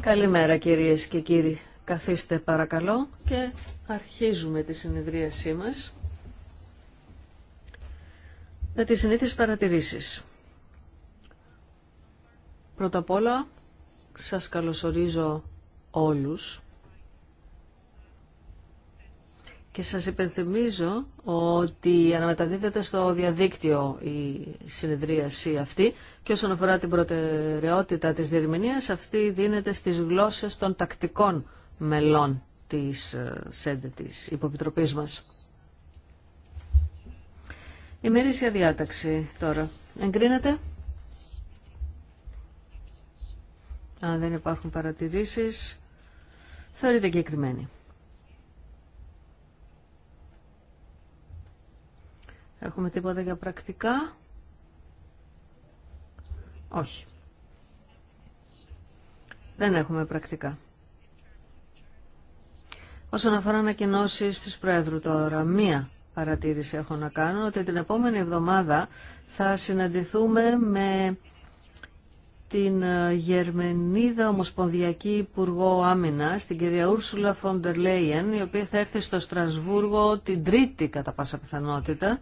Καλημέρα κυρίες και κύριοι. Καθίστε παρακαλώ και αρχίζουμε τη συνεδρίασή μας με τις συνήθεις παρατηρήσεις. Πρώτα απ' όλα σας καλωσορίζω όλους και σας υπενθυμίζω ότι αναμεταδίδεται στο διαδίκτυο η συνεδρίαση αυτή και όσον αφορά την προτεραιότητα της διερμηνίας, αυτή δίνεται στις γλώσσες των τακτικών μελών της ε, ΣΕΝΤΕ της Υποπιτροπής μας. Η μερίσια διάταξη τώρα εγκρίνεται. Αν δεν υπάρχουν παρατηρήσεις, θεωρείται εγκεκριμένη. Έχουμε τίποτα για πρακτικά. Όχι. Δεν έχουμε πρακτικά. Όσον αφορά ανακοινώσει τη Πρόεδρου τώρα, μία παρατήρηση έχω να κάνω, ότι την επόμενη εβδομάδα θα συναντηθούμε με την ε, Γερμενίδα Ομοσπονδιακή Υπουργό Άμυνα, την κυρία Ούρσουλα Φοντερ Λέιεν, η οποία θα έρθει στο Στρασβούργο την Τρίτη κατά πάσα πιθανότητα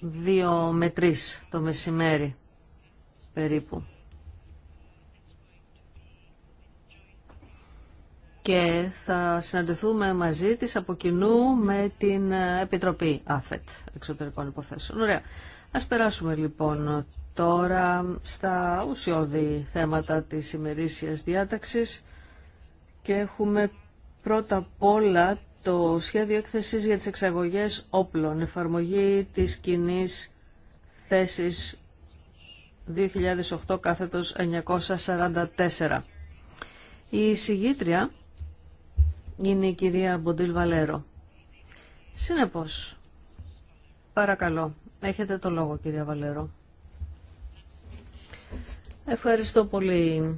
δύο με τρεις το μεσημέρι περίπου. Και θα συναντηθούμε μαζί της από κοινού με την Επιτροπή ΑΦΕΤ εξωτερικών υποθέσεων. Ωραία. Ας περάσουμε λοιπόν τώρα στα ουσιώδη θέματα της ημερήσιας διάταξης και έχουμε Πρώτα απ' όλα το σχέδιο έκθεσης για τις εξαγωγές όπλων, εφαρμογή της κοινή θέσης 2008 κάθετος 944. Η συγγήτρια είναι η κυρία Μποντήλ Βαλέρο. Συνεπώς, παρακαλώ, έχετε το λόγο κυρία Βαλέρο. Ευχαριστώ πολύ,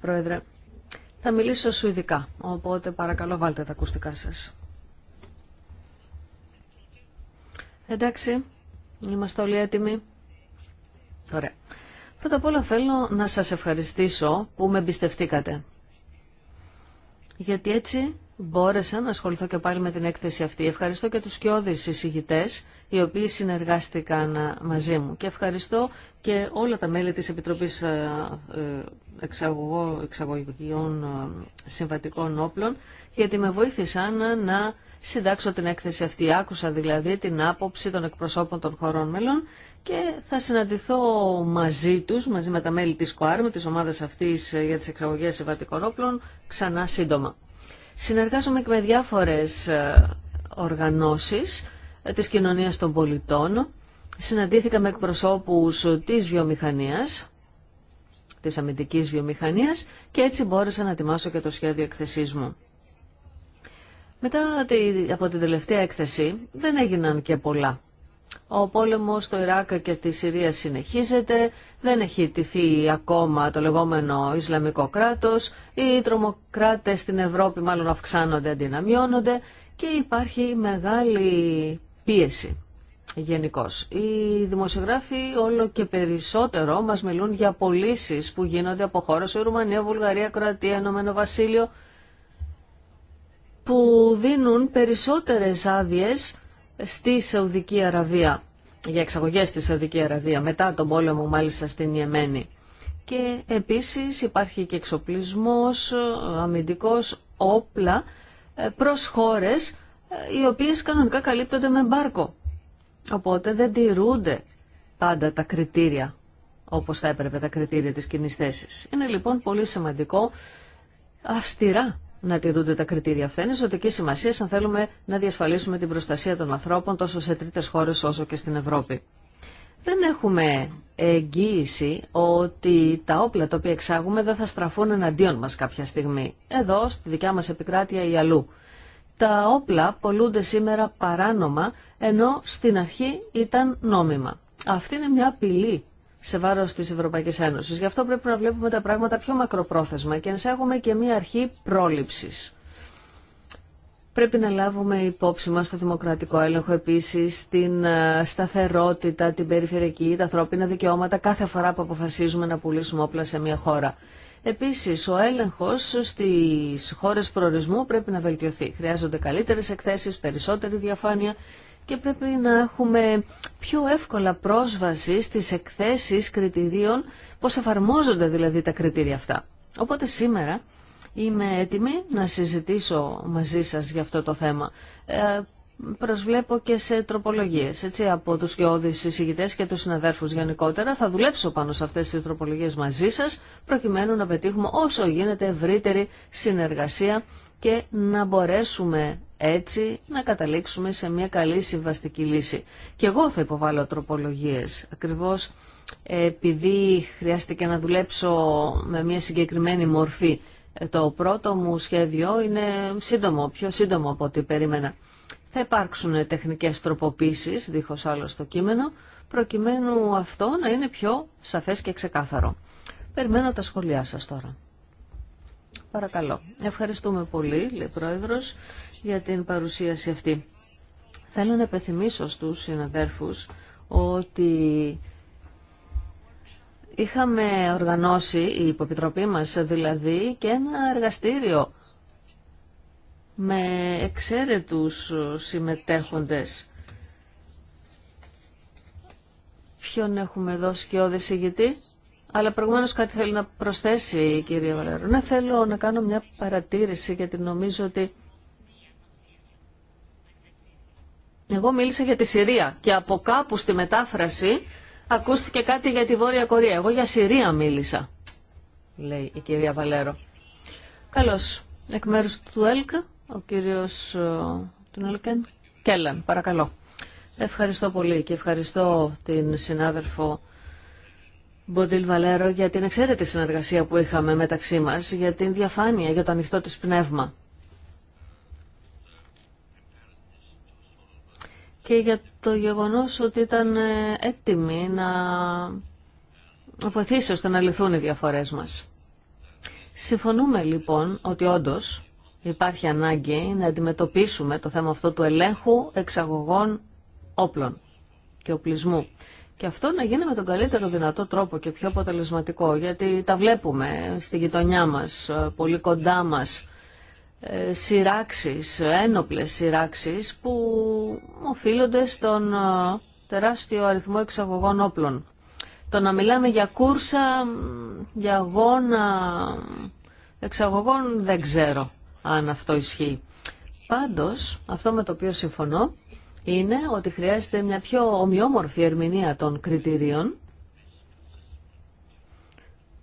Πρόεδρε. Θα μιλήσω σου ειδικά, οπότε παρακαλώ βάλτε τα ακουστικά σας. Εντάξει, είμαστε όλοι έτοιμοι. Ωραία. Πρώτα απ' όλα θέλω να σας ευχαριστήσω που με εμπιστευτήκατε. Γιατί έτσι μπόρεσα να ασχοληθώ και πάλι με την έκθεση αυτή. Ευχαριστώ και τους κοιόδης εισηγητές, οι οποίοι συνεργάστηκαν μαζί μου. Και ευχαριστώ και όλα τα μέλη της Επιτροπής ε, ε, εξαγωγικών ε, συμβατικών όπλων, γιατί με βοήθησαν να συντάξω την έκθεση αυτή. Άκουσα δηλαδή την άποψη των εκπροσώπων των χωρών μελών και θα συναντηθώ μαζί τους, μαζί με τα μέλη της ΚΟΑΡ, με της ομάδας αυτής ε, για τις εξαγωγές συμβατικών όπλων, ξανά σύντομα. Συνεργάζομαι και με διάφορες ε, οργανώσεις της κοινωνίας των πολιτών. Συναντήθηκα με εκπροσώπους της βιομηχανίας, της αμυντικής βιομηχανίας και έτσι μπόρεσα να ετοιμάσω και το σχέδιο εκθεσής μου. Μετά από την τελευταία έκθεση δεν έγιναν και πολλά. Ο πόλεμος στο Ιράκ και στη Συρία συνεχίζεται, δεν έχει τηθεί ακόμα το λεγόμενο Ισλαμικό κράτος, οι τρομοκράτες στην Ευρώπη μάλλον αυξάνονται αντί και υπάρχει μεγάλη πίεση γενικώ. Οι δημοσιογράφοι όλο και περισσότερο μα μιλούν για πωλήσει που γίνονται από χώρες, Ρουμανία, Βουλγαρία, Κροατία, Ενωμένο Βασίλειο, που δίνουν περισσότερες άδειε στη Σαουδική Αραβία, για εξαγωγέ στη Σαουδική Αραβία, μετά τον πόλεμο μάλιστα στην Ιεμένη. Και επίση υπάρχει και εξοπλισμός, αμυντικό όπλα ε, προ χώρε ε, οι οποίε κανονικά καλύπτονται με μπάρκο. Οπότε δεν τηρούνται πάντα τα κριτήρια όπως θα έπρεπε τα κριτήρια της κοινή θέση. Είναι λοιπόν πολύ σημαντικό αυστηρά να τηρούνται τα κριτήρια αυτά. Είναι ζωτική σημασία αν θέλουμε να διασφαλίσουμε την προστασία των ανθρώπων τόσο σε τρίτες χώρε όσο και στην Ευρώπη. Δεν έχουμε εγγύηση ότι τα όπλα τα οποία εξάγουμε δεν θα στραφούν εναντίον μας κάποια στιγμή. Εδώ, στη δικιά μας επικράτεια ή αλλού. Τα όπλα πολλούνται σήμερα παράνομα ενώ στην αρχή ήταν νόμιμα. Αυτή είναι μια απειλή σε βάρο τη Ευρωπαϊκή Ένωση. Γι' αυτό πρέπει να βλέπουμε τα πράγματα πιο μακροπρόθεσμα και να έχουμε και μια αρχή πρόληψη. Πρέπει να λάβουμε υπόψη μας το δημοκρατικό έλεγχο επίσης, στην ε, σταθερότητα, την περιφερειακή, τα ανθρώπινα δικαιώματα κάθε φορά που αποφασίζουμε να πουλήσουμε όπλα σε μια χώρα. Επίσης, ο έλεγχος στις χώρες προορισμού πρέπει να βελτιωθεί. Χρειάζονται καλύτερες εκθέσεις, περισσότερη διαφάνεια και πρέπει να έχουμε πιο εύκολα πρόσβαση στις εκθέσεις κριτηρίων, πώς εφαρμόζονται δηλαδή τα κριτήρια αυτά. Οπότε σήμερα είμαι έτοιμη να συζητήσω μαζί σας για αυτό το θέμα. Ε, προσβλέπω και σε τροπολογίες, έτσι, από τους γεώδεις συζητητές και τους συναδέρφους γενικότερα. Θα δουλέψω πάνω σε αυτές τις τροπολογίες μαζί σας, προκειμένου να πετύχουμε όσο γίνεται ευρύτερη συνεργασία και να μπορέσουμε έτσι να καταλήξουμε σε μια καλή συμβαστική λύση. Και εγώ θα υποβάλω τροπολογίες, ακριβώς επειδή χρειάστηκε να δουλέψω με μια συγκεκριμένη μορφή. Ε, το πρώτο μου σχέδιο είναι σύντομο, πιο σύντομο από ό,τι περίμενα. Θα υπάρξουν τεχνικές τροποποίησεις, δίχως άλλο στο κείμενο, προκειμένου αυτό να είναι πιο σαφές και ξεκάθαρο. Περιμένω τα σχόλιά σας τώρα. Παρακαλώ. Ευχαριστούμε πολύ, λέει Πρόεδρος, για την παρουσίαση αυτή. Θέλω να επιθυμίσω στους συναδέρφους ότι είχαμε οργανώσει, η υποπιτροπή μας δηλαδή, και ένα εργαστήριο με εξαίρετους συμμετέχοντες. Ποιον έχουμε εδώ σκιώδη ηγητή. Αλλά προηγουμένως κάτι θέλει να προσθέσει η κυρία Βαλέρο. Να θέλω να κάνω μια παρατήρηση γιατί νομίζω ότι εγώ μίλησα για τη Συρία και από κάπου στη μετάφραση ακούστηκε κάτι για τη Βόρεια Κορία. Εγώ για Συρία μίλησα, λέει η κυρία Βαλέρο. Καλώς. Εκ μέρους του ΕΛΚ, ο κύριος ε, Τουνέλκεν Κέλλαν, παρακαλώ. Ευχαριστώ πολύ και ευχαριστώ την συνάδελφο Μποντιλ Βαλέρο για την εξαίρετη συνεργασία που είχαμε μεταξύ μας, για την διαφάνεια, για το ανοιχτό της πνεύμα. Και για το γεγονός ότι ήταν ε, έτοιμη να βοηθήσει ώστε να λυθούν οι διαφορές μας. Συμφωνούμε λοιπόν ότι όντως υπάρχει ανάγκη να αντιμετωπίσουμε το θέμα αυτό του ελέγχου εξαγωγών όπλων και οπλισμού. Και αυτό να γίνει με τον καλύτερο δυνατό τρόπο και πιο αποτελεσματικό, γιατί τα βλέπουμε στη γειτονιά μας, πολύ κοντά μας, ε, σειράξεις, ένοπλες σειράξεις που οφείλονται στον ε, τεράστιο αριθμό εξαγωγών όπλων. Το να μιλάμε για κούρσα, για αγώνα εξαγωγών δεν ξέρω αν αυτό ισχύει. Πάντως, αυτό με το οποίο συμφωνώ είναι ότι χρειάζεται μια πιο ομοιόμορφη ερμηνεία των κριτηρίων,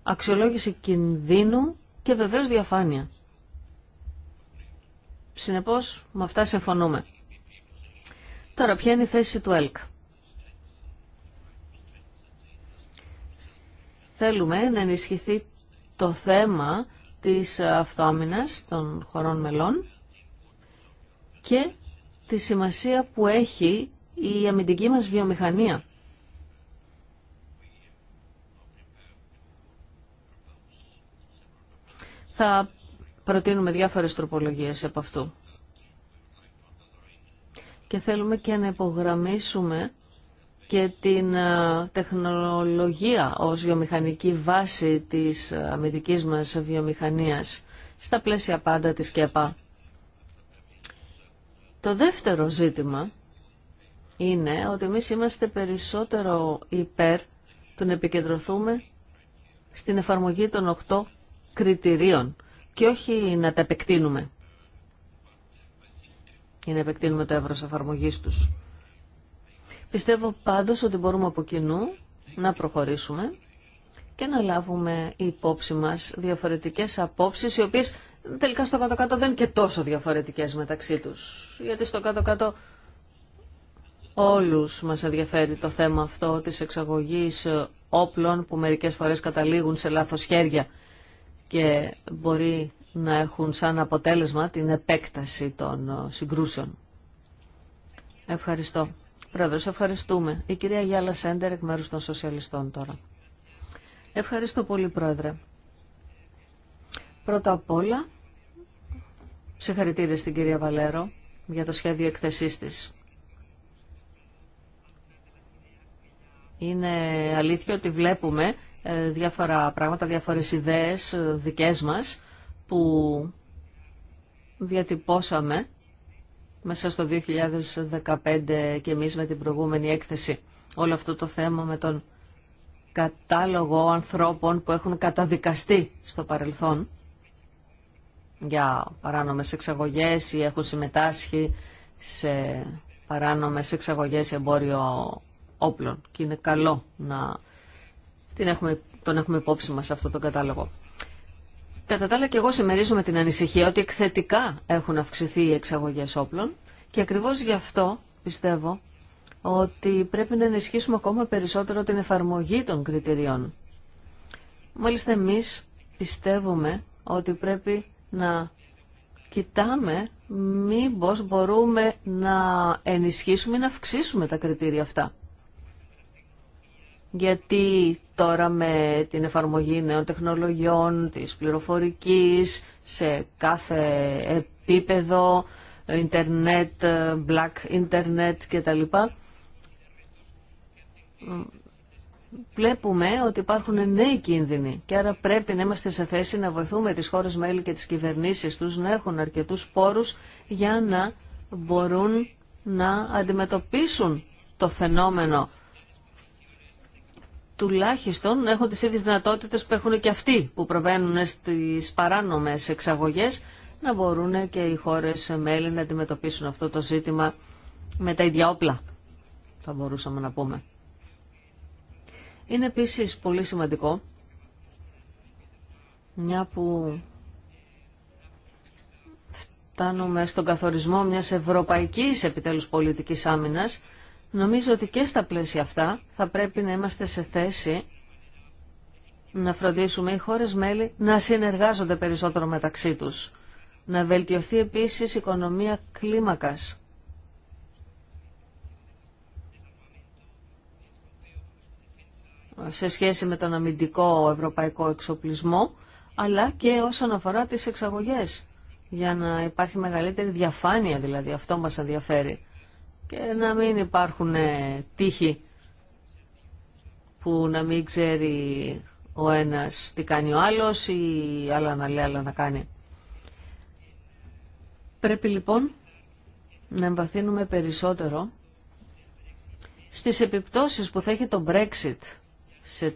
αξιολόγηση κινδύνου και βεβαίως διαφάνεια. Συνεπώς, με αυτά συμφωνούμε. Τώρα, ποια είναι η θέση του ΕΛΚ. Θέλουμε να ενισχυθεί το θέμα της αυτοάμυνας των χωρών μελών και τη σημασία που έχει η αμυντική μας βιομηχανία. Θα προτείνουμε διάφορες τροπολογίες από αυτού. Και θέλουμε και να υπογραμμίσουμε και την ε, τεχνολογία ως βιομηχανική βάση της ε, αμυντικής μας βιομηχανίας στα πλαίσια πάντα της ΚΕΠΑ. Το δεύτερο ζήτημα είναι ότι εμείς είμαστε περισσότερο υπέρ του να επικεντρωθούμε στην εφαρμογή των οκτώ κριτηρίων και όχι να τα επεκτείνουμε ή να επεκτείνουμε το εύρος εφαρμογής τους. Πιστεύω πάντως ότι μπορούμε από κοινού να προχωρήσουμε και να λάβουμε υπόψη μας διαφορετικές απόψεις οι οποίες τελικά στο κάτω-κάτω δεν είναι και τόσο διαφορετικές μεταξύ τους. Γιατί στο κάτω-κάτω όλους μας ενδιαφέρει το θέμα αυτό της εξαγωγής όπλων που μερικές φορές καταλήγουν σε λάθος χέρια και μπορεί να έχουν σαν αποτέλεσμα την επέκταση των συγκρούσεων. Ευχαριστώ σε ευχαριστούμε. Η κυρία Γιάλα Σέντερ εκ μέρου των Σοσιαλιστών τώρα. Ευχαριστώ πολύ, Πρόεδρε. Πρώτα απ' όλα, συγχαρητήρια στην κυρία Βαλέρο για το σχέδιο εκθεσή τη. Είναι αλήθεια ότι βλέπουμε ε, διάφορα πράγματα, διάφορες ιδέες ε, δικές μας που διατυπώσαμε μέσα στο 2015 και εμείς με την προηγούμενη έκθεση όλο αυτό το θέμα με τον κατάλογο ανθρώπων που έχουν καταδικαστεί στο παρελθόν για παράνομες εξαγωγές ή έχουν συμμετάσχει σε παράνομες εξαγωγές εμπόριο όπλων και είναι καλό να την έχουμε, τον έχουμε υπόψη μας αυτό τον κατάλογο. Κατά τα άλλα και εγώ συμμερίζομαι την ανησυχία ότι εκθετικά έχουν αυξηθεί οι εξαγωγές όπλων και ακριβώς γι' αυτό πιστεύω ότι πρέπει να ενισχύσουμε ακόμα περισσότερο την εφαρμογή των κριτηριών. Μάλιστα εμείς πιστεύουμε ότι πρέπει να κοιτάμε μήπως μπορούμε να ενισχύσουμε ή να αυξήσουμε τα κριτήρια αυτά. Γιατί τώρα με την εφαρμογή νέων τεχνολογιών, της πληροφορικής, σε κάθε επίπεδο, ίντερνετ, black internet κτλ. Βλέπουμε ότι υπάρχουν νέοι κίνδυνοι και άρα πρέπει να είμαστε σε θέση να βοηθούμε τις χώρες μέλη και τις κυβερνήσεις τους να έχουν αρκετούς πόρους για να μπορούν να αντιμετωπίσουν το φαινόμενο τουλάχιστον έχουν τις ίδιες δυνατότητες που έχουν και αυτοί που προβαίνουν στις παράνομες εξαγωγές να μπορούν και οι χώρες μέλη να αντιμετωπίσουν αυτό το ζήτημα με τα ίδια όπλα, θα μπορούσαμε να πούμε. Είναι επίσης πολύ σημαντικό, μια που φτάνουμε στον καθορισμό μιας ευρωπαϊκής επιτέλους πολιτικής άμυνας, Νομίζω ότι και στα πλαίσια αυτά θα πρέπει να είμαστε σε θέση να φροντίσουμε οι χώρες μέλη να συνεργάζονται περισσότερο μεταξύ τους. Να βελτιωθεί επίσης η οικονομία κλίμακας. σε σχέση με τον αμυντικό ευρωπαϊκό εξοπλισμό, αλλά και όσον αφορά τις εξαγωγές, για να υπάρχει μεγαλύτερη διαφάνεια δηλαδή, αυτό μας ενδιαφέρει και να μην υπάρχουν ε, τύχοι που να μην ξέρει ο ένας τι κάνει ο άλλος ή άλλα να λέει άλλα να κάνει. Πρέπει λοιπόν να εμβαθύνουμε περισσότερο στις επιπτώσεις που θα έχει το Brexit σε,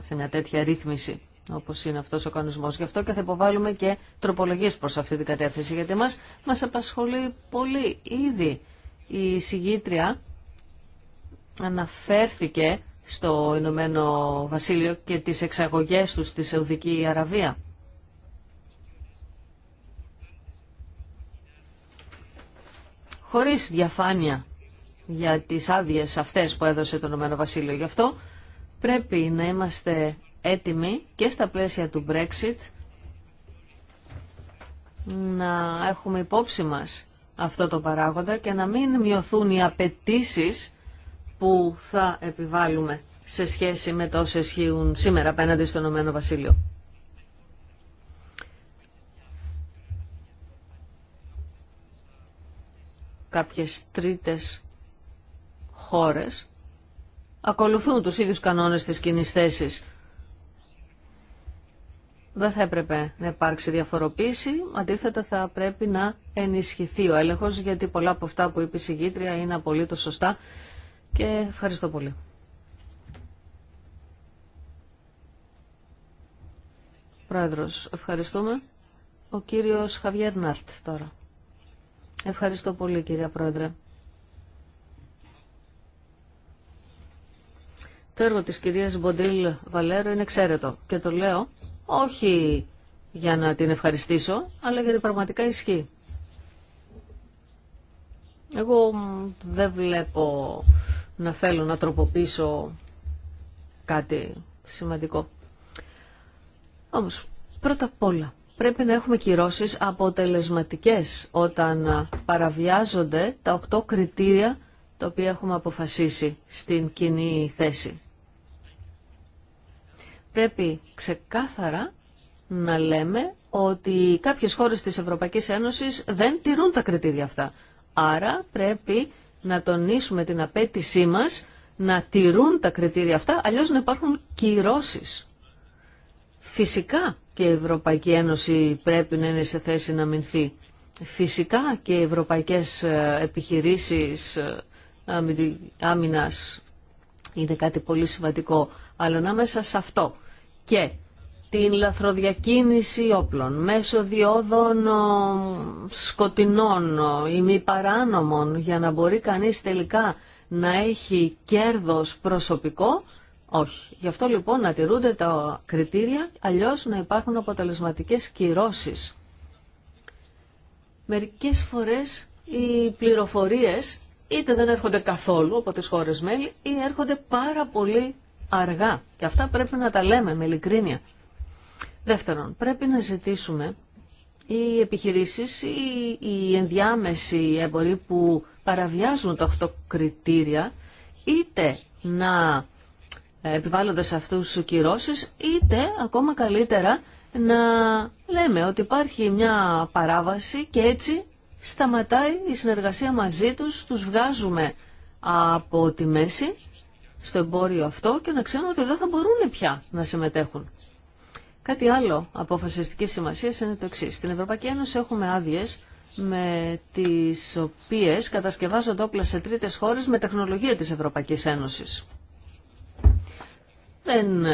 σε μια τέτοια ρύθμιση όπως είναι αυτός ο κανονισμός. Γι' αυτό και θα υποβάλουμε και τροπολογίες προς αυτή την κατεύθυνση, γιατί μας, μας απασχολεί πολύ ήδη η συγγήτρια αναφέρθηκε στο Ηνωμένο Βασίλειο και τις εξαγωγές τους στη Σαουδική Αραβία. Χωρίς διαφάνεια για τις άδειες αυτές που έδωσε το Ηνωμένο Βασίλειο. Γι' αυτό πρέπει να είμαστε έτοιμοι και στα πλαίσια του Brexit να έχουμε υπόψη μας αυτό το παράγοντα και να μην μειωθούν οι απαιτήσει που θα επιβάλλουμε σε σχέση με τόσες ισχύουν σήμερα απέναντι στον Ηνωμένο Βασίλειο. Κάποιες τρίτες χώρες ακολουθούν τους ίδιους κανόνες της κοινής δεν θα έπρεπε να υπάρξει διαφοροποίηση, αντίθετα θα πρέπει να ενισχυθεί ο έλεγχο γιατί πολλά από αυτά που είπε η συγγήτρια είναι απολύτω σωστά και ευχαριστώ πολύ. Πρόεδρος, ευχαριστούμε. Ο κύριος Χαβιέρ Νάρτ τώρα. Ευχαριστώ πολύ κυρία Πρόεδρε. Το έργο της κυρίας Μποντήλ Βαλέρο είναι εξαίρετο και το λέω όχι για να την ευχαριστήσω, αλλά γιατί πραγματικά ισχύει. Εγώ δεν βλέπω να θέλω να τροποποιήσω κάτι σημαντικό. Όμως, πρώτα απ' όλα, πρέπει να έχουμε κυρώσεις αποτελεσματικές όταν παραβιάζονται τα οκτώ κριτήρια τα οποία έχουμε αποφασίσει στην κοινή θέση πρέπει ξεκάθαρα να λέμε ότι κάποιες χώρες της Ευρωπαϊκής Ένωσης δεν τηρούν τα κριτήρια αυτά. Άρα πρέπει να τονίσουμε την απέτησή μας να τηρούν τα κριτήρια αυτά, αλλιώς να υπάρχουν κυρώσεις. Φυσικά και η Ευρωπαϊκή Ένωση πρέπει να είναι σε θέση να μηνθεί. Φυσικά και οι ευρωπαϊκές ε, επιχειρήσεις ε, άμυνας είναι κάτι πολύ σημαντικό. Αλλά να μέσα σε αυτό και την λαθροδιακίνηση όπλων, μέσω διόδων σκοτεινών ή μη παράνομων για να μπορεί κανείς τελικά να έχει κέρδος προσωπικό, όχι. Γι' αυτό λοιπόν να τηρούνται τα κριτήρια, αλλιώς να υπάρχουν αποτελεσματικές κυρώσεις. Μερικές φορές οι πληροφορίες είτε δεν έρχονται καθόλου από τις χώρες μέλη ή έρχονται πάρα πολύ αργά. Και αυτά πρέπει να τα λέμε με ειλικρίνεια. Δεύτερον, πρέπει να ζητήσουμε οι επιχειρήσεις ή οι ενδιάμεσοι εμποροί που παραβιάζουν τα 8 κριτήρια είτε να επιβάλλονται σε αυτούς τους κυρώσεις είτε ακόμα καλύτερα να λέμε ότι υπάρχει μια παράβαση και έτσι σταματάει η συνεργασία μαζί τους, τους βγάζουμε από τη μέση στο εμπόριο αυτό και να ξέρουν ότι δεν θα μπορούν πια να συμμετέχουν. Κάτι άλλο αποφασιστική σημασία είναι το εξή. Στην Ευρωπαϊκή Ένωση έχουμε άδειε με τις οποίες κατασκευάζονται όπλα σε τρίτες χώρες με τεχνολογία της Ευρωπαϊκή Ένωσης. Δεν ε,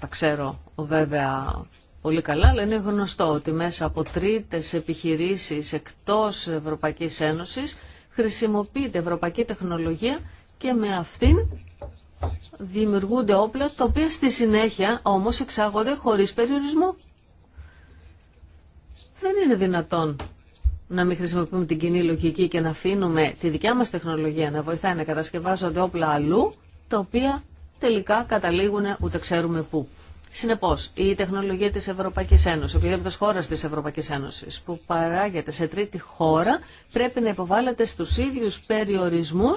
τα ξέρω βέβαια πολύ καλά, αλλά είναι γνωστό ότι μέσα από τρίτες επιχειρήσεις εκτός Ευρωπαϊκής Ένωσης χρησιμοποιείται ευρωπαϊκή τεχνολογία και με αυτήν δημιουργούνται όπλα τα οποία στη συνέχεια όμως εξάγονται χωρίς περιορισμό. Δεν είναι δυνατόν να μην χρησιμοποιούμε την κοινή λογική και να αφήνουμε τη δικιά μας τεχνολογία να βοηθάει να κατασκευάζονται όπλα αλλού, τα οποία τελικά καταλήγουν ούτε ξέρουμε πού. Συνεπώ, η τεχνολογία τη Ευρωπαϊκή Ένωση, οποιαδήποτε χώρα τη Ευρωπαϊκή Ένωση που παράγεται σε τρίτη χώρα, πρέπει να υποβάλλεται στου ίδιου περιορισμού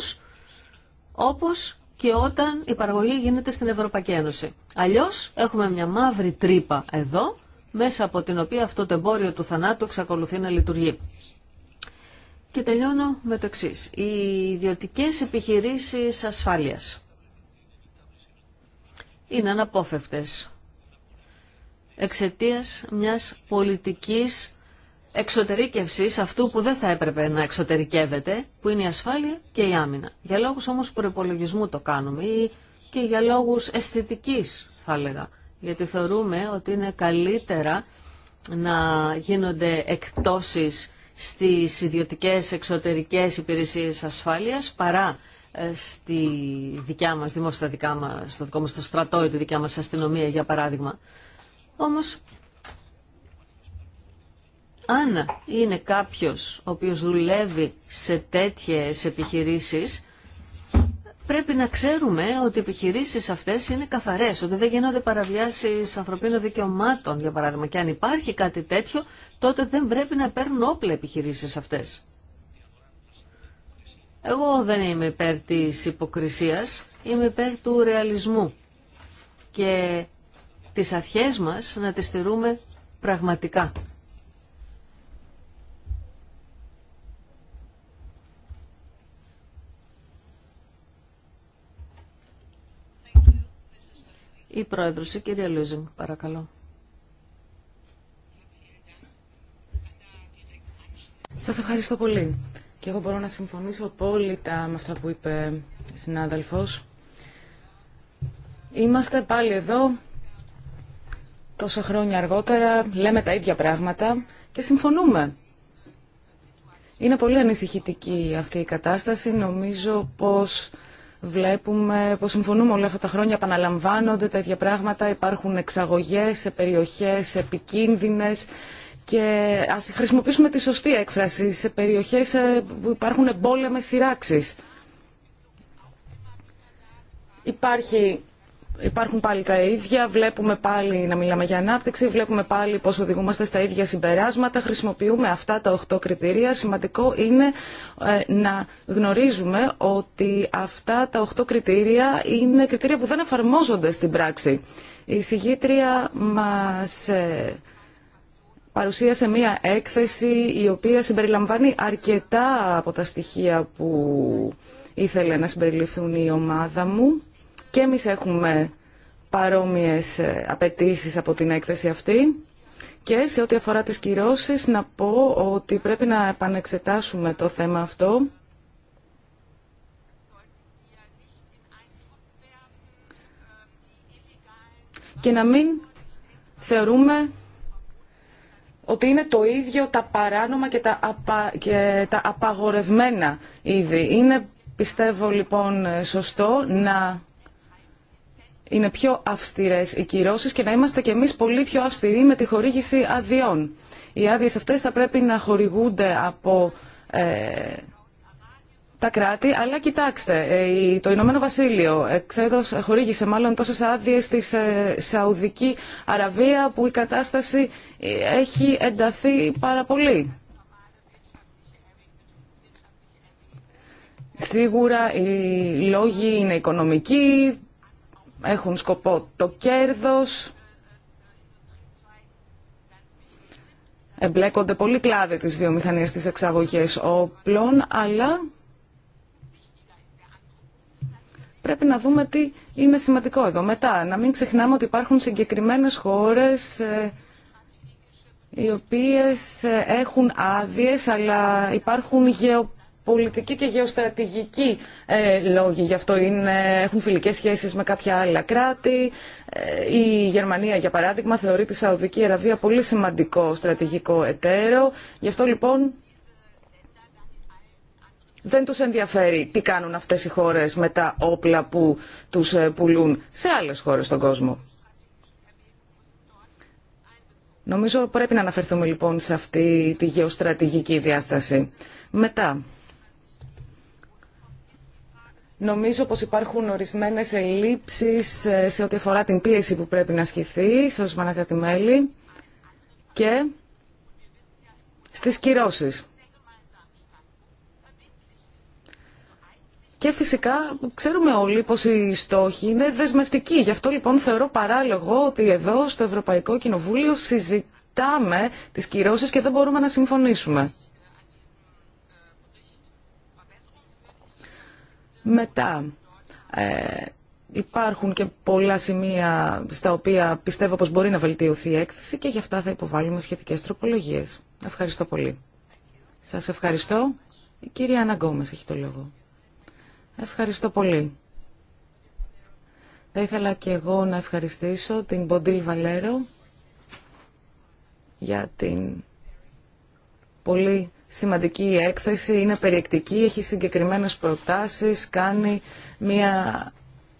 όπως και όταν η παραγωγή γίνεται στην Ευρωπαϊκή Ένωση. Αλλιώς έχουμε μια μαύρη τρύπα εδώ, μέσα από την οποία αυτό το εμπόριο του θανάτου εξακολουθεί να λειτουργεί. Και τελειώνω με το εξή. Οι ιδιωτικέ επιχειρήσεις ασφάλειας είναι αναπόφευτες. εξαιτίας μιας πολιτικής εξωτερήκευσης αυτού που δεν θα έπρεπε να εξωτερικεύεται, που είναι η ασφάλεια και η άμυνα. Για λόγους όμως προπολογισμού το κάνουμε ή και για λόγους αισθητικής θα έλεγα, γιατί θεωρούμε ότι είναι καλύτερα να γίνονται εκπτώσεις στις ιδιωτικές εξωτερικές υπηρεσίες ασφάλειας παρά ε, στη δικιά μας, δημόσια στο δικό μας στρατό ή τη δικιά μας αστυνομία για παράδειγμα. Όμως αν είναι κάποιος ο οποίος δουλεύει σε τέτοιες επιχειρήσεις, πρέπει να ξέρουμε ότι οι επιχειρήσεις αυτές είναι καθαρές, ότι δεν γίνονται παραβιάσεις ανθρωπίνων δικαιωμάτων, για παράδειγμα. Και αν υπάρχει κάτι τέτοιο, τότε δεν πρέπει να παίρνουν όπλα επιχειρήσεις αυτές. Εγώ δεν είμαι υπέρ της υποκρισίας, είμαι υπέρ του ρεαλισμού. Και τις αρχές μας να τις στηρούμε πραγματικά. Η πρόεδρος, η κυρία Λούζινγκ, παρακαλώ. Σας ευχαριστώ πολύ. Και εγώ μπορώ να συμφωνήσω απόλυτα με αυτά που είπε η συνάδελφος. Είμαστε πάλι εδώ, τόσα χρόνια αργότερα, λέμε τα ίδια πράγματα και συμφωνούμε. Είναι πολύ ανησυχητική αυτή η κατάσταση. Νομίζω πως Βλέπουμε πως συμφωνούμε όλα αυτά τα χρόνια, επαναλαμβάνονται τα ίδια πράγματα, υπάρχουν εξαγωγές σε περιοχές επικίνδυνες και ας χρησιμοποιήσουμε τη σωστή έκφραση σε περιοχές ε, που υπάρχουν εμπόλεμες σειράξεις. Υπάρχει υπάρχουν πάλι τα ίδια, βλέπουμε πάλι να μιλάμε για ανάπτυξη, βλέπουμε πάλι πώς οδηγούμαστε στα ίδια συμπεράσματα, χρησιμοποιούμε αυτά τα 8 κριτήρια. Σημαντικό είναι ε, να γνωρίζουμε ότι αυτά τα 8 κριτήρια είναι κριτήρια που δεν εφαρμόζονται στην πράξη. Η συγγήτρια μας ε, παρουσίασε μία έκθεση η οποία συμπεριλαμβάνει αρκετά από τα στοιχεία που ήθελε να συμπεριληφθούν η ομάδα μου. Και εμείς έχουμε παρόμοιες ε, απαιτήσει από την έκθεση αυτή. Και σε ό,τι αφορά τις κυρώσεις, να πω ότι πρέπει να επανεξετάσουμε το θέμα αυτό. Και να μην θεωρούμε ότι είναι το ίδιο τα παράνομα και τα, και τα απαγορευμένα είδη. Είναι, πιστεύω λοιπόν, σωστό να είναι πιο αυστηρέ οι κυρώσει και να είμαστε κι εμείς πολύ πιο αυστηροί με τη χορήγηση αδειών. Οι άδειε αυτέ θα πρέπει να χορηγούνται από ε, τα κράτη, αλλά κοιτάξτε, ε, το Ηνωμένο Βασίλειο χορήγησε μάλλον τόσε άδειε στη Σαουδική Αραβία που η κατάσταση ε, έχει ενταθεί πάρα πολύ. Σίγουρα οι λόγοι είναι οικονομικοί, έχουν σκοπό το κέρδος, εμπλέκονται πολύ κλάδοι της βιομηχανίας της εξαγωγής όπλων, αλλά πρέπει να δούμε τι είναι σημαντικό εδώ. Μετά, να μην ξεχνάμε ότι υπάρχουν συγκεκριμένες χώρες ε, οι οποίες ε, έχουν άδειες, αλλά υπάρχουν γεωπολιτικές πολιτική και γεωστρατηγική ε, λόγοι. Γι' αυτό είναι, έχουν φιλικές σχέσεις με κάποια άλλα κράτη. Ε, η Γερμανία, για παράδειγμα, θεωρεί τη Σαουδική Αραβία πολύ σημαντικό στρατηγικό εταίρο. Γι' αυτό, λοιπόν, δεν τους ενδιαφέρει τι κάνουν αυτές οι χώρες με τα όπλα που τους ε, πουλούν σε άλλες χώρες στον κόσμο. Νομίζω πρέπει να αναφερθούμε λοιπόν σε αυτή τη γεωστρατηγική διάσταση. Μετά, Νομίζω πως υπάρχουν ορισμένες ελλείψεις ε, σε ό,τι αφορά την πίεση που πρέπει να ασχηθεί σε ορισμενα και στις κυρώσεις. Και φυσικά ξέρουμε όλοι πως οι στόχοι είναι δεσμευτικοί. Γι' αυτό λοιπόν θεωρώ παράλογο ότι εδώ στο Ευρωπαϊκό Κοινοβούλιο συζητάμε τις κυρώσεις και δεν μπορούμε να συμφωνήσουμε. Μετά, ε, υπάρχουν και πολλά σημεία στα οποία πιστεύω πως μπορεί να βελτιωθεί η έκθεση και γι' αυτά θα υποβάλουμε σχετικές τροπολογίες. Ευχαριστώ πολύ. Σας ευχαριστώ. Η κυρία Αναγκόμες έχει το λόγο. Ευχαριστώ πολύ. Θα ήθελα και εγώ να ευχαριστήσω την Μποντήλ Βαλέρο για την πολύ σημαντική η έκθεση, είναι περιεκτική, έχει συγκεκριμένες προτάσεις, κάνει μια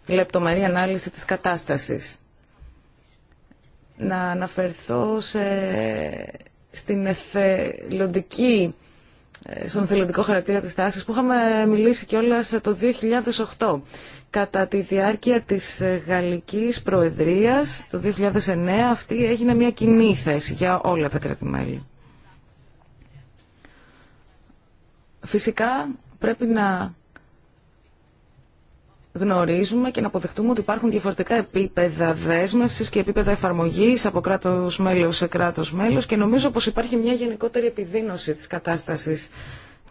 λεπτομερή ανάλυση της κατάστασης. Να αναφερθώ σε, στην εθελοντική, στον θελοντικό χαρακτήρα της τάσης που είχαμε μιλήσει όλα το 2008. Κατά τη διάρκεια της Γαλλικής Προεδρίας το 2009 αυτή έγινε μια κοινή θέση για όλα τα κράτη-μέλη. Φυσικά πρέπει να γνωρίζουμε και να αποδεχτούμε ότι υπάρχουν διαφορετικά επίπεδα δέσμευση και επίπεδα εφαρμογή από κράτο μέλο σε κράτο μέλο και νομίζω πω υπάρχει μια γενικότερη επιδείνωση τη κατάσταση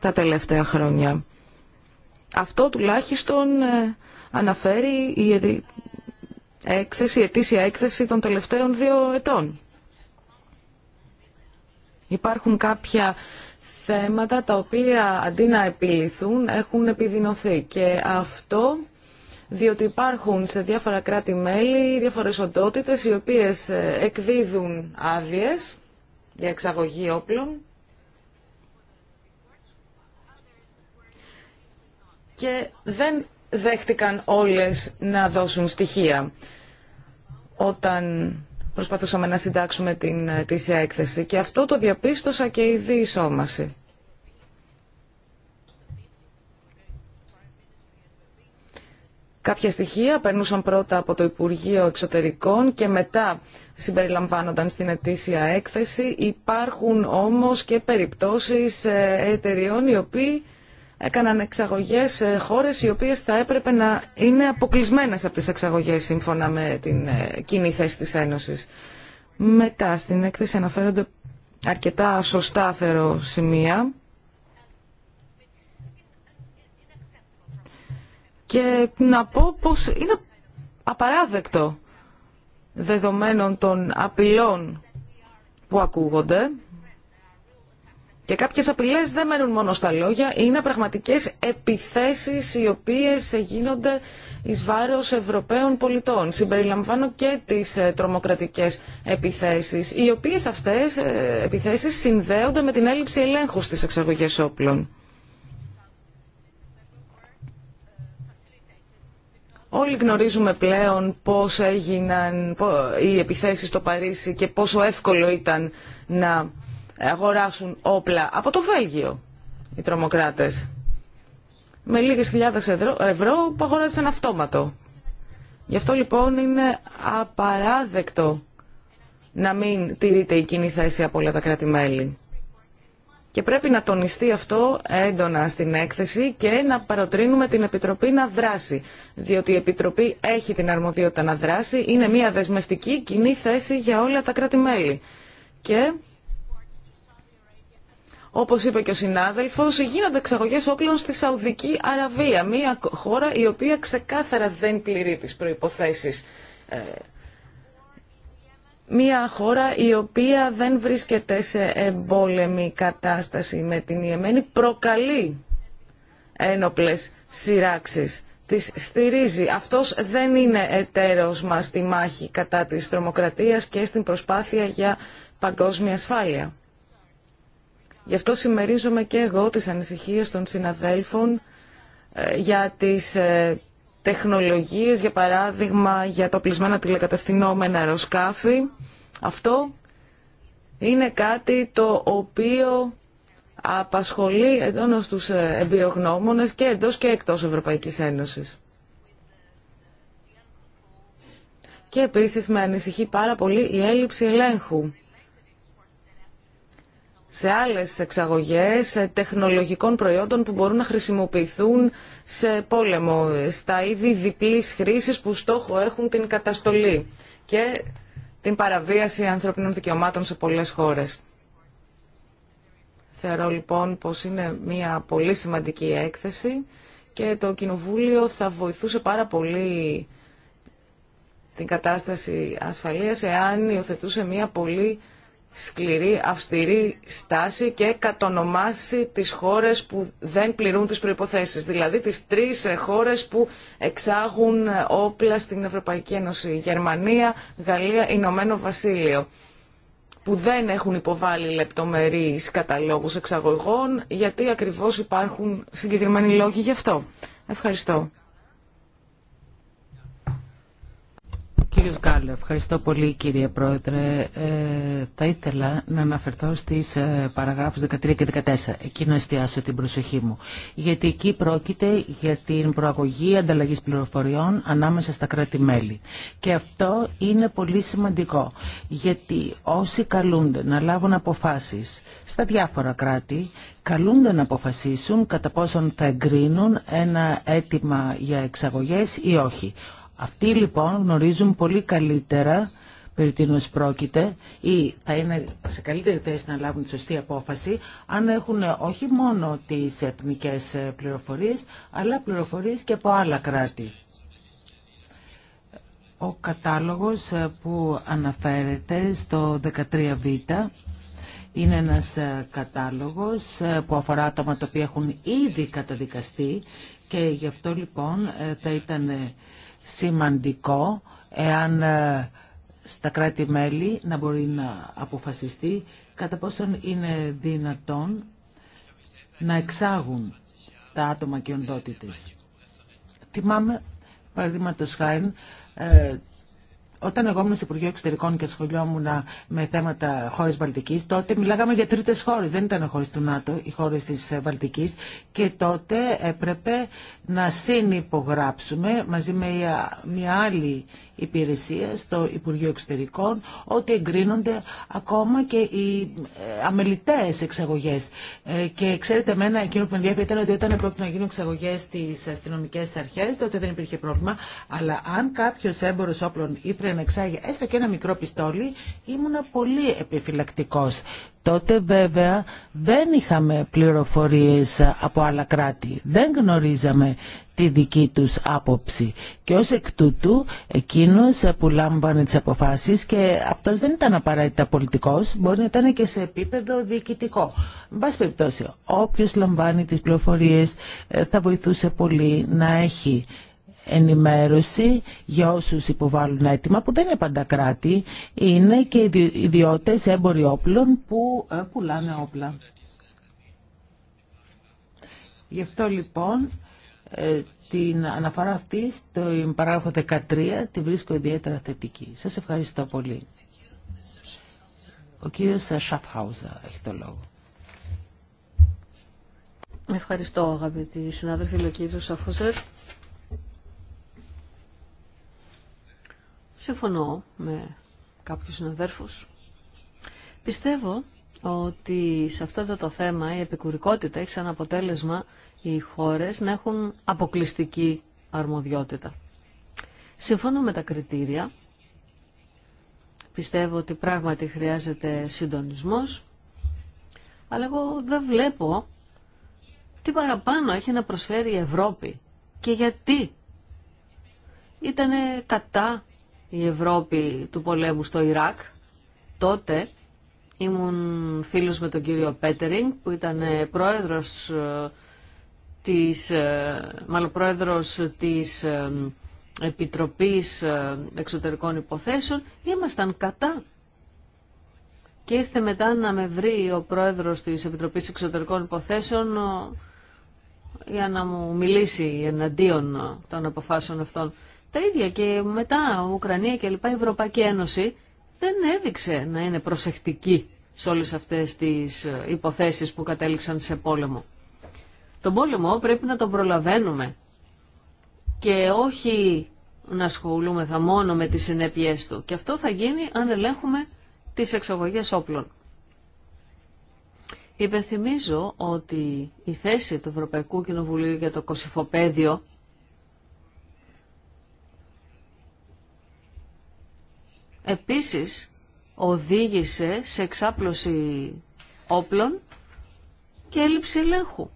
τα τελευταία χρόνια. Αυτό τουλάχιστον ε, αναφέρει η έκθεση, η ετήσια έκθεση των τελευταίων δύο ετών. Υπάρχουν κάποια θέματα τα οποία αντί να επιληθούν έχουν επιδεινωθεί και αυτό διότι υπάρχουν σε διάφορα κράτη-μέλη διάφορες οντότητες οι οποίες ε, εκδίδουν άδειε για εξαγωγή όπλων και δεν δέχτηκαν όλες να δώσουν στοιχεία. Όταν προσπαθούσαμε να συντάξουμε την ετήσια έκθεση και αυτό το διαπίστωσα και η διεισόμαση. Κάποια στοιχεία περνούσαν πρώτα από το Υπουργείο Εξωτερικών και μετά συμπεριλαμβάνονταν στην ετήσια έκθεση. Υπάρχουν όμως και περιπτώσεις ε, εταιριών οι οποίοι έκαναν εξαγωγές χώρες οι οποίες θα έπρεπε να είναι αποκλεισμένες από τις εξαγωγές σύμφωνα με την ε, κοινή θέση της Ένωσης. Μετά στην έκθεση αναφέρονται αρκετά σωστά θεωρώ σημεία και να πω πως είναι απαράδεκτο δεδομένων των απειλών που ακούγονται και κάποιες απειλέ δεν μένουν μόνο στα λόγια, είναι πραγματικές επιθέσεις οι οποίες γίνονται ει βάρο Ευρωπαίων πολιτών. Συμπεριλαμβάνω και τις ε, τρομοκρατικές επιθέσεις, οι οποίες αυτές ε, επιθέσεις συνδέονται με την έλλειψη ελέγχου στις εξαγωγές όπλων. Όλοι γνωρίζουμε πλέον πώς έγιναν οι επιθέσεις στο Παρίσι και πόσο εύκολο ήταν να αγοράσουν όπλα από το Βέλγιο οι τρομοκράτες. Με λίγες χιλιάδες ευρώ που ένα αυτόματο. Γι' αυτό λοιπόν είναι απαράδεκτο να μην τηρείται η κοινή θέση από όλα τα κράτη-μέλη. Και πρέπει να τονιστεί αυτό έντονα στην έκθεση και να παροτρύνουμε την Επιτροπή να δράσει. Διότι η Επιτροπή έχει την αρμοδιότητα να δράσει, είναι μια δεσμευτική κοινή θέση για όλα τα κράτη-μέλη. Και όπως είπε και ο συνάδελφος, γίνονται εξαγωγές όπλων στη Σαουδική Αραβία, μια χώρα η οποία ξεκάθαρα δεν πληρεί τις προϋποθέσεις. Ε, μια χώρα η οποία δεν βρίσκεται σε εμπόλεμη κατάσταση με την Ιεμένη, προκαλεί ένοπλες σειράξεις. Τις στηρίζει. Αυτός δεν είναι εταίρος μας στη μάχη κατά της τρομοκρατίας και στην προσπάθεια για παγκόσμια ασφάλεια. Γι' αυτό συμμερίζομαι και εγώ τις ανησυχίες των συναδέλφων ε, για τις ε, τεχνολογίες, για παράδειγμα για τα οπλισμένα τηλεκατευθυνόμενα αεροσκάφη. Αυτό είναι κάτι το οποίο απασχολεί εντόνως τους ε, εμπειρογνώμονες και εντός και εκτός Ευρωπαϊκής Ένωσης. Και επίσης με ανησυχεί πάρα πολύ η έλλειψη ελέγχου σε άλλες εξαγωγές τεχνολογικών προϊόντων που μπορούν να χρησιμοποιηθούν σε πόλεμο, στα είδη διπλής χρήσης που στόχο έχουν την καταστολή και την παραβίαση ανθρωπινών δικαιωμάτων σε πολλές χώρες. Θεωρώ λοιπόν πως είναι μια πολύ σημαντική έκθεση και το Κοινοβούλιο θα βοηθούσε πάρα πολύ την κατάσταση ασφαλείας εάν υιοθετούσε μια πολύ σκληρή, αυστηρή στάση και κατονομάσει τις χώρες που δεν πληρούν τις προϋποθέσεις. Δηλαδή τις τρεις χώρες που εξάγουν όπλα στην Ευρωπαϊκή Ένωση. Γερμανία, Γαλλία, Ηνωμένο Βασίλειο που δεν έχουν υποβάλει λεπτομερείς καταλόγους εξαγωγών, γιατί ακριβώς υπάρχουν συγκεκριμένοι λόγοι γι' αυτό. Ευχαριστώ. κύριος Γκάλε. Ευχαριστώ πολύ κύριε Πρόεδρε. Ε, θα ήθελα να αναφερθώ στις παραγράφου ε, παραγράφους 13 και 14. Εκεί να εστιάσω την προσοχή μου. Γιατί εκεί πρόκειται για την προαγωγή ανταλλαγής πληροφοριών ανάμεσα στα κράτη-μέλη. Και αυτό είναι πολύ σημαντικό. Γιατί όσοι καλούνται να λάβουν αποφάσεις στα διάφορα κράτη καλούνται να αποφασίσουν κατά πόσον θα εγκρίνουν ένα αίτημα για εξαγωγές ή όχι. Αυτοί λοιπόν γνωρίζουν πολύ καλύτερα περί τίνος πρόκειται ή θα είναι σε καλύτερη θέση να λάβουν τη σωστή απόφαση αν έχουν ε, όχι μόνο τις εθνικές ε, πληροφορίες αλλά πληροφορίες και από άλλα κράτη. Ο κατάλογος ε, που αναφέρεται στο 13β είναι ένας κατάλογος που αφορά άτομα τα οποία έχουν ήδη καταδικαστεί και γι' αυτό λοιπόν θα ήταν σημαντικό εάν ε, στα κράτη-μέλη να μπορεί να αποφασιστεί κατά πόσον είναι δυνατόν να εξάγουν τα άτομα και οντότητες. Θυμάμαι, παραδείγματος χάρη, ε, όταν εγώ ήμουν στο Υπουργείο Εξωτερικών και ασχολιόμουν με θέματα χώρε Βαλτική, τότε μιλάγαμε για τρίτε χώρε. Δεν ήταν χώρε του ΝΑΤΟ, οι χώρε τη ε, Βαλτική. Και τότε έπρεπε να συνυπογράψουμε μαζί με μια άλλη υπηρεσία στο Υπουργείο Εξωτερικών ότι εγκρίνονται ακόμα και οι ε, αμελητές εξαγωγές. Ε, και ξέρετε εμένα εκείνο που με ενδιαφέρει ήταν ότι όταν πρόκειται να γίνουν εξαγωγές στις αστυνομικές αρχές τότε δεν υπήρχε πρόβλημα. Αλλά αν κάποιος έμπορος όπλων ήθελε να εξάγει έστω και ένα μικρό πιστόλι ήμουν πολύ επιφυλακτικός. Τότε βέβαια δεν είχαμε πληροφορίες από άλλα κράτη. Δεν γνωρίζαμε τη δική τους άποψη. Και ως εκ τούτου εκείνος που λάμβανε τις αποφάσεις και αυτός δεν ήταν απαραίτητα πολιτικός, μπορεί να ήταν και σε επίπεδο διοικητικό. Με πάση περιπτώσει, όποιος λαμβάνει τις πληροφορίες ε, θα βοηθούσε πολύ να έχει ενημέρωση για όσους υποβάλλουν έτοιμα που δεν είναι πάντα κράτη, είναι και ιδιώτες έμποροι όπλων που ε, πουλάνε όπλα. Γι' αυτό λοιπόν ε, την αναφορά αυτή στο παράγραφο 13 τη βρίσκω ιδιαίτερα θετική. Σας ευχαριστώ πολύ. Ο κύριος Σαφχάουζα έχει το λόγο. Ευχαριστώ αγαπητοί συνάδελφοι, με κύριο Σαφούζερ. Συμφωνώ με κάποιους συναδέρφους. Πιστεύω ότι σε αυτό το θέμα η επικουρικότητα έχει σαν αποτέλεσμα οι χώρες να έχουν αποκλειστική αρμοδιότητα. Συμφωνώ με τα κριτήρια. Πιστεύω ότι πράγματι χρειάζεται συντονισμός, αλλά εγώ δεν βλέπω τι παραπάνω έχει να προσφέρει η Ευρώπη και γιατί. Ήτανε κατά η Ευρώπη του πολέμου στο Ιράκ, τότε ήμουν φίλος με τον κύριο Πέτερινγκ που ήταν ε, πρόεδρος ε, της, ε, μάλλον πρόεδρος της Επιτροπής Εξωτερικών Υποθέσεων, ήμασταν κατά. Και ήρθε μετά να με βρει ο πρόεδρος της Επιτροπής Εξωτερικών Υποθέσεων για να μου μιλήσει εναντίον των αποφάσεων αυτών τα ίδια και μετά Ουκρανία και λοιπά η Ευρωπαϊκή Ένωση δεν έδειξε να είναι προσεκτική σε όλες αυτές τις ε, υποθέσεις που κατέληξαν σε πόλεμο. Τον πόλεμο πρέπει να τον προλαβαίνουμε και όχι να ασχολούμεθα μόνο με τις συνέπειές του. Και αυτό θα γίνει αν ελέγχουμε τις εξαγωγές όπλων. Υπενθυμίζω ότι η θέση του Ευρωπαϊκού Κοινοβουλίου για το κοσυφοπαίδιο επίσης οδήγησε σε εξάπλωση όπλων και έλλειψη ελέγχου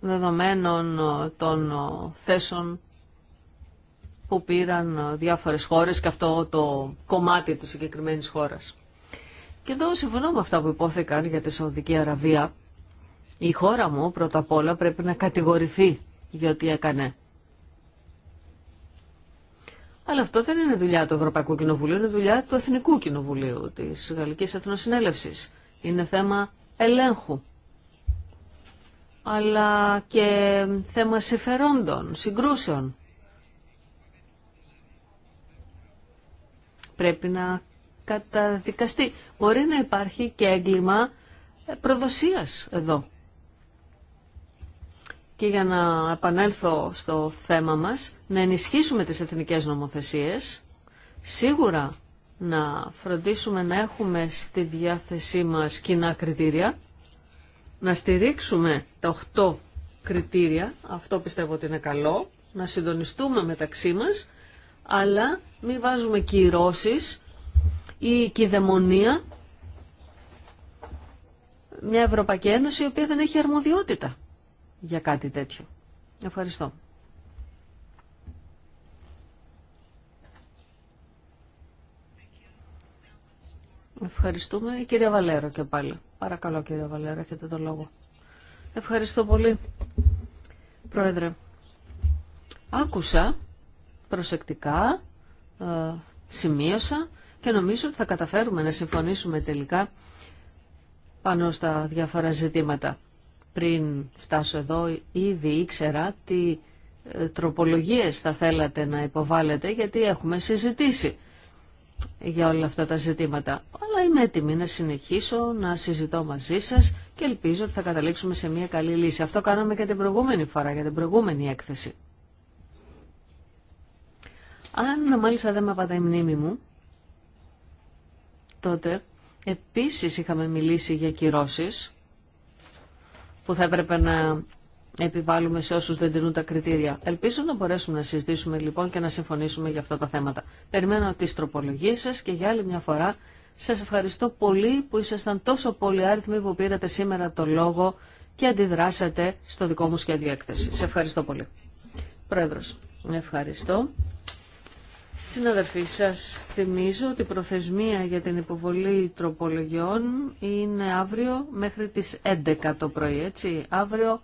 δεδομένων ε, των ε, θέσεων που πήραν ε, διάφορες χώρες και αυτό το κομμάτι της συγκεκριμένης χώρας. Και εδώ συμφωνώ με αυτά που υπόθηκαν για τη Σαουδική Αραβία. Η χώρα μου πρώτα απ' όλα πρέπει να κατηγορηθεί για ό,τι έκανε. Αλλά αυτό δεν είναι δουλειά του Ευρωπαϊκού Κοινοβουλίου, είναι δουλειά του Εθνικού Κοινοβουλίου, τη γαλλική Εθνοσυνέλευση. Είναι θέμα ελέγχου, αλλά και θέμα συμφερόντων, συγκρούσεων. Πρέπει να καταδικαστεί. Μπορεί να υπάρχει και έγκλημα ε, προδοσίας εδώ και για να επανέλθω στο θέμα μας, να ενισχύσουμε τις εθνικές νομοθεσίες, σίγουρα να φροντίσουμε να έχουμε στη διάθεσή μας κοινά κριτήρια, να στηρίξουμε τα 8 κριτήρια, αυτό πιστεύω ότι είναι καλό, να συντονιστούμε μεταξύ μας, αλλά μην βάζουμε κυρώσεις ή κυδαιμονία μια Ευρωπαϊκή Ένωση η οποία δεν έχει αρμοδιότητα για κάτι τέτοιο. Ευχαριστώ. Ευχαριστούμε. Η κυρία Βαλέρο και πάλι. Παρακαλώ κυρία Βαλέρο, έχετε το λόγο. Ευχαριστώ πολύ. Πρόεδρε, άκουσα προσεκτικά, ε, σημείωσα και νομίζω ότι θα καταφέρουμε να συμφωνήσουμε τελικά πάνω στα διάφορα ζητήματα πριν φτάσω εδώ ήδη ήξερα τι ε, τροπολογίες θα θέλατε να υποβάλλετε γιατί έχουμε συζητήσει για όλα αυτά τα ζητήματα. Αλλά είμαι έτοιμη να συνεχίσω να συζητώ μαζί σας και ελπίζω ότι θα καταλήξουμε σε μια καλή λύση. Αυτό κάναμε και την προηγούμενη φορά, για την προηγούμενη έκθεση. Αν μάλιστα δεν με απατάει η μνήμη μου, τότε επίσης είχαμε μιλήσει για κυρώσεις που θα έπρεπε να επιβάλλουμε σε όσους δεν τηρούν τα κριτήρια. Ελπίζω να μπορέσουμε να συζητήσουμε λοιπόν και να συμφωνήσουμε για αυτά τα θέματα. Περιμένω τις τροπολογίες σας και για άλλη μια φορά σας ευχαριστώ πολύ που ήσασταν τόσο πολύ άριθμοι που πήρατε σήμερα το λόγο και αντιδράσατε στο δικό μου σχέδιο έκθεση. Σε ευχαριστώ πολύ. Πρόεδρος, ευχαριστώ. Συναδελφοί, σας θυμίζω ότι η προθεσμία για την υποβολή τροπολογιών είναι αύριο μέχρι τις 11 το πρωί, έτσι. Αύριο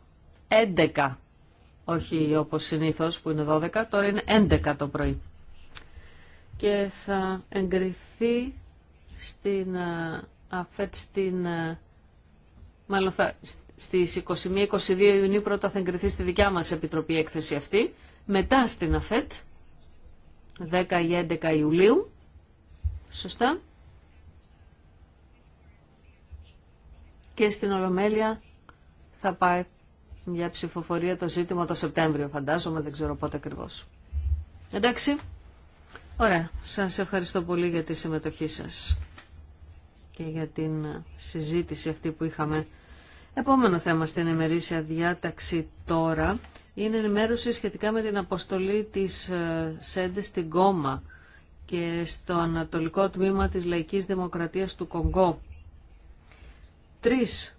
11, όχι όπως συνήθως που είναι 12, τώρα είναι 11 το πρωί. Και θα εγκριθεί στην ΑΦΕΤ στην... Μάλλον θα, στις 21-22 Ιουνίου πρώτα θα εγκριθεί στη δικιά μας επιτροπή έκθεση αυτή, μετά στην ΑΦΕΤ 10 ή 11 Ιουλίου. Σωστά. Και στην Ολομέλεια θα πάει για ψηφοφορία το ζήτημα το Σεπτέμβριο, φαντάζομαι, δεν ξέρω πότε ακριβώς. Εντάξει. Ωραία. Σας ευχαριστώ πολύ για τη συμμετοχή σας και για την συζήτηση αυτή που είχαμε. Επόμενο θέμα στην ημερήσια διάταξη τώρα είναι ενημέρωση σχετικά με την αποστολή της ε, ΣΕΝΤΕ στην Κόμα και στο ανατολικό τμήμα της Λαϊκής Δημοκρατίας του Κονγκό. Τρεις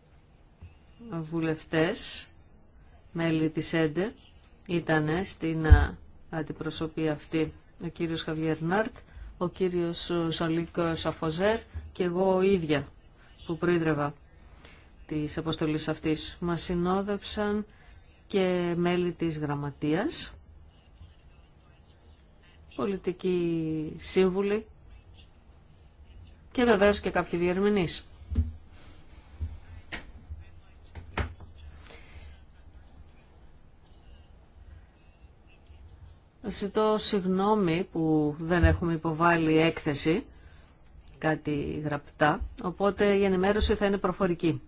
βουλευτές, μέλη της ΣΕΝΤΕ, ήταν στην ε, αντιπροσωπή αυτή ο κύριος Χαβιέρ Νάρτ, ο κύριος Σαλίκ ε, Σαφοζέρ και εγώ ίδια που πρίδρευα της αποστολής αυτής. Μας συνόδευσαν και μέλη της Γραμματείας, πολιτικοί σύμβουλοι και βεβαίως και κάποιοι διερμηνείς. Ζητώ συγγνώμη που δεν έχουμε υποβάλει έκθεση, κάτι γραπτά, οπότε η ενημέρωση θα είναι προφορική.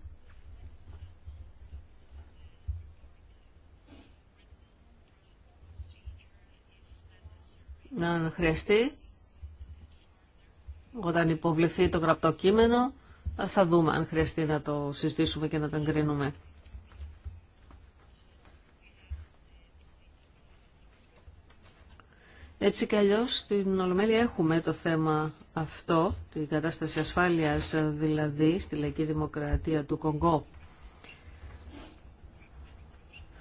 αν χρειαστεί, όταν υποβληθεί το γραπτό κείμενο, θα δούμε αν χρειαστεί να το συστήσουμε και να το εγκρίνουμε. Έτσι κι αλλιώς στην Ολομέλεια έχουμε το θέμα αυτό, την κατάσταση ασφάλειας δηλαδή στη Λαϊκή Δημοκρατία του Κονγκό.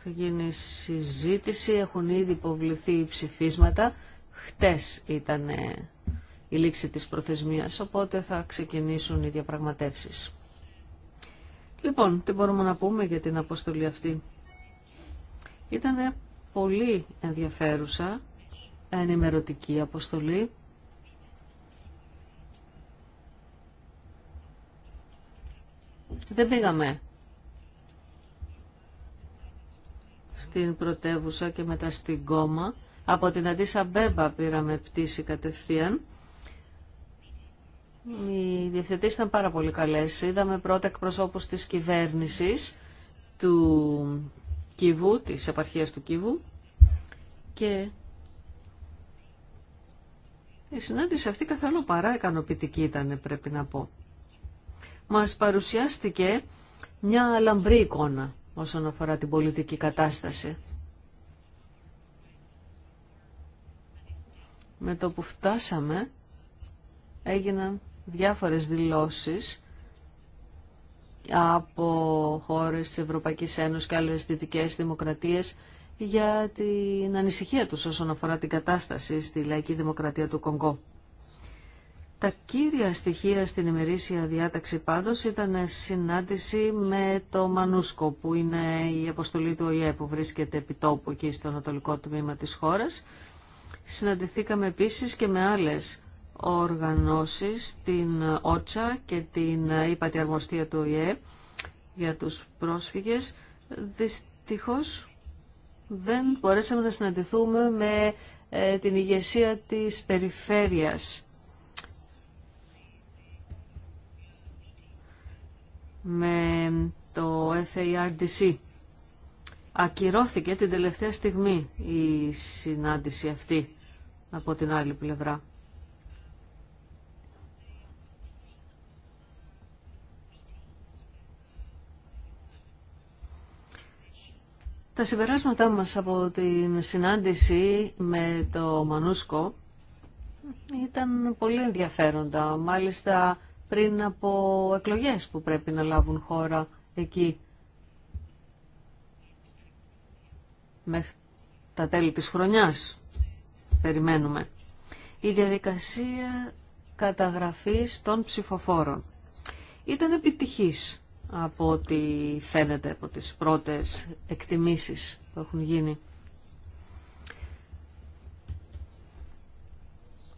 Θα γίνει συζήτηση, έχουν ήδη υποβληθεί ψηφίσματα Χτες ήταν η λήξη της προθεσμίας, οπότε θα ξεκινήσουν οι διαπραγματεύσεις. Λοιπόν, τι μπορούμε να πούμε για την αποστολή αυτή. Ήταν πολύ ενδιαφέρουσα, ενημερωτική αποστολή. Δεν πήγαμε στην πρωτεύουσα και μετά στην κόμμα από την Αντίσα Μπέμπα πήραμε πτήση κατευθείαν. Οι διευθυντές ήταν πάρα πολύ καλές. Είδαμε πρώτα εκπροσώπους της κυβέρνησης του Κιβού, της επαρχίας του Κιβού και η συνάντηση αυτή καθόλου παρά ικανοποιητική ήταν πρέπει να πω. Μας παρουσιάστηκε μια λαμπρή εικόνα όσον αφορά την πολιτική κατάσταση. με το που φτάσαμε έγιναν διάφορες δηλώσεις από χώρες της Ευρωπαϊκής Ένωσης και άλλες δυτικές δημοκρατίες για την ανησυχία τους όσον αφορά την κατάσταση στη λαϊκή δημοκρατία του Κονγκό. Τα κύρια στοιχεία στην ημερήσια διάταξη πάντως ήταν συνάντηση με το Μανούσκο που είναι η αποστολή του ΟΗΕ που βρίσκεται επί εκεί στο ανατολικό τμήμα της χώρας Συναντηθήκαμε επίσης και με άλλες οργανώσεις, την ΟΤΣΑ και την ΥΠΑΤΗ Αρμοστία του ΟΗΕ για τους πρόσφυγες. Δυστυχώς δεν μπορέσαμε να συναντηθούμε με ε, την ηγεσία της περιφέρειας. με το FARDC. Ακυρώθηκε την τελευταία στιγμή η συνάντηση αυτή από την άλλη πλευρά. Τα συμπεράσματά μας από την συνάντηση με το Μανούσκο ήταν πολύ ενδιαφέροντα. Μάλιστα πριν από εκλογές που πρέπει να λάβουν χώρα εκεί μέχρι τα τέλη της χρονιάς περιμένουμε. Η διαδικασία καταγραφής των ψηφοφόρων ήταν επιτυχής από ό,τι φαίνεται από τις πρώτες εκτιμήσεις που έχουν γίνει.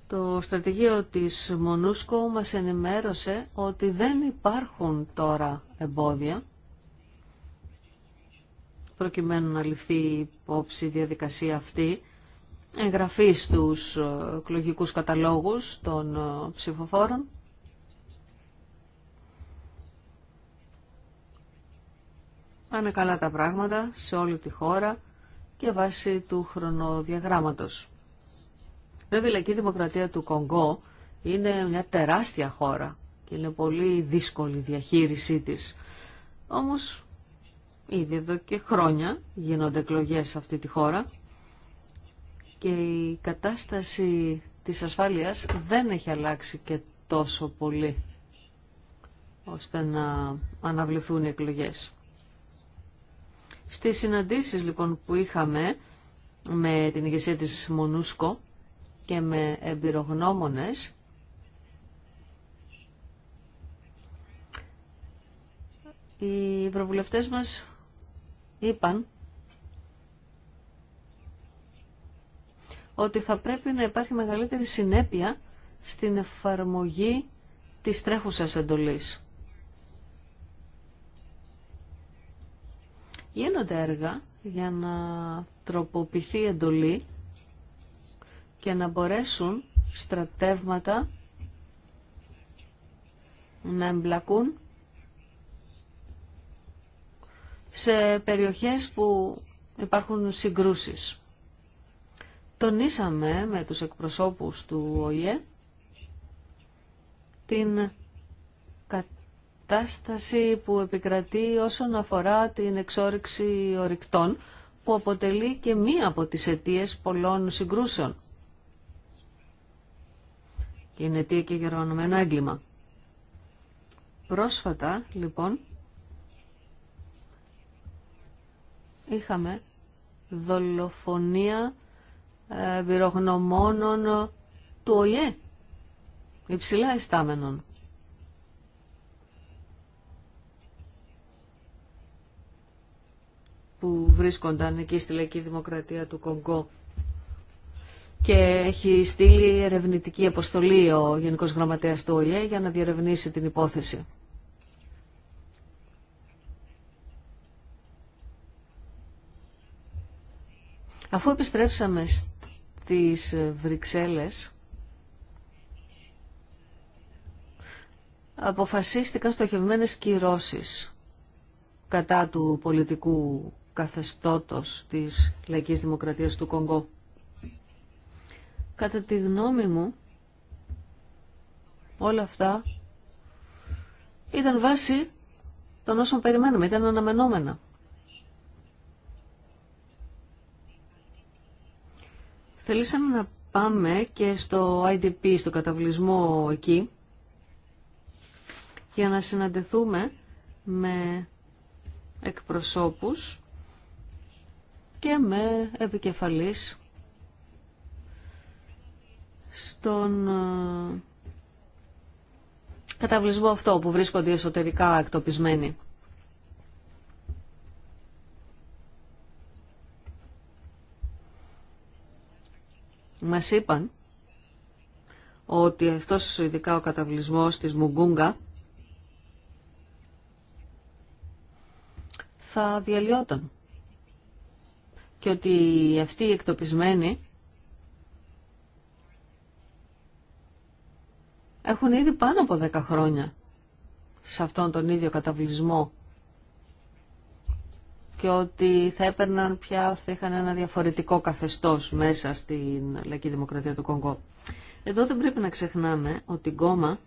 Το στρατηγείο της Μονούσκο μας ενημέρωσε ότι δεν υπάρχουν τώρα εμπόδια προκειμένου να ληφθεί υπόψη η διαδικασία αυτή εγγραφή στους ε, εκλογικού καταλόγους των ε, ψηφοφόρων. Πάνε καλά τα πράγματα σε όλη τη χώρα και βάσει του χρονοδιαγράμματος. Βέβαια, η Δημοκρατία του Κονγκό είναι μια τεράστια χώρα και είναι πολύ δύσκολη η διαχείρισή της. Όμως, ήδη εδώ και χρόνια γίνονται εκλογές σε αυτή τη χώρα και η κατάσταση της ασφάλειας δεν έχει αλλάξει και τόσο πολύ ώστε να αναβληθούν οι εκλογές. Στις συναντήσεις λοιπόν που είχαμε με την ηγεσία της Μονούσκο και με εμπειρογνώμονες οι προβουλευτές μας είπαν ότι θα πρέπει να υπάρχει μεγαλύτερη συνέπεια στην εφαρμογή της τρέχουσας εντολής. Γίνονται έργα για να τροποποιηθεί η εντολή και να μπορέσουν στρατεύματα να εμπλακούν σε περιοχές που υπάρχουν συγκρούσεις τονίσαμε με τους εκπροσώπους του ΟΗΕ την κατάσταση που επικρατεί όσον αφορά την εξόρυξη ορυκτών που αποτελεί και μία από τις αιτίες πολλών συγκρούσεων. Και είναι αιτία και γερμανωμένο έγκλημα. Πρόσφατα, λοιπόν, είχαμε δολοφονία εμπειρογνωμόνων του ΟΙΕ υψηλά εστάμενων. που βρίσκονταν εκεί στη Λαϊκή Δημοκρατία του Κονγκό και έχει στείλει ερευνητική αποστολή ο Γενικός Γραμματέας του ΟΗΕ για να διερευνήσει την υπόθεση. Αφού επιστρέψαμε στις Βρυξέλλες αποφασίστηκαν στοχευμένες κυρώσεις κατά του πολιτικού καθεστώτος της λαϊκής δημοκρατίας του Κονγκό. Κατά τη γνώμη μου, όλα αυτά ήταν βάση των όσων περιμένουμε, ήταν αναμενόμενα. Θελήσαμε να πάμε και στο IDP, στο καταβλισμό εκεί, για να συναντηθούμε με εκπροσώπους και με επικεφαλής στον ε, καταβλισμό αυτό που βρίσκονται εσωτερικά εκτοπισμένοι. Μας είπαν ότι αυτός ειδικά ο καταβλισμός της Μουγκούγκα θα διαλυόταν και ότι αυτοί οι εκτοπισμένοι έχουν ήδη πάνω από 10 χρόνια σε αυτόν τον ίδιο καταβλισμό και ότι θα έπαιρναν πια, θα είχαν ένα διαφορετικό καθεστώς μέσα στην Λαϊκή Δημοκρατία του Κονγκό. Εδώ δεν πρέπει να ξεχνάμε ότι η Γκόμα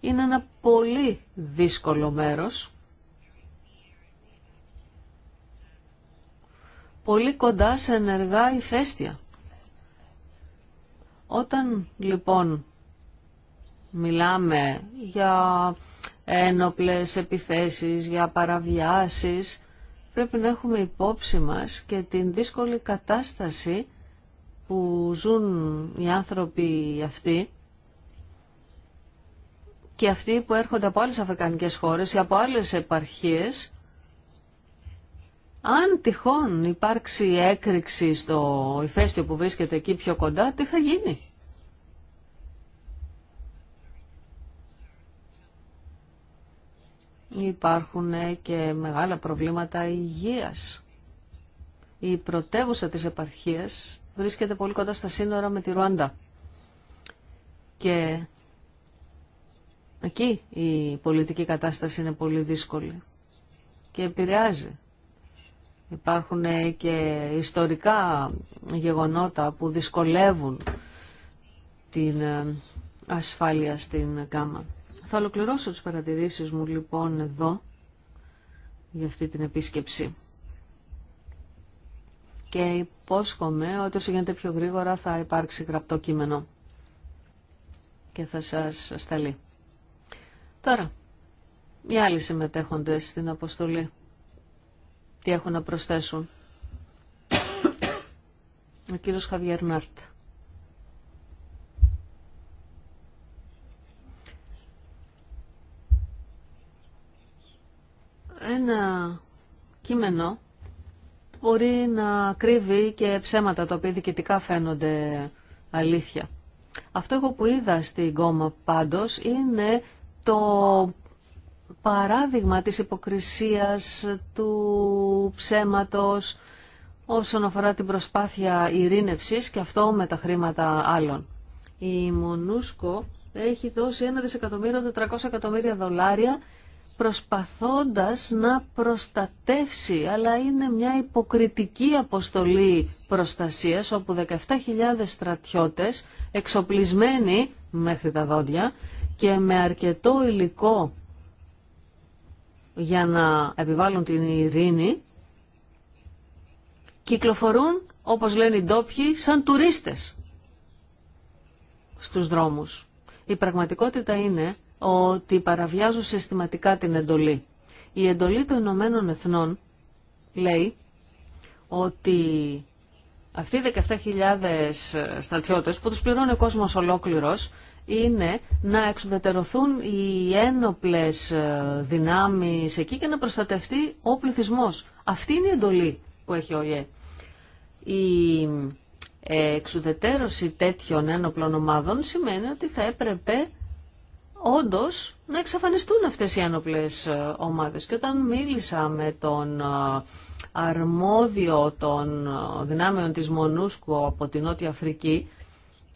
είναι ένα πολύ δύσκολο μέρος, πολύ κοντά σε ενεργά ηφαίστεια. Όταν λοιπόν μιλάμε για ένοπλες επιθέσεις, για παραβιάσεις, πρέπει να έχουμε υπόψη μας και την δύσκολη κατάσταση που ζουν οι άνθρωποι αυτοί και αυτοί που έρχονται από άλλες αφρικανικές χώρες ή από άλλες επαρχίες αν τυχόν υπάρξει έκρηξη στο ηφαίστειο που βρίσκεται εκεί πιο κοντά, τι θα γίνει. υπάρχουν ε, και μεγάλα προβλήματα υγείας. Η πρωτεύουσα της επαρχίας βρίσκεται πολύ κοντά στα σύνορα με τη Ρουάντα. Και εκεί η πολιτική κατάσταση είναι πολύ δύσκολη και επηρεάζει. Υπάρχουν ε, και ιστορικά γεγονότα που δυσκολεύουν την ε, ασφάλεια στην κάμα. Θα ολοκληρώσω τις παρατηρήσεις μου λοιπόν εδώ για αυτή την επίσκεψη. Και υπόσχομαι ότι όσο γίνεται πιο γρήγορα θα υπάρξει γραπτό κείμενο και θα σας σταλεί. Τώρα, οι άλλοι συμμετέχοντες στην αποστολή, τι έχουν να προσθέσουν. Ο κύριος Χαβιέρ ένα κείμενο μπορεί να κρύβει και ψέματα τα οποία διοικητικά φαίνονται αλήθεια. Αυτό εγώ που είδα στην κόμμα πάντως είναι το παράδειγμα της υποκρισίας, του ψέματος όσον αφορά την προσπάθεια ειρήνευσης και αυτό με τα χρήματα άλλων. Η Μονούσκο έχει δώσει 1 δισεκατομμύριο 400 εκατομμύρια δολάρια προσπαθώντας να προστατεύσει, αλλά είναι μια υποκριτική αποστολή προστασίας, όπου 17.000 στρατιώτες, εξοπλισμένοι μέχρι τα δόντια και με αρκετό υλικό για να επιβάλλουν την ειρήνη, κυκλοφορούν, όπως λένε οι ντόπιοι, σαν τουρίστες στους δρόμους. Η πραγματικότητα είναι ότι παραβιάζουν συστηματικά την εντολή. Η εντολή των Ηνωμένων Εθνών λέει ότι αυτοί οι 17.000 στρατιώτες που τους πληρώνει ο κόσμος ολόκληρος είναι να εξουδετερωθούν οι ένοπλες ε, δυνάμεις εκεί και να προστατευτεί ο πληθυσμός. Αυτή είναι η εντολή που έχει ο ΙΕ. Η εξουδετερώση τέτοιων ένοπλων ομάδων σημαίνει ότι θα έπρεπε Όντω να εξαφανιστούν αυτές οι ανοπλέ ε, ομάδες. Και όταν μίλησα με τον ε, αρμόδιο των ε, δυνάμεων της Μονούσκου από την Νότια Αφρική,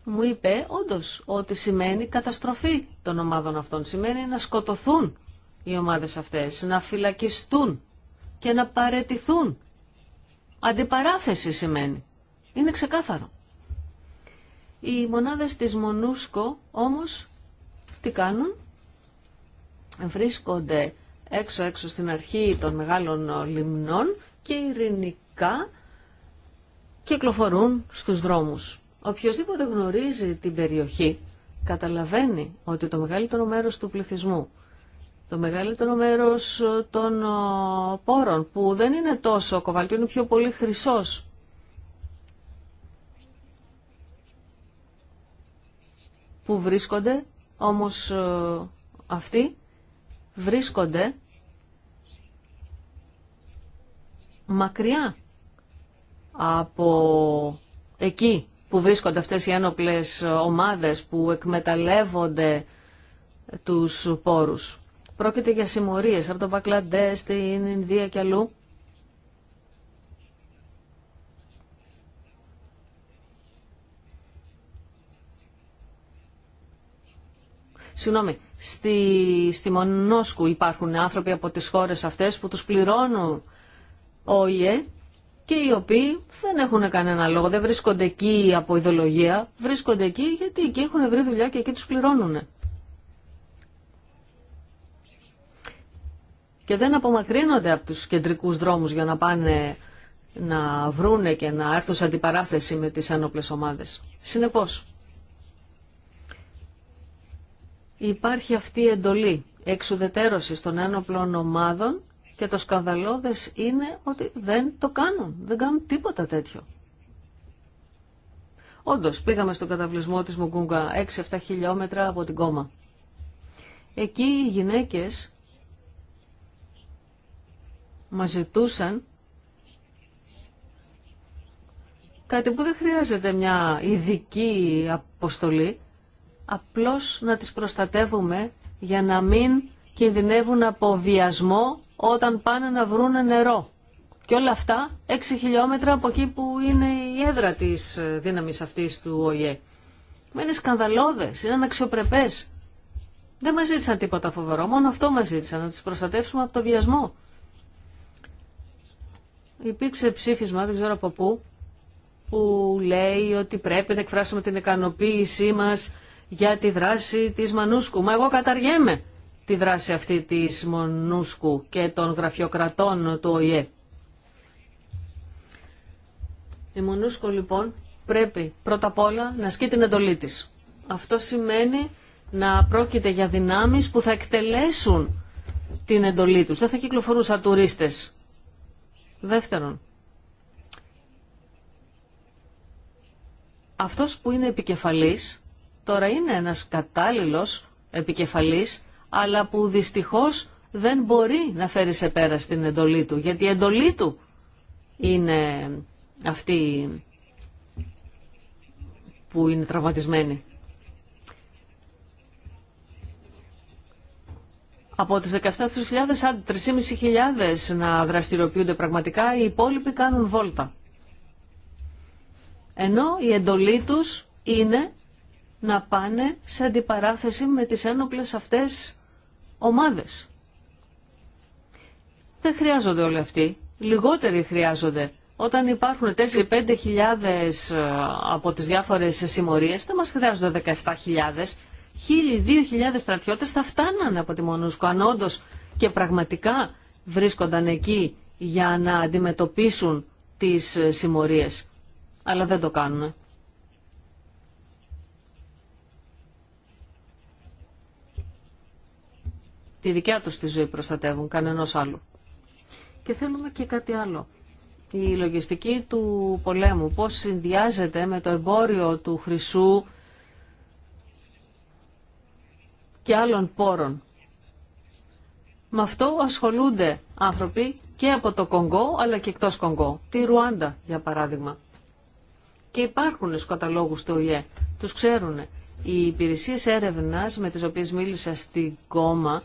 μου είπε όντω ότι σημαίνει καταστροφή των ομάδων αυτών. Σημαίνει να σκοτωθούν οι ομάδες αυτές, να φυλακιστούν και να παρετηθούν. Αντιπαράθεση σημαίνει. Είναι ξεκάθαρο. Οι μονάδες της Μονούσκο όμως τι κάνουν. Βρίσκονται έξω-έξω στην αρχή των μεγάλων λιμνών και ειρηνικά κυκλοφορούν στους δρόμους. Οποιοςδήποτε γνωρίζει την περιοχή καταλαβαίνει ότι το μεγαλύτερο μέρος του πληθυσμού, το μεγαλύτερο μέρος ε, των ε, πόρων που δεν είναι τόσο κοβαλτιό, είναι πιο πολύ χρυσός που βρίσκονται όμως ε, αυτοί βρίσκονται μακριά από εκεί που βρίσκονται αυτές οι ένοπλες ομάδες που εκμεταλλεύονται τους πόρους. Πρόκειται για συμμορίες από τον Πακλαντέ, στην Ινδία και αλλού Συγγνώμη, στη, στη Μονόσκου υπάρχουν άνθρωποι από τις χώρες αυτές που τους πληρώνουν ΙΕ και οι οποίοι δεν έχουν κανένα λόγο, δεν βρίσκονται εκεί από ιδεολογία, βρίσκονται εκεί γιατί εκεί έχουν βρει δουλειά και εκεί τους πληρώνουν. Και δεν απομακρύνονται από τους κεντρικούς δρόμους για να πάνε να βρούνε και να έρθουν σε αντιπαράθεση με τις ανώπλες ομάδες. Συνεπώς, υπάρχει αυτή η εντολή εξουδετέρωσης των ένοπλων ομάδων και το σκανδαλώδες είναι ότι δεν το κάνουν, δεν κάνουν τίποτα τέτοιο. Όντω πήγαμε στον καταβλισμό της Μουγκούγκα 6-7 χιλιόμετρα από την κόμμα. Εκεί οι γυναίκες μας ζητούσαν κάτι που δεν χρειάζεται μια ειδική αποστολή απλώς να τις προστατεύουμε για να μην κινδυνεύουν από βιασμό όταν πάνε να βρουν νερό. Και όλα αυτά 6 χιλιόμετρα από εκεί που είναι η έδρα της ε, δύναμης αυτής του ΟΗΕ. Μα είναι σκανδαλώδες, είναι αναξιοπρεπές. Δεν μας ζήτησαν τίποτα φοβερό, μόνο αυτό μας ζήτησαν, να τις προστατεύσουμε από το βιασμό. Υπήρξε ψήφισμα, δεν ξέρω από πού, που λέει ότι πρέπει να εκφράσουμε την ικανοποίησή μας για τη δράση της Μανούσκου. Μα εγώ καταργέμαι τη δράση αυτή της Μανούσκου και των γραφειοκρατών του ΟΗΕ. Η Μανούσκου λοιπόν πρέπει πρώτα απ' όλα να ασκεί την εντολή της. Αυτό σημαίνει να πρόκειται για δυνάμεις που θα εκτελέσουν την εντολή τους. Δεν θα κυκλοφορούν σαν τουρίστες. Δεύτερον, αυτός που είναι επικεφαλής τώρα είναι ένας κατάλληλος επικεφαλής, αλλά που δυστυχώς δεν μπορεί να φέρει σε πέρα στην εντολή του, γιατί η εντολή του είναι αυτή που είναι τραυματισμένη. Από τις 17.000 άντε 3.500 να δραστηριοποιούνται πραγματικά, οι υπόλοιποι κάνουν βόλτα. Ενώ η εντολή τους είναι να πάνε σε αντιπαράθεση με τις ένοπλες αυτές ομάδες. Δεν χρειάζονται όλοι αυτοί. Λιγότεροι χρειάζονται. Όταν υπάρχουν 4-5 χιλιάδες ε, από τις διάφορες συμμορίες, δεν μας χρειάζονται 17 χιλιάδες. Χίλιοι, δύο στρατιώτες θα φτάνανε από τη Μονούσκο, αν όντως και πραγματικά βρίσκονταν εκεί για να αντιμετωπίσουν τις ε, συμμορίες. Αλλά δεν το κάνουν. τη δικιά τους τη ζωή προστατεύουν, κανενός άλλου. Και θέλουμε και κάτι άλλο. Η λογιστική του πολέμου, πώς συνδυάζεται με το εμπόριο του χρυσού και άλλων πόρων. Με αυτό ασχολούνται άνθρωποι και από το Κονγκό αλλά και εκτός Κονγκό. Τη Ρουάντα για παράδειγμα. Και υπάρχουν σκοταλόγους του ΙΕ. Τους ξέρουν. Οι υπηρεσίες έρευνας με τις οποίες μίλησα στην κόμμα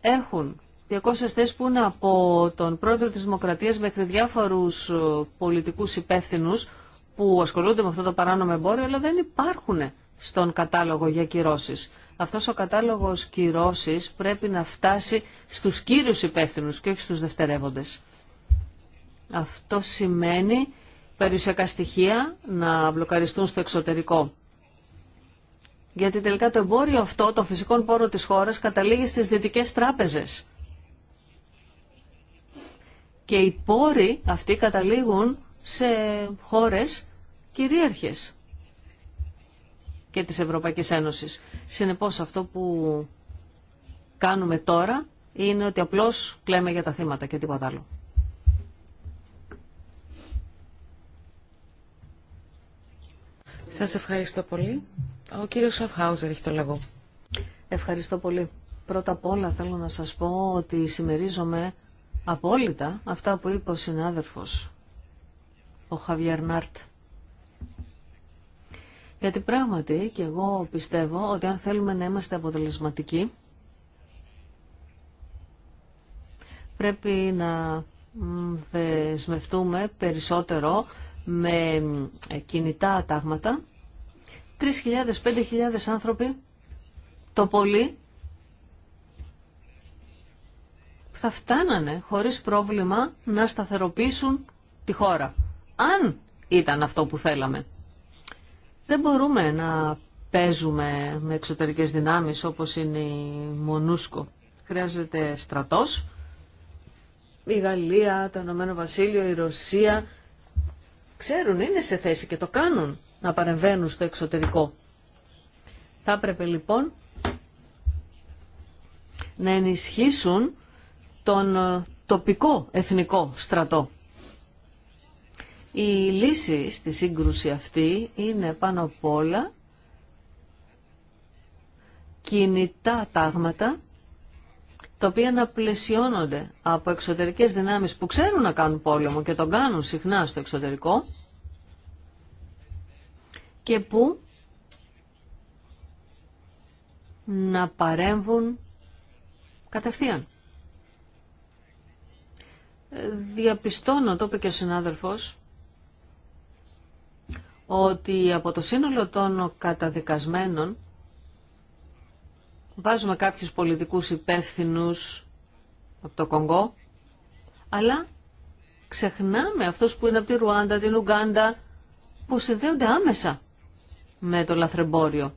έχουν 200 θέσει που είναι από τον πρόεδρο της Δημοκρατίας μέχρι διάφορους ε, πολιτικούς υπεύθυνου που ασχολούνται με αυτό το παράνομο εμπόριο, αλλά δεν υπάρχουν στον κατάλογο για κυρώσει. Αυτός ο κατάλογος κυρώσει πρέπει να φτάσει στους κύριου υπεύθυνου και όχι στους δευτερεύοντες. Αυτό σημαίνει περιουσιακά στοιχεία να μπλοκαριστούν στο εξωτερικό γιατί τελικά το εμπόριο αυτό των φυσικών πόρων της χώρας καταλήγει στις δυτικές τράπεζες. Και οι πόροι αυτοί καταλήγουν σε χώρες κυρίαρχες και της Ευρωπαϊκής Ένωσης. Συνεπώς αυτό που κάνουμε τώρα είναι ότι απλώς κλαίμε για τα θύματα και τίποτα άλλο. Σας ευχαριστώ πολύ. Ο κύριος Σαφχάουζερ έχει το λόγο. Ευχαριστώ πολύ. Πρώτα απ' όλα θέλω να σας πω ότι συμμερίζομαι απόλυτα αυτά που είπε ο συνάδελφος, ο Χαβιέρ Νάρτ. Γιατί πράγματι και εγώ πιστεύω ότι αν θέλουμε να είμαστε αποτελεσματικοί, πρέπει να δεσμευτούμε περισσότερο με κινητά τάγματα 3.000-5.000 άνθρωποι το πολύ θα φτάνανε χωρίς πρόβλημα να σταθεροποιήσουν τη χώρα. Αν ήταν αυτό που θέλαμε. Δεν μπορούμε να παίζουμε με εξωτερικές δυνάμεις όπως είναι η Μονούσκο. Χρειάζεται στρατός, η Γαλλία, το Ηνωμένο Βασίλειο, η Ρωσία. Ξέρουν, είναι σε θέση και το κάνουν να παρεμβαίνουν στο εξωτερικό. Θα έπρεπε λοιπόν να ενισχύσουν τον ε, τοπικό εθνικό στρατό. Η λύση στη σύγκρουση αυτή είναι πάνω απ' όλα κινητά τάγματα τα οποία να πλαισιώνονται από εξωτερικές δυνάμεις που ξέρουν να κάνουν πόλεμο και τον κάνουν συχνά στο εξωτερικό και που να παρέμβουν κατευθείαν. Διαπιστώνω, το είπε και ο συνάδελφος, ότι από το σύνολο των καταδικασμένων βάζουμε κάποιους πολιτικούς υπεύθυνους από το Κονγκό, αλλά ξεχνάμε αυτούς που είναι από τη Ρουάντα, την Ουγκάντα, που συνδέονται άμεσα με το λαθρεμπόριο.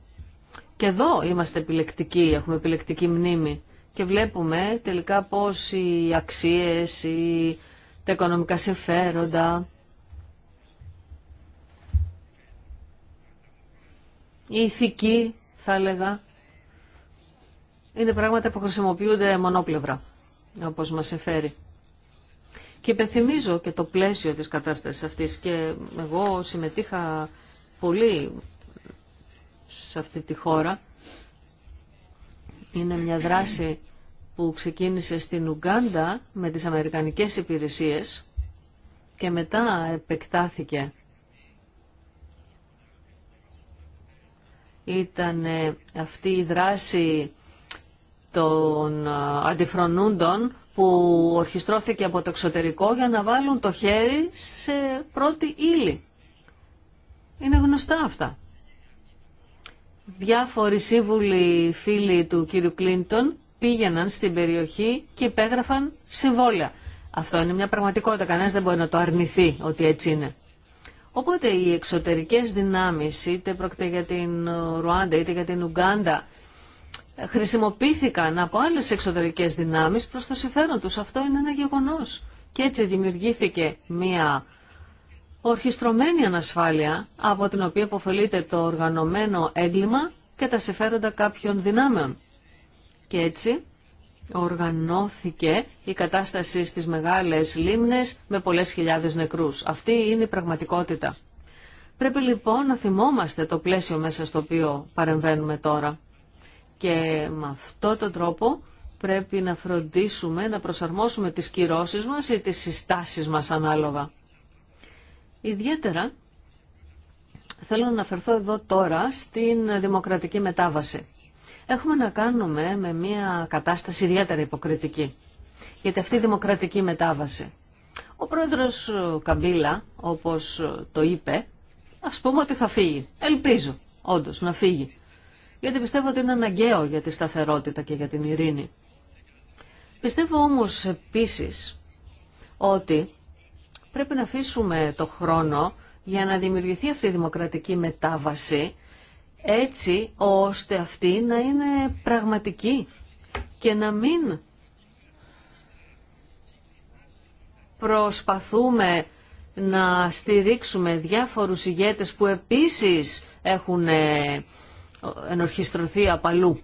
Και εδώ είμαστε επιλεκτικοί, έχουμε επιλεκτική μνήμη και βλέπουμε τελικά πώς οι αξίες, οι, τα οικονομικά συμφέροντα, η ηθική θα έλεγα, είναι πράγματα που χρησιμοποιούνται μονόπλευρα, όπως μας εφέρει. Και υπενθυμίζω και το πλαίσιο της κατάστασης αυτής και εγώ συμμετείχα πολύ σε αυτή τη χώρα. Είναι μια δράση που ξεκίνησε στην Ουγκάντα με τις Αμερικανικές υπηρεσίες και μετά επεκτάθηκε. Ήταν ε, αυτή η δράση των ε, αντιφρονούντων που ορχιστρώθηκε από το εξωτερικό για να βάλουν το χέρι σε πρώτη ύλη. Είναι γνωστά αυτά διάφοροι σύμβουλοι φίλοι του κύριου Κλίντον πήγαιναν στην περιοχή και υπέγραφαν συμβόλαια. Αυτό είναι μια πραγματικότητα, κανένας δεν μπορεί να το αρνηθεί ότι έτσι είναι. Οπότε οι εξωτερικές δυνάμεις, είτε πρόκειται για την Ρουάντα είτε για την Ουγκάντα, χρησιμοποιήθηκαν από άλλες εξωτερικές δυνάμεις προς το συμφέρον τους. Αυτό είναι ένα γεγονός. Και έτσι δημιουργήθηκε μια ορχιστρωμένη ανασφάλεια από την οποία αποφελείται το οργανωμένο έγκλημα και τα συμφέροντα κάποιων δυνάμεων. Και έτσι οργανώθηκε η κατάσταση στις μεγάλες λίμνες με πολλές χιλιάδες νεκρούς. Αυτή είναι η πραγματικότητα. Πρέπει λοιπόν να θυμόμαστε το πλαίσιο μέσα στο οποίο παρεμβαίνουμε τώρα. Και με αυτό τον τρόπο πρέπει να φροντίσουμε να προσαρμόσουμε τις κυρώσεις μας ή τις συστάσεις μας ανάλογα. Ιδιαίτερα θέλω να αναφερθώ εδώ τώρα στην δημοκρατική μετάβαση. Έχουμε να κάνουμε με μια κατάσταση ιδιαίτερα υποκριτική. Γιατί αυτή η δημοκρατική μετάβαση. Ο πρόεδρος Καμπίλα, όπως το είπε, ας πούμε ότι θα φύγει. Ελπίζω, όντως, να φύγει. Γιατί πιστεύω ότι είναι αναγκαίο για τη σταθερότητα και για την ειρήνη. Πιστεύω όμως επίσης ότι πρέπει να αφήσουμε το χρόνο για να δημιουργηθεί αυτή η δημοκρατική μετάβαση έτσι ώστε αυτή να είναι πραγματική και να μην προσπαθούμε να στηρίξουμε διάφορους ηγέτες που επίσης έχουν ε, ενορχιστρωθεί απαλού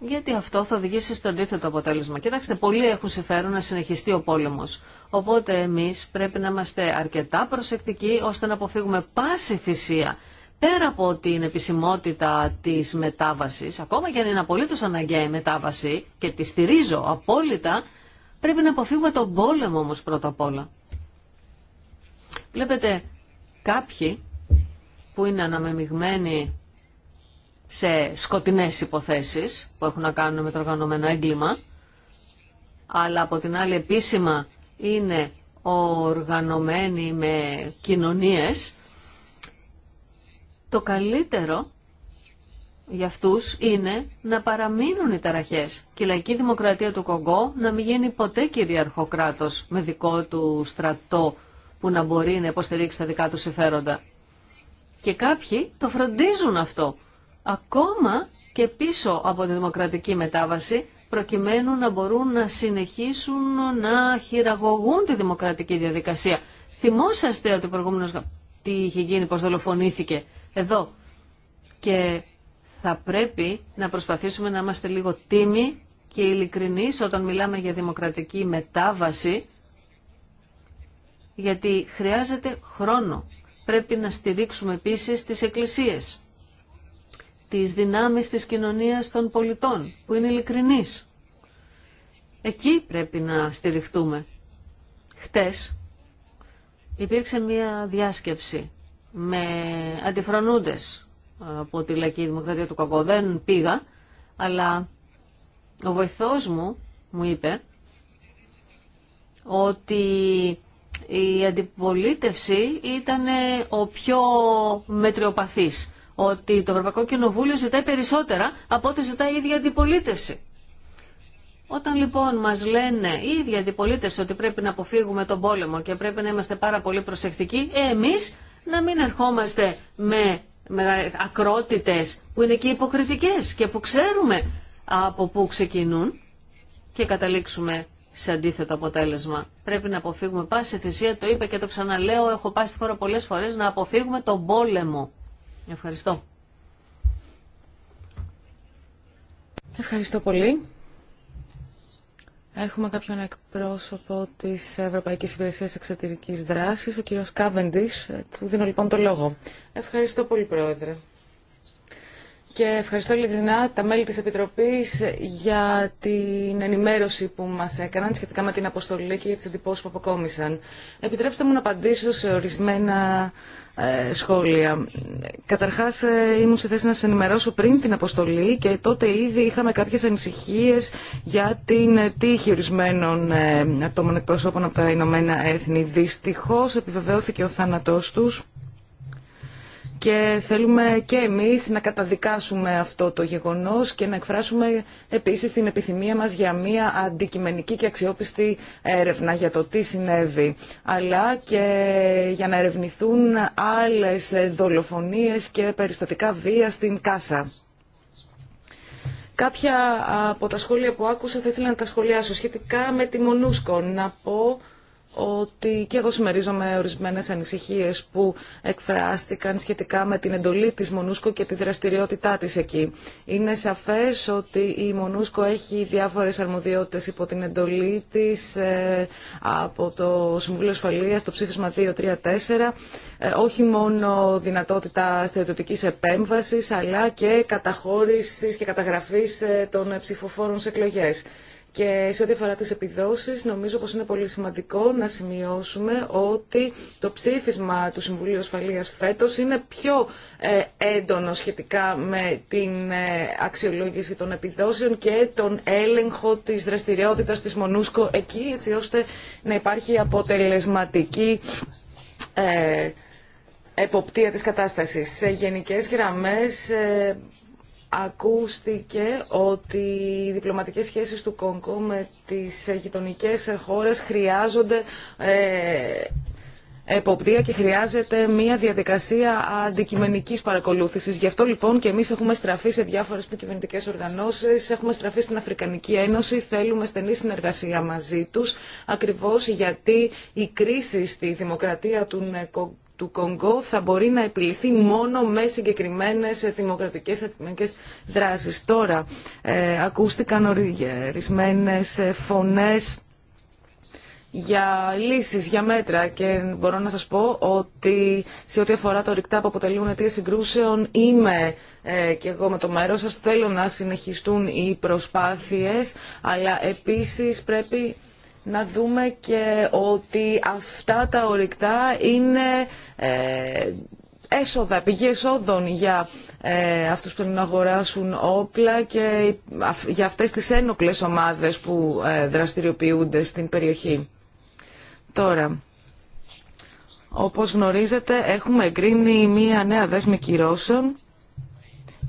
γιατί αυτό θα οδηγήσει στο αντίθετο αποτέλεσμα. Κοιτάξτε, πολλοί έχουν συμφέρον να συνεχιστεί ο πόλεμο. Οπότε εμεί πρέπει να είμαστε αρκετά προσεκτικοί ώστε να αποφύγουμε πάση θυσία πέρα από την επισημότητα τη μετάβαση, ακόμα και αν είναι απολύτω αναγκαία η μετάβαση και τη στηρίζω απόλυτα, πρέπει να αποφύγουμε τον πόλεμο όμω πρώτα απ' όλα. Βλέπετε, κάποιοι που είναι αναμεμειγμένοι σε σκοτεινές υποθέσεις που έχουν να κάνουν με το οργανωμένο έγκλημα, αλλά από την άλλη επίσημα είναι οργανωμένοι με κοινωνίες, το καλύτερο για αυτούς είναι να παραμείνουν οι ταραχές και η λαϊκή δημοκρατία του Κογκό να μην γίνει ποτέ κυριαρχοκράτος με δικό του στρατό που να μπορεί να υποστηρίξει τα δικά του συμφέροντα. Και κάποιοι το φροντίζουν αυτό ακόμα και πίσω από τη δημοκρατική μετάβαση, προκειμένου να μπορούν να συνεχίσουν να χειραγωγούν τη δημοκρατική διαδικασία. Θυμόσαστε ότι προηγούμενος τι είχε γίνει, πώς δολοφονήθηκε εδώ. Και θα πρέπει να προσπαθήσουμε να είμαστε λίγο τίμοι και ειλικρινεί όταν μιλάμε για δημοκρατική μετάβαση, γιατί χρειάζεται χρόνο. Πρέπει να στηρίξουμε επίσης τις εκκλησίες τις δυνάμεις της κοινωνίας των πολιτών, που είναι ειλικρινής. Εκεί πρέπει να στηριχτούμε. Χτες υπήρξε μία διάσκεψη με αντιφρονούντες από τη Λαϊκή Δημοκρατία του Κακό. Δεν πήγα, αλλά ο βοηθός μου μου είπε ότι η αντιπολίτευση ήταν ο πιο μετριοπαθής ότι το Ευρωπαϊκό Κοινοβούλιο ζητάει περισσότερα από ό,τι ζητάει η ίδια αντιπολίτευση. Όταν λοιπόν μα λένε η ίδια αντιπολίτευση ότι πρέπει να αποφύγουμε τον πόλεμο και πρέπει να είμαστε πάρα πολύ προσεκτικοί, ε, εμεί να μην ερχόμαστε με, με ακρότητε που είναι και υποκριτικέ και που ξέρουμε από πού ξεκινούν και καταλήξουμε σε αντίθετο αποτέλεσμα. Πρέπει να αποφύγουμε πάση θυσία, το είπα και το ξαναλέω, έχω πάει στη χώρα πολλέ φορέ, να αποφύγουμε τον πόλεμο. Ευχαριστώ. Ευχαριστώ πολύ. Έχουμε κάποιον εκπρόσωπο της Ευρωπαϊκής Υπηρεσίας Εξωτερικής Δράσης, ο κύριος Κάβεντις. Του δίνω λοιπόν το λόγο. Ευχαριστώ πολύ, Πρόεδρε. Και ευχαριστώ ειλικρινά τα μέλη της Επιτροπής για την ενημέρωση που μας έκαναν σχετικά με την αποστολή και για τις εντυπώσεις που αποκόμισαν. Επιτρέψτε μου να απαντήσω σε ορισμένα ε, σχόλια. Καταρχάς ε, ήμουν σε θέση να σα ενημερώσω πριν την αποστολή και τότε ήδη είχαμε κάποιες ανησυχίες για την ε, τύχη ορισμένων ατόμων εκπροσώπων από τα Ηνωμένα Έθνη. Δυστυχώς επιβεβαιώθηκε ο θάνατός τους και θέλουμε και εμείς να καταδικάσουμε αυτό το γεγονός και να εκφράσουμε επίσης την επιθυμία μας για μια αντικειμενική και αξιόπιστη έρευνα για το τι συνέβη. Αλλά και για να ερευνηθούν άλλες δολοφονίες και περιστατικά βία στην Κάσα. Κάποια από τα σχόλια που άκουσα θα ήθελα να τα σχολιάσω σχετικά με τη Μονούσκο. Να πω ότι και εγώ συμμερίζομαι ορισμένες ανησυχίες που εκφράστηκαν σχετικά με την εντολή της Μονούσκο και τη δραστηριότητά της εκεί. Είναι σαφές ότι η Μονούσκο έχει διάφορες αρμοδιότητες υπό την εντολή της ε, από το Συμβούλιο Ασφαλείας, το ψήφισμα 4 ε, όχι μόνο δυνατότητα στρατιωτικής επέμβασης, αλλά και καταχώρησης και καταγραφής ε, των ψηφοφόρων σε εκλογές. Και σε ό,τι αφορά τις επιδόσεις, νομίζω πως είναι πολύ σημαντικό να σημειώσουμε ότι το ψήφισμα του Συμβουλίου Ασφαλείας φέτος είναι πιο ε, έντονο σχετικά με την ε, αξιολόγηση των επιδόσεων και τον έλεγχο της δραστηριότητας της Μονούσκο εκεί, έτσι ώστε να υπάρχει αποτελεσματική ε, εποπτεία της κατάστασης. Σε γενικές γραμμές Ακούστηκε ότι οι διπλωματικές σχέσεις του Κόγκο με τις γειτονικέ χώρες χρειάζονται ε, εποπτεία και χρειάζεται μια διαδικασία αντικειμενικής παρακολούθησης. Γι' αυτό λοιπόν και εμείς έχουμε στραφεί σε διάφορες κυβερνητικές οργανώσεις, έχουμε στραφεί στην Αφρικανική Ένωση, θέλουμε στενή συνεργασία μαζί τους, ακριβώς γιατί η κρίση στη δημοκρατία του του Κονγκό θα μπορεί να επιληθεί μόνο με συγκεκριμένε δημοκρατικέ εθνικέ δράσει. Τώρα, ε, ακούστηκαν ορισμένε φωνές για λύσεις, για μέτρα και μπορώ να σας πω ότι σε ό,τι αφορά το ρηκτά που αποτελούν αιτία συγκρούσεων είμαι ε, και εγώ με το μέρος σας, θέλω να συνεχιστούν οι προσπάθειες αλλά επίσης πρέπει να δούμε και ότι αυτά τα ορυκτά είναι ε, έσοδα, πηγή εσόδων για ε, αυτούς που να αγοράσουν όπλα και για αυτές τις ένοπλες ομάδες που ε, δραστηριοποιούνται στην περιοχή. Τώρα, όπως γνωρίζετε, έχουμε εγκρίνει μία νέα δέσμη κυρώσεων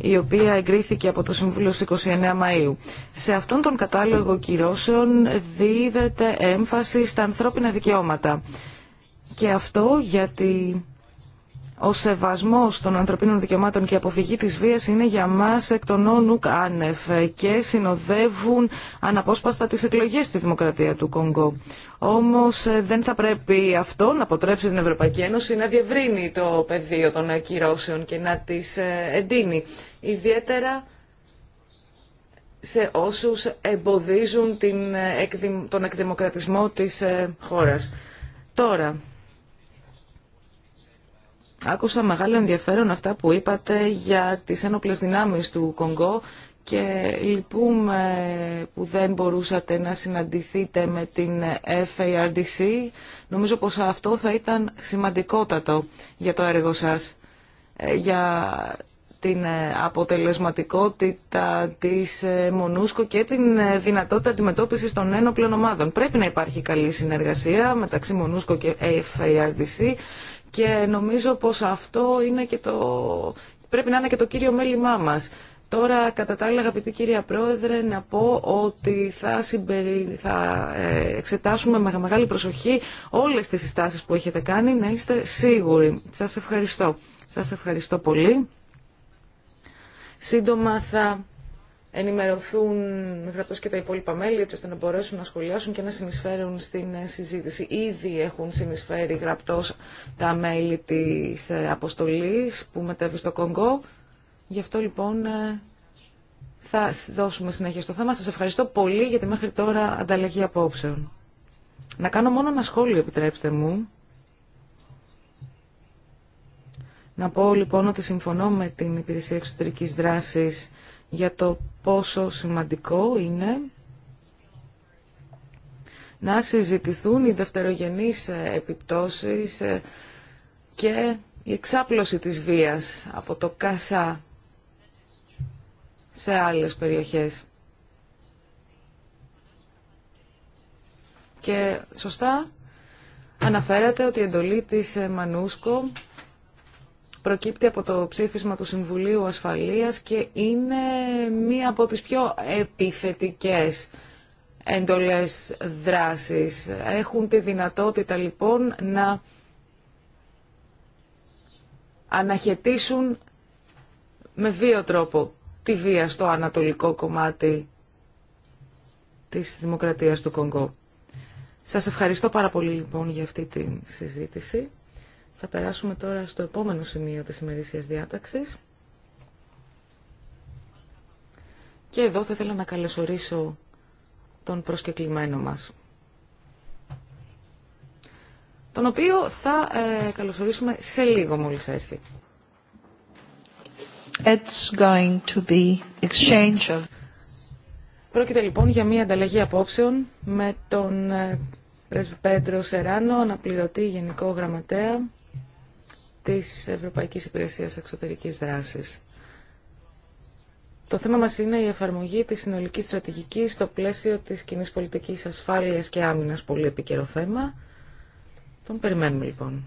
η οποία εγκρίθηκε από το Συμβούλιο στις 29 Μαΐου. Σε αυτόν τον κατάλογο κυρώσεων δίδεται έμφαση στα ανθρώπινα δικαιώματα. Και αυτό γιατί ο σεβασμός των ανθρωπίνων δικαιωμάτων και η αποφυγή της βίας είναι για μας εκ των όνουκ άνευ και συνοδεύουν αναπόσπαστα τις εκλογές στη Δημοκρατία του Κονγκό. Όμως ε, δεν θα πρέπει αυτό να αποτρέψει την Ευρωπαϊκή Ένωση να διευρύνει το πεδίο των ακυρώσεων και να τις ε, εντείνει. Ιδιαίτερα σε όσους εμποδίζουν ε, τον εκδημοκρατισμό της χώρας. Τώρα, Άκουσα μεγάλο ενδιαφέρον αυτά που είπατε για τις ένοπλες δυνάμεις του Κονγκό και λυπούμε που δεν μπορούσατε να συναντηθείτε με την FARDC. Νομίζω πως αυτό θα ήταν σημαντικότατο για το έργο σας, ε, για την ε, αποτελεσματικότητα της ε, Μονούσκο και την δυνατότητα αντιμετώπισης των ένοπλων ομάδων. Πρέπει να υπάρχει καλή συνεργασία μεταξύ Μονούσκο και FARDC και νομίζω πως αυτό είναι και το... πρέπει να είναι και το κύριο μέλημά μας. Τώρα, κατά τα άλλα, αγαπητή κυρία Πρόεδρε, να πω ότι θα, ε, εξετάσουμε με μεγάλη προσοχή όλες τις συστάσεις που έχετε κάνει, να είστε σίγουροι. Σας ευχαριστώ. Σας ευχαριστώ πολύ. Σύντομα θα ενημερωθούν γραπτώς και τα υπόλοιπα μέλη, έτσι ώστε να μπορέσουν να σχολιάσουν και να συνεισφέρουν στην ε, συζήτηση. Ήδη έχουν συνεισφέρει γραπτώς τα μέλη της ε, αποστολής που μετέβη στο Κονγκό. Γι' αυτό λοιπόν ε, θα δώσουμε συνέχεια στο θέμα. Σας ευχαριστώ πολύ για τη μέχρι τώρα ανταλλαγή απόψεων. Να κάνω μόνο ένα σχόλιο, επιτρέψτε μου. Να πω λοιπόν ότι συμφωνώ με την Υπηρεσία Εξωτερικής Δράσης για το πόσο σημαντικό είναι να συζητηθούν οι δευτερογενείς επιπτώσεις και η εξάπλωση της βίας από το ΚΑΣΑ σε άλλες περιοχές. Και σωστά αναφέρατε ότι η εντολή της Μανούσκο προκύπτει από το ψήφισμα του Συμβουλίου Ασφαλείας και είναι μία από τις πιο επιθετικές εντολές δράσης. Έχουν τη δυνατότητα λοιπόν να αναχαιτήσουν με βίο τρόπο τη βία στο ανατολικό κομμάτι της Δημοκρατίας του Κονγκό. Σας ευχαριστώ πάρα πολύ λοιπόν για αυτή τη συζήτηση. Θα περάσουμε τώρα στο επόμενο σημείο της ημερήσιας διάταξης. Και εδώ θα ήθελα να καλωσορίσω τον προσκεκλημένο μας. Τον οποίο θα ε, καλωσορίσουμε σε λίγο μόλις έρθει. It's going to be exchange Πρόκειται λοιπόν για μια ανταλλαγή απόψεων με τον ε, Πρέσβη Σεράνο, αναπληρωτή Γενικό Γραμματέα της Ευρωπαϊκής Υπηρεσίας Εξωτερικής Δράσης. Το θέμα μας είναι η εφαρμογή της συνολικής στρατηγικής στο πλαίσιο της κοινή πολιτικής ασφάλειας και άμυνας, πολύ επικαιρό θέμα. Τον περιμένουμε λοιπόν.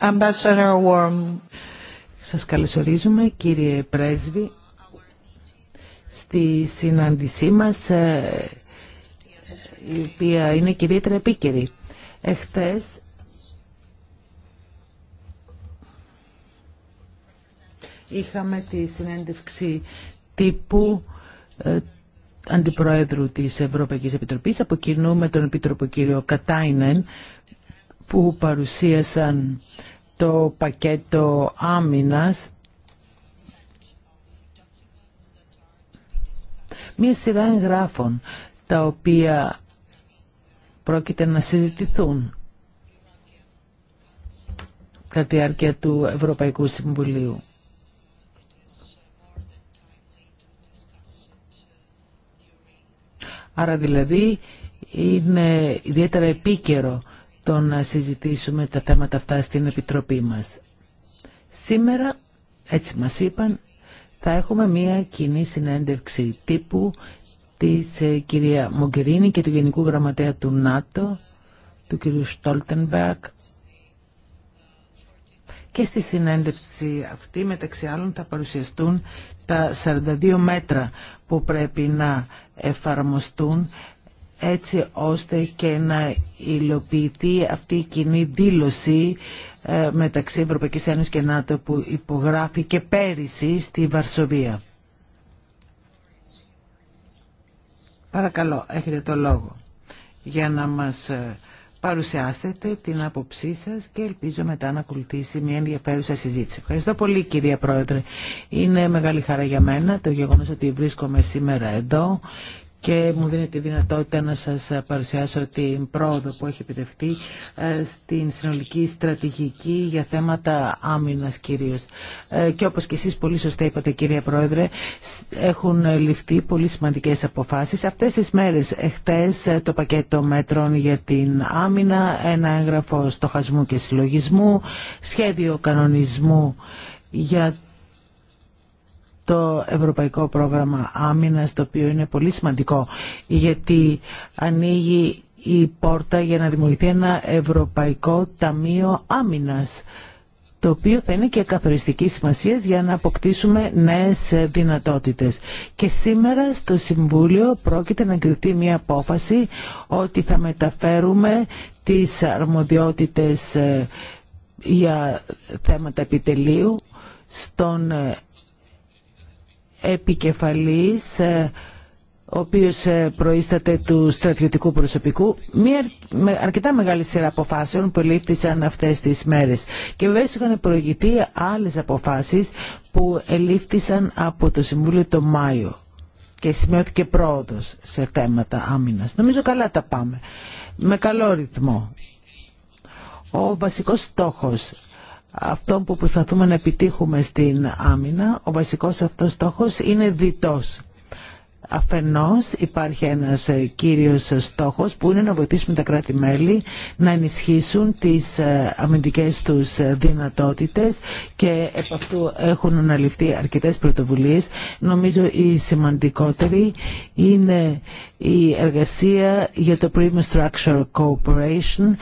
Ambassador Σας καλωσορίζουμε κύριε Πρέσβη στη συνάντησή μας ε, η οποία είναι και ιδιαίτερα επίκαιρη. Εχθές είχαμε τη συνέντευξη τύπου ε, Αντιπροέδρου της Ευρωπαϊκής Επιτροπής από κοινού με τον Επιτροπο κύριο Κατάινεν που παρουσίασαν το πακέτο άμυνας μία σειρά εγγράφων τα οποία πρόκειται να συζητηθούν κατά τη διάρκεια του Ευρωπαϊκού Συμβουλίου. Άρα δηλαδή είναι ιδιαίτερα επίκαιρο το να συζητήσουμε τα θέματα αυτά στην Επιτροπή μας. Σήμερα, έτσι μας είπαν, θα έχουμε μία κοινή συνέντευξη τύπου της ε, κυρία Μογκερίνη και του Γενικού Γραμματέα του ΝΑΤΟ, του κυρίου Στόλτενμπερκ. Και στη συνέντευξη αυτή, μεταξύ άλλων, θα παρουσιαστούν τα 42 μέτρα που πρέπει να εφαρμοστούν έτσι ώστε και να υλοποιηθεί αυτή η κοινή δήλωση ε, μεταξύ Ευρωπαϊκής Ένωσης και ΝΑΤΟ που υπογράφηκε πέρυσι στη Βαρσοβία. Παρακαλώ, έχετε το λόγο για να μας ε, παρουσιάσετε την άποψή σας και ελπίζω μετά να ακολουθήσει μια ενδιαφέρουσα συζήτηση. Ευχαριστώ πολύ κυρία Πρόεδρε. Είναι μεγάλη χαρά για μένα το γεγονός ότι βρίσκομαι σήμερα εδώ και μου δίνει τη δυνατότητα να σας παρουσιάσω την πρόοδο που έχει επιτευχθεί ε, στην συνολική στρατηγική για θέματα άμυνας κυρίως. Ε, και όπως και εσείς πολύ σωστά είπατε κυρία Πρόεδρε, έχουν ληφθεί πολύ σημαντικές αποφάσεις. Αυτές τις μέρες, εχθές, ε, το πακέτο μέτρων για την άμυνα, ένα έγγραφο στοχασμού και συλλογισμού, σχέδιο κανονισμού για το Ευρωπαϊκό Πρόγραμμα Άμυνας, το οποίο είναι πολύ σημαντικό, γιατί ανοίγει η πόρτα για να δημιουργηθεί ένα Ευρωπαϊκό Ταμείο Άμυνας το οποίο θα είναι και καθοριστική σημασία για να αποκτήσουμε νέες δυνατότητες. Και σήμερα στο Συμβούλιο πρόκειται να εγκριθεί μια απόφαση ότι θα μεταφέρουμε τις αρμοδιότητες ε, για θέματα επιτελείου στον ε, επικεφαλής ε, ο οποίος ε, προείσταται του στρατιωτικού προσωπικού, μια αρκετά μεγάλη σειρά αποφάσεων που ελήφθησαν αυτές τις μέρες. Και βέβαια είχαν προηγηθεί άλλες αποφάσεις που ελήφθησαν από το Συμβούλιο το Μάιο και σημειώθηκε πρόοδος σε θέματα άμυνας. Νομίζω καλά τα πάμε. Με καλό ρυθμό. Ο βασικός στόχος αυτό που προσπαθούμε να επιτύχουμε στην άμυνα, ο βασικός αυτός στόχος είναι διτός. Αφενός υπάρχει ένας ε, κύριος στόχος που είναι να βοηθήσουμε τα κράτη-μέλη να ενισχύσουν τις ε, αμυντικές τους ε, δυνατότητες και επ' αυτού έχουν αναλυφθεί αρκετές πρωτοβουλίες. Νομίζω η σημαντικότερη είναι η εργασία για το «Premium Structure Cooperation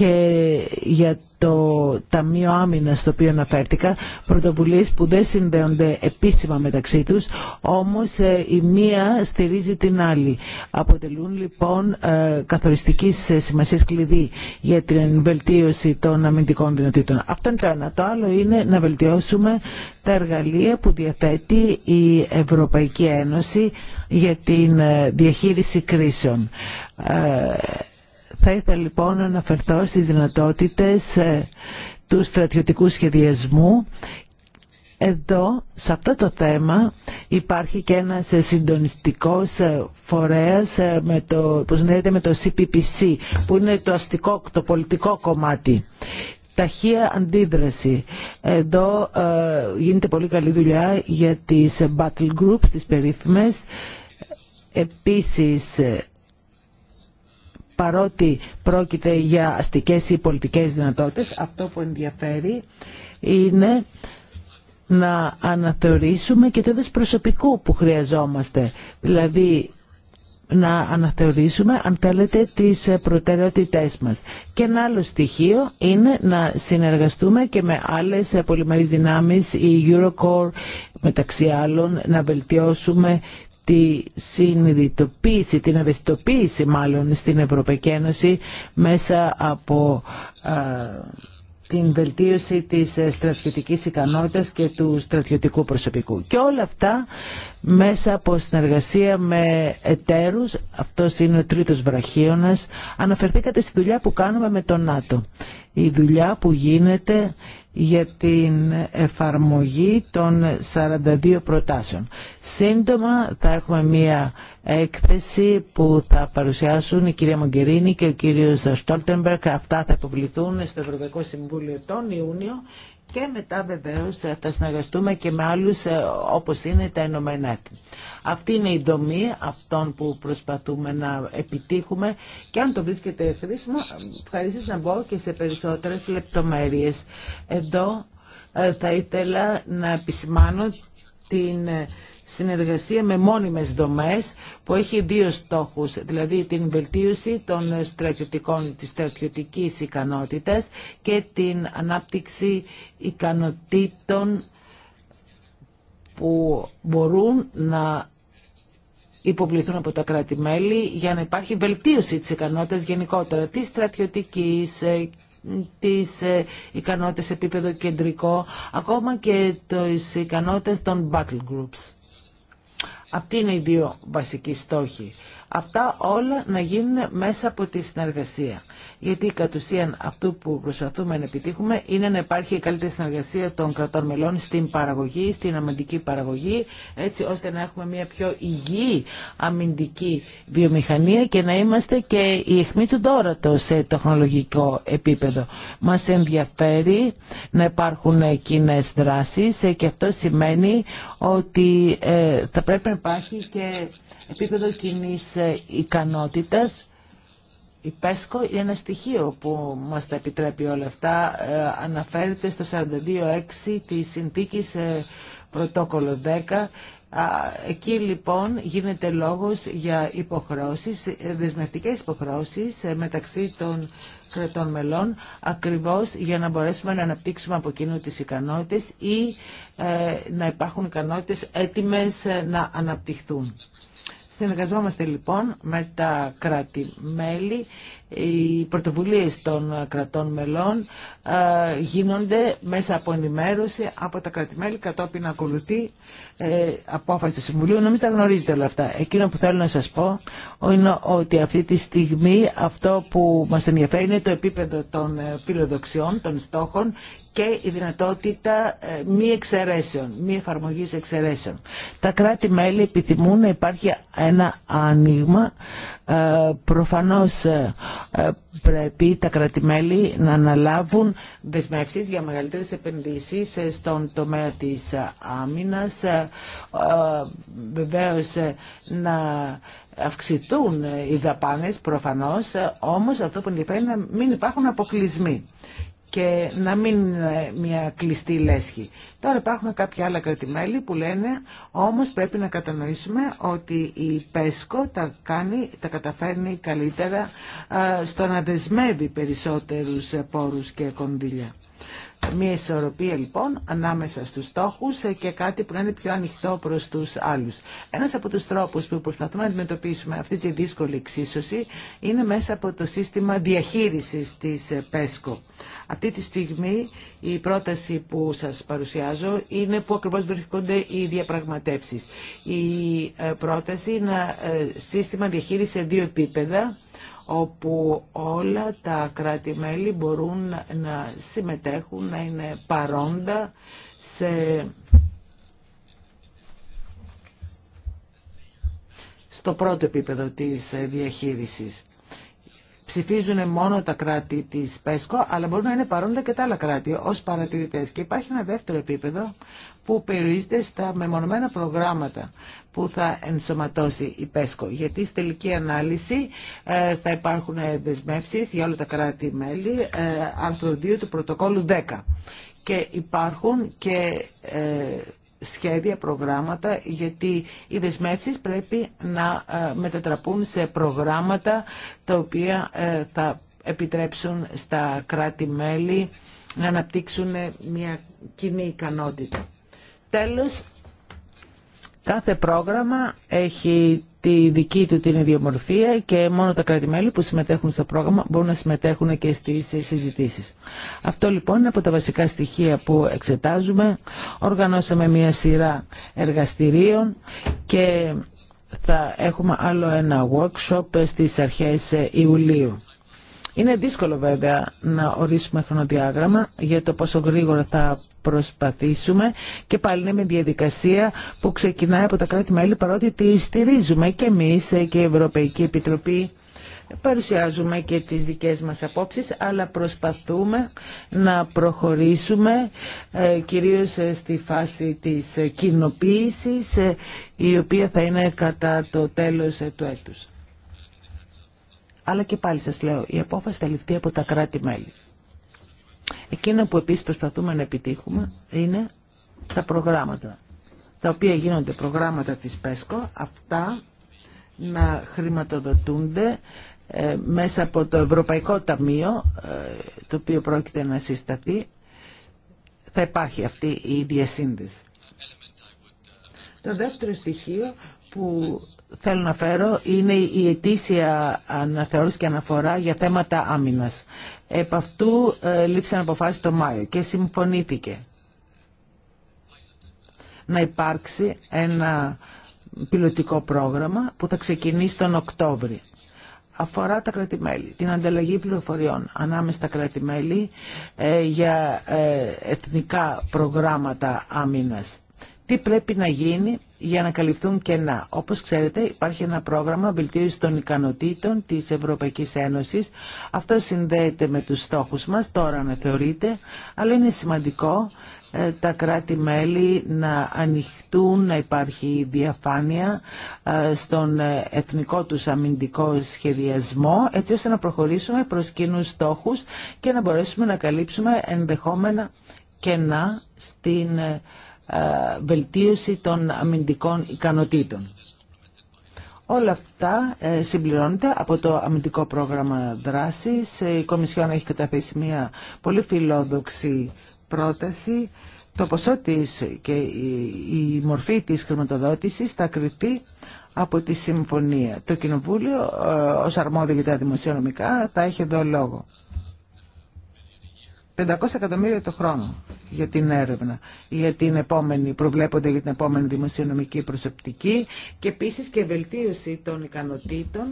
και για το Ταμείο Άμυνα στο οποίο αναφέρθηκα, πρωτοβουλίε που δεν συνδέονται επίσημα μεταξύ τους, όμως ε, η μία στηρίζει την άλλη. Αποτελούν λοιπόν ε, καθοριστική σημασία κλειδί για την βελτίωση των αμυντικών δυνατήτων. Αυτό είναι το ένα. Το άλλο είναι να βελτιώσουμε τα εργαλεία που διαθέτει η Ευρωπαϊκή Ένωση για την ε, διαχείριση κρίσεων θα ήθελα λοιπόν να αναφερθώ στις δυνατότητες ε, του στρατιωτικού σχεδιασμού εδώ, σε αυτό το θέμα, υπάρχει και ένας ε, συντονιστικός ε, φορέας με το, που συνδέεται με το CPPC, που είναι το αστικό, το πολιτικό κομμάτι. Ταχεία αντίδραση. Εδώ γίνεται πολύ καλή δουλειά για τις battle groups, τις περίφημες. Επίσης, παρότι πρόκειται για αστικές ή πολιτικές δυνατότητες, αυτό που ενδιαφέρει είναι να αναθεωρήσουμε και το είδος προσωπικού που χρειαζόμαστε. Δηλαδή, να αναθεωρήσουμε, αν θέλετε, τις προτεραιότητές μας. Και ένα άλλο στοιχείο είναι να συνεργαστούμε και με άλλες πολυμερείς δυνάμεις, η Eurocore, μεταξύ άλλων, να βελτιώσουμε τη συνειδητοποίηση, την ευαισθητοποίηση μάλλον στην Ευρωπαϊκή Ένωση μέσα από ε, την βελτίωση της ε, στρατιωτικής ικανότητας και του στρατιωτικού προσωπικού. Και όλα αυτά μέσα από συνεργασία με εταίρους, αυτός είναι ο τρίτος βραχίωνας, αναφερθήκατε στη δουλειά που κάνουμε με τον ΝΑΤΟ. Η δουλειά που γίνεται για την εφαρμογή των 42 προτάσεων. Σύντομα θα έχουμε μία έκθεση που θα παρουσιάσουν η κυρία Μογκερίνη και ο κύριος Στόλτεμπερκ. Αυτά θα υποβληθούν στο Ευρωπαϊκό Συμβούλιο τον Ιούνιο και μετά βεβαίως θα συνεργαστούμε και με άλλους ε, όπως είναι τα Ηνωμένα Αυτή είναι η δομή αυτών που προσπαθούμε να επιτύχουμε και αν το βρίσκεται χρήσιμο ευχαριστώ να μπω και σε περισσότερες λεπτομέρειες. Εδώ ε, θα ήθελα να επισημάνω την ε, συνεργασία με μόνιμες δομές που έχει δύο στόχους, δηλαδή την βελτίωση των στρατιωτικών, της στρατιωτικής ικανότητας και την ανάπτυξη ικανοτήτων που μπορούν να υποβληθούν από τα κράτη-μέλη για να υπάρχει βελτίωση της ικανότητας γενικότερα της στρατιωτικής ε, τις ε, ικανότητες επίπεδο κεντρικό, ακόμα και τις ικανότητες των battle groups. Αυτοί είναι οι δύο βασικοί στόχοι. Αυτά όλα να γίνουν μέσα από τη συνεργασία. Γιατί κατ' ουσίαν αυτό που προσπαθούμε να επιτύχουμε είναι να υπάρχει η καλύτερη συνεργασία των κρατών μελών στην παραγωγή, στην αμυντική παραγωγή, έτσι ώστε να έχουμε μια πιο υγιή αμυντική βιομηχανία και να είμαστε και η αιχμή του τώρα σε τεχνολογικό επίπεδο. Μας ενδιαφέρει να υπάρχουν κοινέ δράσεις και αυτό σημαίνει ότι ε, θα πρέπει να υπάρχει και επίπεδο κοινή ε, ικανότητα, Η ΠΕΣΚΟ είναι ένα στοιχείο που μας τα επιτρέπει όλα αυτά. Ε, αναφέρεται στο 42.6 της συνθήκης ε, πρωτόκολλο 10 Εκεί λοιπόν γίνεται λόγος για υποχρώσεις, δεσμευτικές υποχρώσεις μεταξύ των κρατών μελών ακριβώς για να μπορέσουμε να αναπτύξουμε από κοινού τις ικανότητες ή να υπάρχουν ικανότητες έτοιμες να αναπτυχθούν. Συνεργαζόμαστε λοιπόν με τα κράτη-μέλη οι πρωτοβουλίες των κρατών μελών ε, γίνονται μέσα από ενημέρωση από τα κρατημέλη κατόπιν ακολουθεί ε, απόφαση του Συμβουλίου. Νομίζω τα γνωρίζετε όλα αυτά. Εκείνο που θέλω να σας πω είναι ότι αυτή τη στιγμή αυτό που μας ενδιαφέρει είναι το επίπεδο των ε, φιλοδοξιών, των στόχων και η δυνατότητα μη εξαιρέσεων, μη εφαρμογής εξαιρέσεων. Τα κράτη-μέλη επιθυμούν να υπάρχει ένα άνοιγμα προφανώς ε, πρέπει τα κρατημέλη να αναλάβουν δεσμεύσεις για μεγαλύτερες επενδύσεις ε, στον τομέα της ε, άμυνας, βεβαίως να αυξηθούν οι δαπάνες προφανώς, όμως αυτό που ενδιαφέρει είναι να μην υπάρχουν αποκλεισμοί και να μην είναι μια κλειστή λέσχη. Τώρα υπάρχουν κάποια άλλα κρατημέλη που λένε όμως πρέπει να κατανοήσουμε ότι η ΠΕΣΚΟ τα, κάνει, τα καταφέρνει καλύτερα ε, στο να δεσμεύει περισσότερους πόρους και κονδύλια. Μία ισορροπία λοιπόν ανάμεσα στους στόχους και κάτι που να είναι πιο ανοιχτό προς τους άλλους. Ένας από τους τρόπους που προσπαθούμε να αντιμετωπίσουμε αυτή τη δύσκολη εξίσωση είναι μέσα από το σύστημα διαχείρισης της ΠΕΣΚΟ. Αυτή τη στιγμή η πρόταση που σας παρουσιάζω είναι που ακριβώς βρίσκονται οι διαπραγματεύσεις. Η ε, πρόταση είναι ε, σύστημα διαχείρισης σε δύο επίπεδα όπου όλα τα κράτη-μέλη μπορούν να συμμετέχουν, να είναι παρόντα σε στο πρώτο επίπεδο της ε, διαχείρισης ψηφίζουν μόνο τα κράτη της ΠΕΣΚΟ, αλλά μπορούν να είναι παρόντα και τα άλλα κράτη ως παρατηρητές. Και υπάρχει ένα δεύτερο επίπεδο που περιορίζεται στα μεμονωμένα προγράμματα που θα ενσωματώσει η ΠΕΣΚΟ. Γιατί στη τελική ανάλυση ε, θα υπάρχουν δεσμεύσει για όλα τα κράτη-μέλη, ε, άρθρο 2 του πρωτοκόλου 10. Και υπάρχουν και ε, σχέδια, προγράμματα, γιατί οι δεσμεύσεις πρέπει να ε, μετατραπούν σε προγράμματα τα οποία ε, θα επιτρέψουν στα κράτη-μέλη να αναπτύξουν μια κοινή ικανότητα. Τέλος, κάθε πρόγραμμα έχει τη δική του την ιδιομορφία και μόνο τα κράτη-μέλη που συμμετέχουν στο πρόγραμμα μπορούν να συμμετέχουν και στις συζητήσεις. Αυτό λοιπόν είναι από τα βασικά στοιχεία που εξετάζουμε. Οργανώσαμε μια σειρά εργαστηρίων και θα έχουμε άλλο ένα workshop στις αρχές Ιουλίου. Είναι δύσκολο βέβαια να ορίσουμε χρονοδιάγραμμα για το πόσο γρήγορα θα προσπαθήσουμε και πάλι είναι με διαδικασία που ξεκινάει από τα κράτη-μέλη παρότι τη στηρίζουμε και εμείς και η Ευρωπαϊκή Επιτροπή παρουσιάζουμε και τις δικές μας απόψεις αλλά προσπαθούμε να προχωρήσουμε ε, κυρίως ε, στη φάση της ε, κοινοποίησης η οποία θα είναι κατά το τέλος του έτους. Αλλά και πάλι σας λέω, η απόφαση θα ληφθεί από τα κράτη-μέλη. Εκείνο που επίσης προσπαθούμε να επιτύχουμε είναι τα προγράμματα, τα οποία γίνονται προγράμματα της ΠΕΣΚΟ, αυτά να χρηματοδοτούνται ε, μέσα από το Ευρωπαϊκό Ταμείο, ε, το οποίο πρόκειται να συσταθεί, θα υπάρχει αυτή η διασύνδεση. Το δεύτερο στοιχείο που θέλω να φέρω είναι η ετήσια αναθεώρηση και αναφορά για θέματα άμυνας. Επ' αυτού ε, λήψαν αποφάσεις το Μάιο και συμφωνήθηκε να υπάρξει ένα πιλωτικό πρόγραμμα που θα ξεκινήσει τον Οκτώβρη. Αφορά τα κρατημέλη, την ανταλλαγή πληροφοριών ανάμεσα στα κρατημέλη ε, για ε, εθνικά προγράμματα άμυνας. Τι πρέπει να γίνει για να καλυφθούν κενά. Όπως ξέρετε υπάρχει ένα πρόγραμμα βελτίωση των ικανοτήτων της Ευρωπαϊκής Ένωσης. Αυτό συνδέεται με τους στόχους μας, τώρα να θεωρείται, αλλά είναι σημαντικό ε, τα κράτη-μέλη να ανοιχτούν, να υπάρχει διαφάνεια ε, στον ε, εθνικό τους αμυντικό σχεδιασμό, έτσι ώστε να προχωρήσουμε προς κοινούς στόχους και να μπορέσουμε να καλύψουμε ενδεχόμενα κενά στην ε, βελτίωση των αμυντικών ικανοτήτων. Όλα αυτά ε, συμπληρώνονται από το αμυντικό πρόγραμμα δράσης. Ε, η Κομισιόν έχει καταθέσει μια πολύ φιλόδοξη πρόταση. Το ποσό της και η μορφή της χρηματοδότησης θα κρυφτεί από τη συμφωνία. Το Κοινοβούλιο, ως αρμόδιο για τα δημοσιονομικά, θα έχει εδώ λόγο. 500 εκατομμύρια το χρόνο για την έρευνα, για την επόμενη, προβλέπονται για την επόμενη δημοσιονομική προσεπτική και επίσης και βελτίωση των ικανοτήτων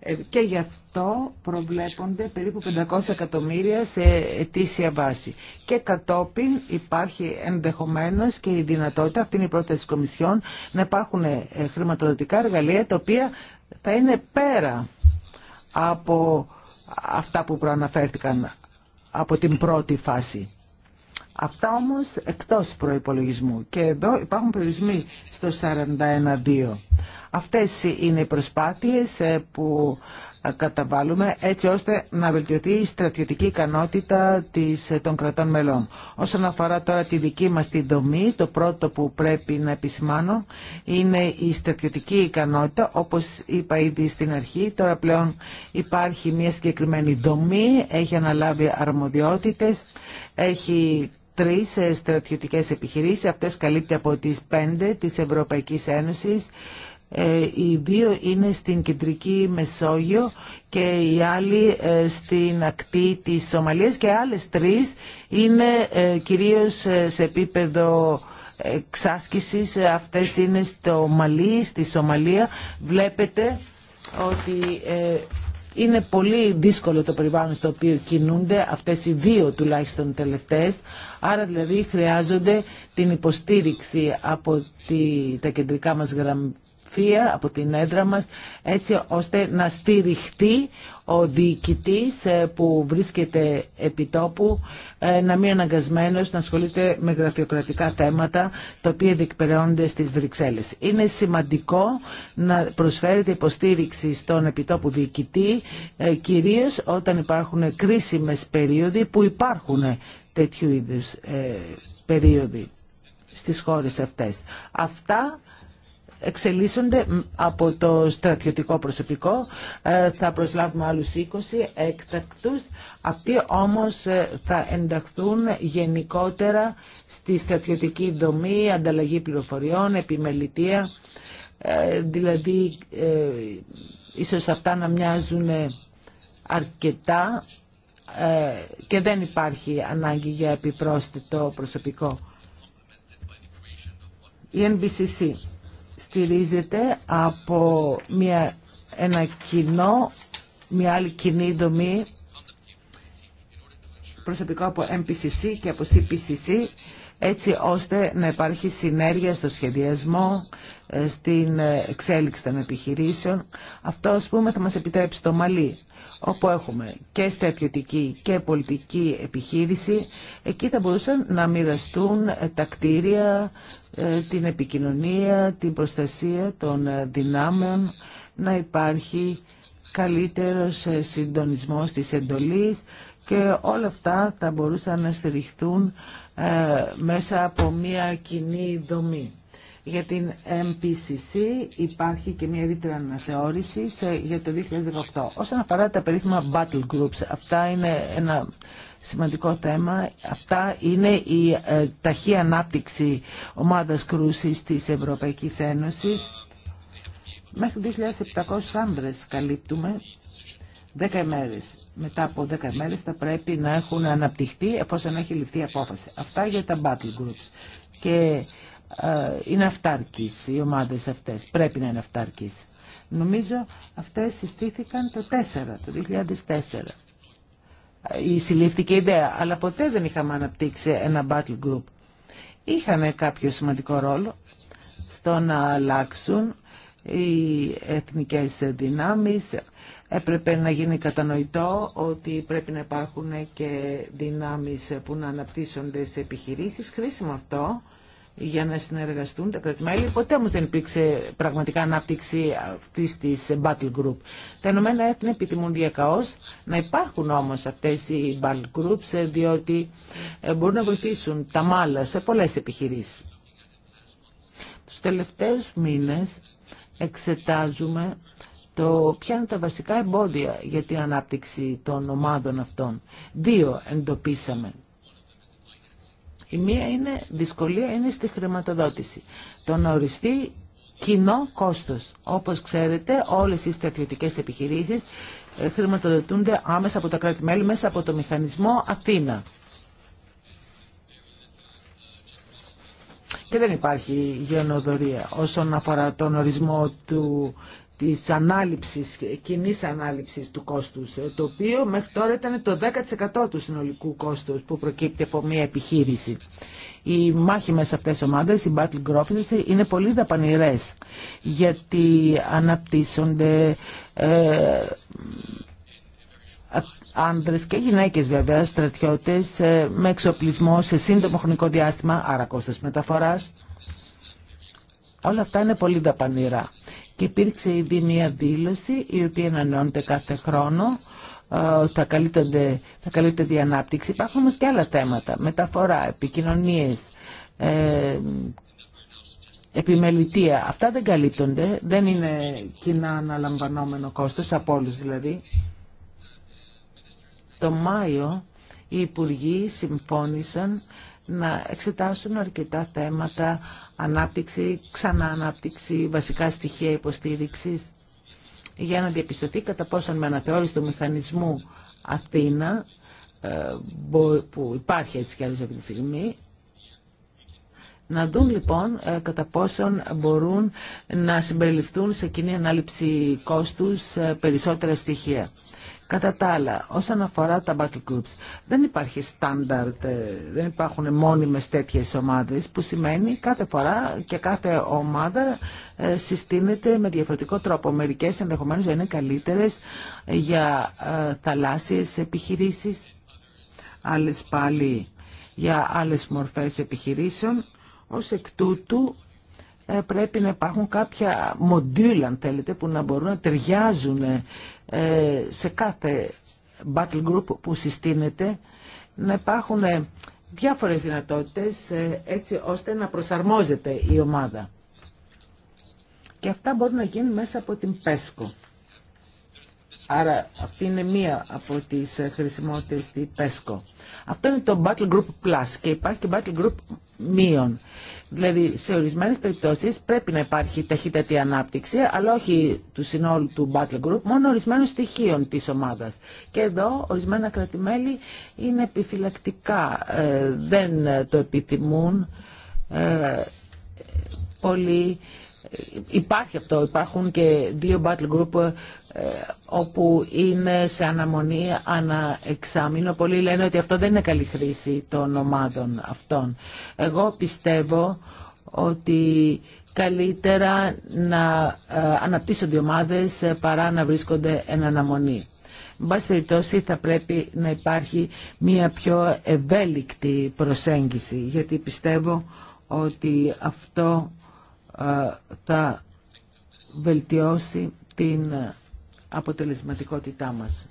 ε, και γι' αυτό προβλέπονται περίπου 500 εκατομμύρια σε ετήσια βάση. Και κατόπιν υπάρχει ενδεχομένως και η δυνατότητα, αυτή είναι η πρόταση της Κομισιόν, να υπάρχουν ε, χρηματοδοτικά εργαλεία τα οποία θα είναι πέρα από αυτά που προαναφέρθηκαν από την πρώτη φάση. Αυτά όμως εκτός προϋπολογισμού και εδώ υπάρχουν περιορισμοί στο 41-2. Αυτές είναι οι προσπάθειες ε, που ε, καταβάλουμε έτσι ώστε να βελτιωθεί η στρατιωτική ικανότητα της, ε, των κρατών μελών. Όσον αφορά τώρα τη δική μας τη δομή, το πρώτο που πρέπει να επισημάνω είναι η στρατιωτική ικανότητα. Όπως είπα ήδη στην αρχή, τώρα πλέον υπάρχει μια συγκεκριμένη δομή, έχει αναλάβει αρμοδιότητες, έχει τρεις ε, στρατιωτικές επιχειρήσεις, αυτές καλύπτει από τις πέντε της Ευρωπαϊκής Ένωσης. Ε, οι δύο είναι στην Κεντρική Μεσόγειο και οι άλλοι ε, στην ακτή της Σομαλίας και άλλες τρεις είναι κυρίως σε επίπεδο εξάσκησης. Αυτές είναι στο Μαλί, στη Σομαλία. Βλέπετε ότι είναι πολύ δύσκολο το περιβάλλον στο οποίο κινούνται αυτές οι δύο τουλάχιστον τελευταίες, άρα δηλαδή χρειάζονται την υποστήριξη από τα κεντρικά μας από την έδρα μας έτσι ώστε να στηριχτεί ο δικητής ε, που βρίσκεται επιτόπου ε, να μην αναγκασμένος να ασχολείται με γραφειοκρατικά θέματα τα οποία διεκπαιρεώνονται στις Βρυξέλλες. Είναι σημαντικό να προσφέρεται υποστήριξη στον επιτόπου διοικητή ε, κυρίως όταν υπάρχουν κρίσιμες περίοδοι που υπάρχουν τέτοιου είδους περίοδοι στις χώρες αυτές. Αυτά εξελίσσονται από το στρατιωτικό προσωπικό. Ε, θα προσλάβουμε άλλους 20 έκτακτους. Αυτοί όμως ε, θα ενταχθούν γενικότερα στη στρατιωτική δομή, ανταλλαγή πληροφοριών, επιμελητία. Ε, δηλαδή, ίσως αυτά να μοιάζουν αρκετά και δεν υπάρχει ανάγκη για επιπρόσθετο προσωπικό. Η NBCC στηρίζεται από μια, ένα κοινό, μια άλλη κοινή δομή προσωπικό από MPCC και από CPCC έτσι ώστε να υπάρχει συνέργεια στο σχεδιασμό, ε, στην ε, εξέλιξη των επιχειρήσεων. Αυτό, ας πούμε, θα μας επιτρέψει το Μαλί όπου έχουμε και στρατιωτική και πολιτική επιχείρηση, εκεί θα μπορούσαν να μοιραστούν τα κτίρια, ε, την επικοινωνία, την προστασία των ε, δυνάμεων, να υπάρχει καλύτερος ε, συντονισμός της εντολής και όλα αυτά θα μπορούσαν να στηριχθούν μέσα από μια κοινή δομή. Για την MPCC υπάρχει και μια ρήτρα αναθεώρηση για το 2018. Όσον αφορά τα περίφημα battle groups, αυτά είναι ένα σημαντικό θέμα. Αυτά είναι η ε, ταχύ ανάπτυξη ομάδας κρούσης της Ευρωπαϊκής Ένωσης. Μέχρι 2.700 άνδρες καλύπτουμε. 10 μέρες. Μετά από 10 μέρες θα πρέπει να έχουν αναπτυχθεί εφόσον έχει ληφθεί απόφαση. Αυτά για τα battle groups. Και ε, είναι αυτάρκης οι ομάδες αυτές. Πρέπει να είναι αυτάρκης. Νομίζω αυτές συστήθηκαν το 4, το 2004. Ε, η συλλήφθηκε ιδέα, αλλά ποτέ δεν είχαμε αναπτύξει ένα battle group. Είχαν κάποιο σημαντικό ρόλο στο να αλλάξουν οι εθνικές δυνάμεις. Έπρεπε να γίνει κατανοητό ότι πρέπει να υπάρχουν και δυνάμεις που να αναπτύσσονται σε επιχειρήσεις. Χρήσιμο αυτό για να συνεργαστούν τα κρατημέλη. Ποτέ όμως δεν υπήρξε πραγματικά ανάπτυξη αυτής της battle group. Τα Ηνωμένα Έθνη επιτιμούν διακαώς να υπάρχουν όμως αυτές οι battle groups ε, διότι ε, μπορούν να βοηθήσουν τα μάλα σε πολλές επιχειρήσεις. Τους τελευταίους μήνες εξετάζουμε το ποια είναι τα βασικά εμπόδια για την ανάπτυξη των ομάδων αυτών. Δύο εντοπίσαμε. Η μία είναι, δυσκολία είναι στη χρηματοδότηση. Το να οριστεί κοινό κόστος. Όπως ξέρετε, όλες οι στρατιωτικές επιχειρήσεις ε, χρηματοδοτούνται άμεσα από τα κράτη-μέλη μέσα από το μηχανισμό Αθήνα. Και δεν υπάρχει γενοδορία όσον αφορά τον ορισμό του της ανάληψης, κοινή ανάληψης του κόστους, ε, το οποίο μέχρι τώρα ήταν το 10% του συνολικού κόστους που προκύπτει από μια επιχείρηση. Οι μάχη μέσα αυτές τις ομάδες, οι battle groups, είναι πολύ δαπανηρές, γιατί αναπτύσσονται ε, άνδρες και γυναίκες βέβαια, στρατιώτε, ε, με εξοπλισμό σε σύντομο χρονικό διάστημα, άρα κόστο μεταφορά. Όλα αυτά είναι πολύ δαπανηρά και υπήρξε ήδη μία δήλωση η οποία ανανεώνεται κάθε χρόνο ε, θα καλύπτεται η ανάπτυξη. Υπάρχουν όμως και άλλα θέματα, μεταφορά, επικοινωνίες, ε, επιμελητεία. Αυτά δεν καλύπτονται, δεν είναι κοινά αναλαμβανόμενο κόστος από όλους δηλαδή. Το Μάιο οι Υπουργοί συμφώνησαν να εξετάσουν αρκετά θέματα, ανάπτυξη, ξανά ανάπτυξη, βασικά στοιχεία υποστήριξης, για να διαπιστωθεί κατά πόσον με αναθεώρηση του μηχανισμού Αθήνα, ε, που υπάρχει έτσι κι άλλως αυτή τη στιγμή, να δουν λοιπόν ε, κατά πόσον μπορούν να συμπεριληφθούν σε κοινή ανάληψη κόστους ε, περισσότερα στοιχεία. Κατά τα άλλα, όσον αφορά τα battle groups, δεν υπάρχει standard, δεν υπάρχουν μόνιμες τέτοιες ομάδες, που σημαίνει κάθε φορά και κάθε ομάδα ε, συστήνεται με διαφορετικό τρόπο. Μερικές ενδεχομένως είναι καλύτερες για ε, θαλάσσιες επιχειρήσεις, άλλες πάλι για άλλες μορφές επιχειρήσεων. Ως εκ τούτου ε, πρέπει να υπάρχουν κάποια μοντούλα, αν θέλετε, που να μπορούν να ταιριάζουν ε, σε κάθε battle group που συστήνεται, να υπάρχουν ε, διάφορες δυνατότητες έτσι ώστε να προσαρμόζεται η ομάδα. Και αυτά μπορούν να γίνουν μέσα από την ΠΕΣΚΟ. Άρα αυτή είναι μία από τις χρησιμότητες της ΠΕΣΚΟ. Αυτό είναι το Battle Group Plus και υπάρχει και Battle Group μείον. Δηλαδή σε ορισμένε περιπτώσει πρέπει να υπάρχει ταχύτατη ανάπτυξη, αλλά όχι του συνόλου του battle group, μόνο ορισμένων στοιχείων της ομάδας. Και εδώ ορισμένα κρατημέλη είναι επιφυλακτικά, ε, δεν το επιθυμούν ε, πολύ. Ε, υπάρχει αυτό, υπάρχουν και δύο battle group ε, ε, όπου είναι σε αναμονή ανά Πολλοί λένε ότι αυτό δεν είναι καλή χρήση των ομάδων αυτών. Εγώ πιστεύω ότι καλύτερα να ε, αναπτύσσονται οι ομάδες ε, παρά να βρίσκονται εν αναμονή. Με πάση περιπτώσει θα πρέπει να υπάρχει μια πιο ευέλικτη προσέγγιση γιατί πιστεύω ότι αυτό θα βελτιώσει την αποτελεσματικότητά μας.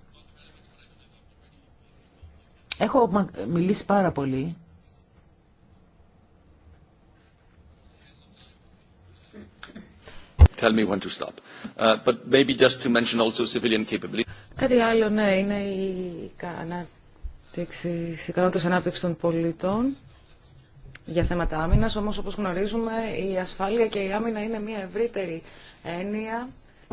Έχω μιλήσει πάρα πολύ. Tell me when to stop. Uh, but maybe just to mention also civilian capability. Κάτι άλλο, ναι, είναι η ανάπτυξη, η ικανότητα ανάπτυξη των πολιτών για θέματα άμυνας. Όμως, όπως γνωρίζουμε, η ασφάλεια και η άμυνα είναι μια ευρύτερη έννοια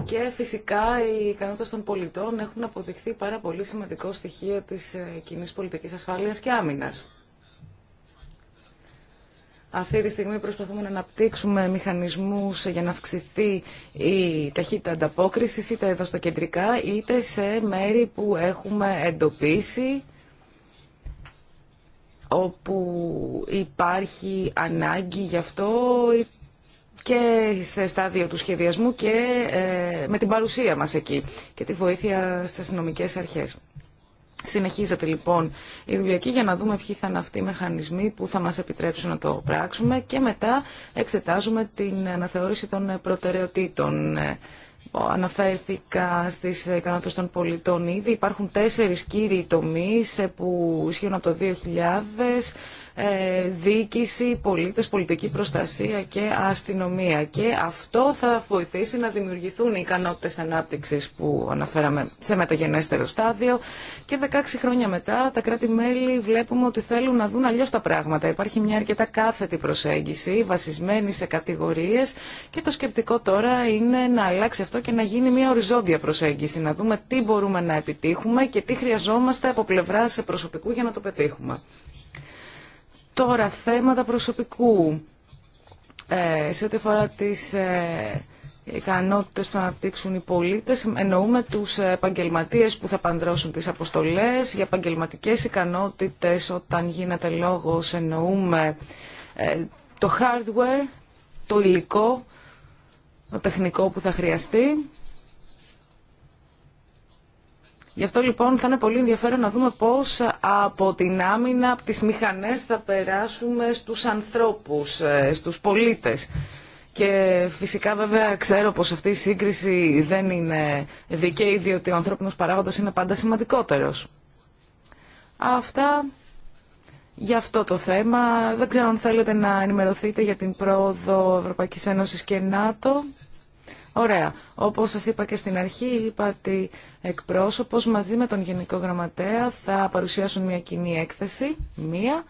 και φυσικά οι ικανότητε των πολιτών έχουν αποδειχθεί πάρα πολύ σημαντικό στοιχείο της ε, κοινή πολιτικής ασφάλειας και άμυνας. Αυτή τη στιγμή προσπαθούμε να αναπτύξουμε μηχανισμούς για να αυξηθεί η ταχύτητα ανταπόκριση, είτε εδώ στο κεντρικά είτε σε μέρη που έχουμε εντοπίσει όπου υπάρχει ανάγκη γι' αυτό και σε στάδιο του σχεδιασμού και ε, με την παρουσία μας εκεί και τη βοήθεια στις νομικές αρχές. Συνεχίζεται λοιπόν η δουλειά εκεί για να δούμε ποιοι θα είναι αυτοί οι μηχανισμοί που θα μας επιτρέψουν να το πράξουμε και μετά εξετάζουμε την αναθεώρηση των προτεραιοτήτων. Ε, αναφέρθηκα στις ικανότητες των πολιτών ήδη. Υπάρχουν τέσσερις κύριοι τομείς ε, που ισχύουν από το 2000 ε, διοίκηση, πολίτες, πολιτική προστασία και αστυνομία. Και αυτό θα βοηθήσει να δημιουργηθούν οι ικανότητες ανάπτυξης που αναφέραμε σε μεταγενέστερο στάδιο. Και 16 χρόνια μετά τα κράτη-μέλη βλέπουμε ότι θέλουν να δουν αλλιώς τα πράγματα. Υπάρχει μια αρκετά κάθετη προσέγγιση, βασισμένη σε κατηγορίες και το σκεπτικό τώρα είναι να αλλάξει αυτό και να γίνει μια οριζόντια προσέγγιση, να δούμε τι μπορούμε να επιτύχουμε και τι χρειαζόμαστε από πλευρά προσωπικού για να το πετύχουμε. Τώρα, θέματα προσωπικού. Ε, σε ό,τι αφορά τις ε, ικανότητες που αναπτύξουν οι πολίτες, εννοούμε τους επαγγελματίες που θα παντρώσουν τις αποστολές. Για επαγγελματικέ ικανότητες, όταν γίνεται λόγος, εννοούμε ε, το hardware, το υλικό, το τεχνικό που θα χρειαστεί. Γι' αυτό λοιπόν θα είναι πολύ ενδιαφέρον να δούμε πώς από την άμυνα, από τις μηχανές θα περάσουμε στους ανθρώπους, ε, στους πολίτες. Και φυσικά βέβαια ξέρω πως αυτή η σύγκριση δεν είναι δικαίη διότι ο ανθρώπινος παράγοντας είναι πάντα σημαντικότερος. Αυτά για αυτό το θέμα. Δεν ξέρω αν θέλετε να ενημερωθείτε για την πρόοδο Ευρωπαϊκής Ένωσης και ΝΑΤΟ. Ωραία. Όπως σας είπα και στην αρχή, είπα ότι εκπρόσωπος μαζί με τον Γενικό Γραμματέα θα παρουσιάσουν μια κοινή έκθεση, μία,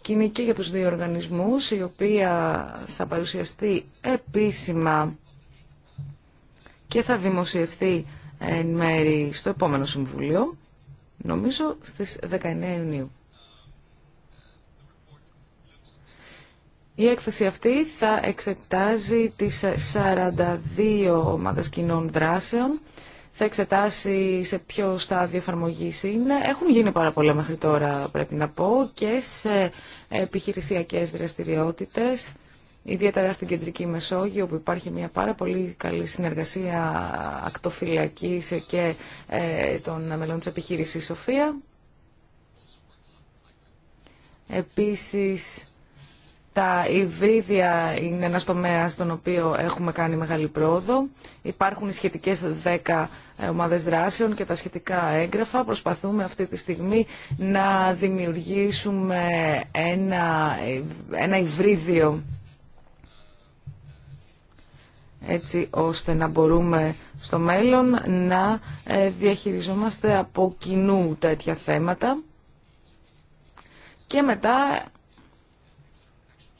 κοινική για τους δύο οργανισμούς, η οποία θα παρουσιαστεί επίσημα και θα δημοσιευθεί εν μέρη στο επόμενο Συμβουλίο, νομίζω στις 19 Ιουνίου. Η έκθεση αυτή θα εξετάζει τις 42 ομάδες κοινών δράσεων, θα εξετάσει σε ποιο στάδιο εφαρμογή είναι. Έχουν γίνει πάρα πολλά μέχρι τώρα, πρέπει να πω, και σε επιχειρησιακές δραστηριότητες, ιδιαίτερα στην Κεντρική Μεσόγειο, όπου υπάρχει μια πάρα πολύ καλή συνεργασία ακτοφυλακής και ε, των μελών της επιχείρησης Σοφία. Επίσης, τα υβρίδια είναι ένας τομέας στον οποίο έχουμε κάνει μεγάλη πρόοδο. Υπάρχουν οι σχετικές 10 ε, ομάδες δράσεων και τα σχετικά έγγραφα. Προσπαθούμε αυτή τη στιγμή να δημιουργήσουμε ένα, ένα υβρίδιο έτσι ώστε να μπορούμε στο μέλλον να ε, διαχειριζόμαστε από κοινού τέτοια θέματα. Και μετά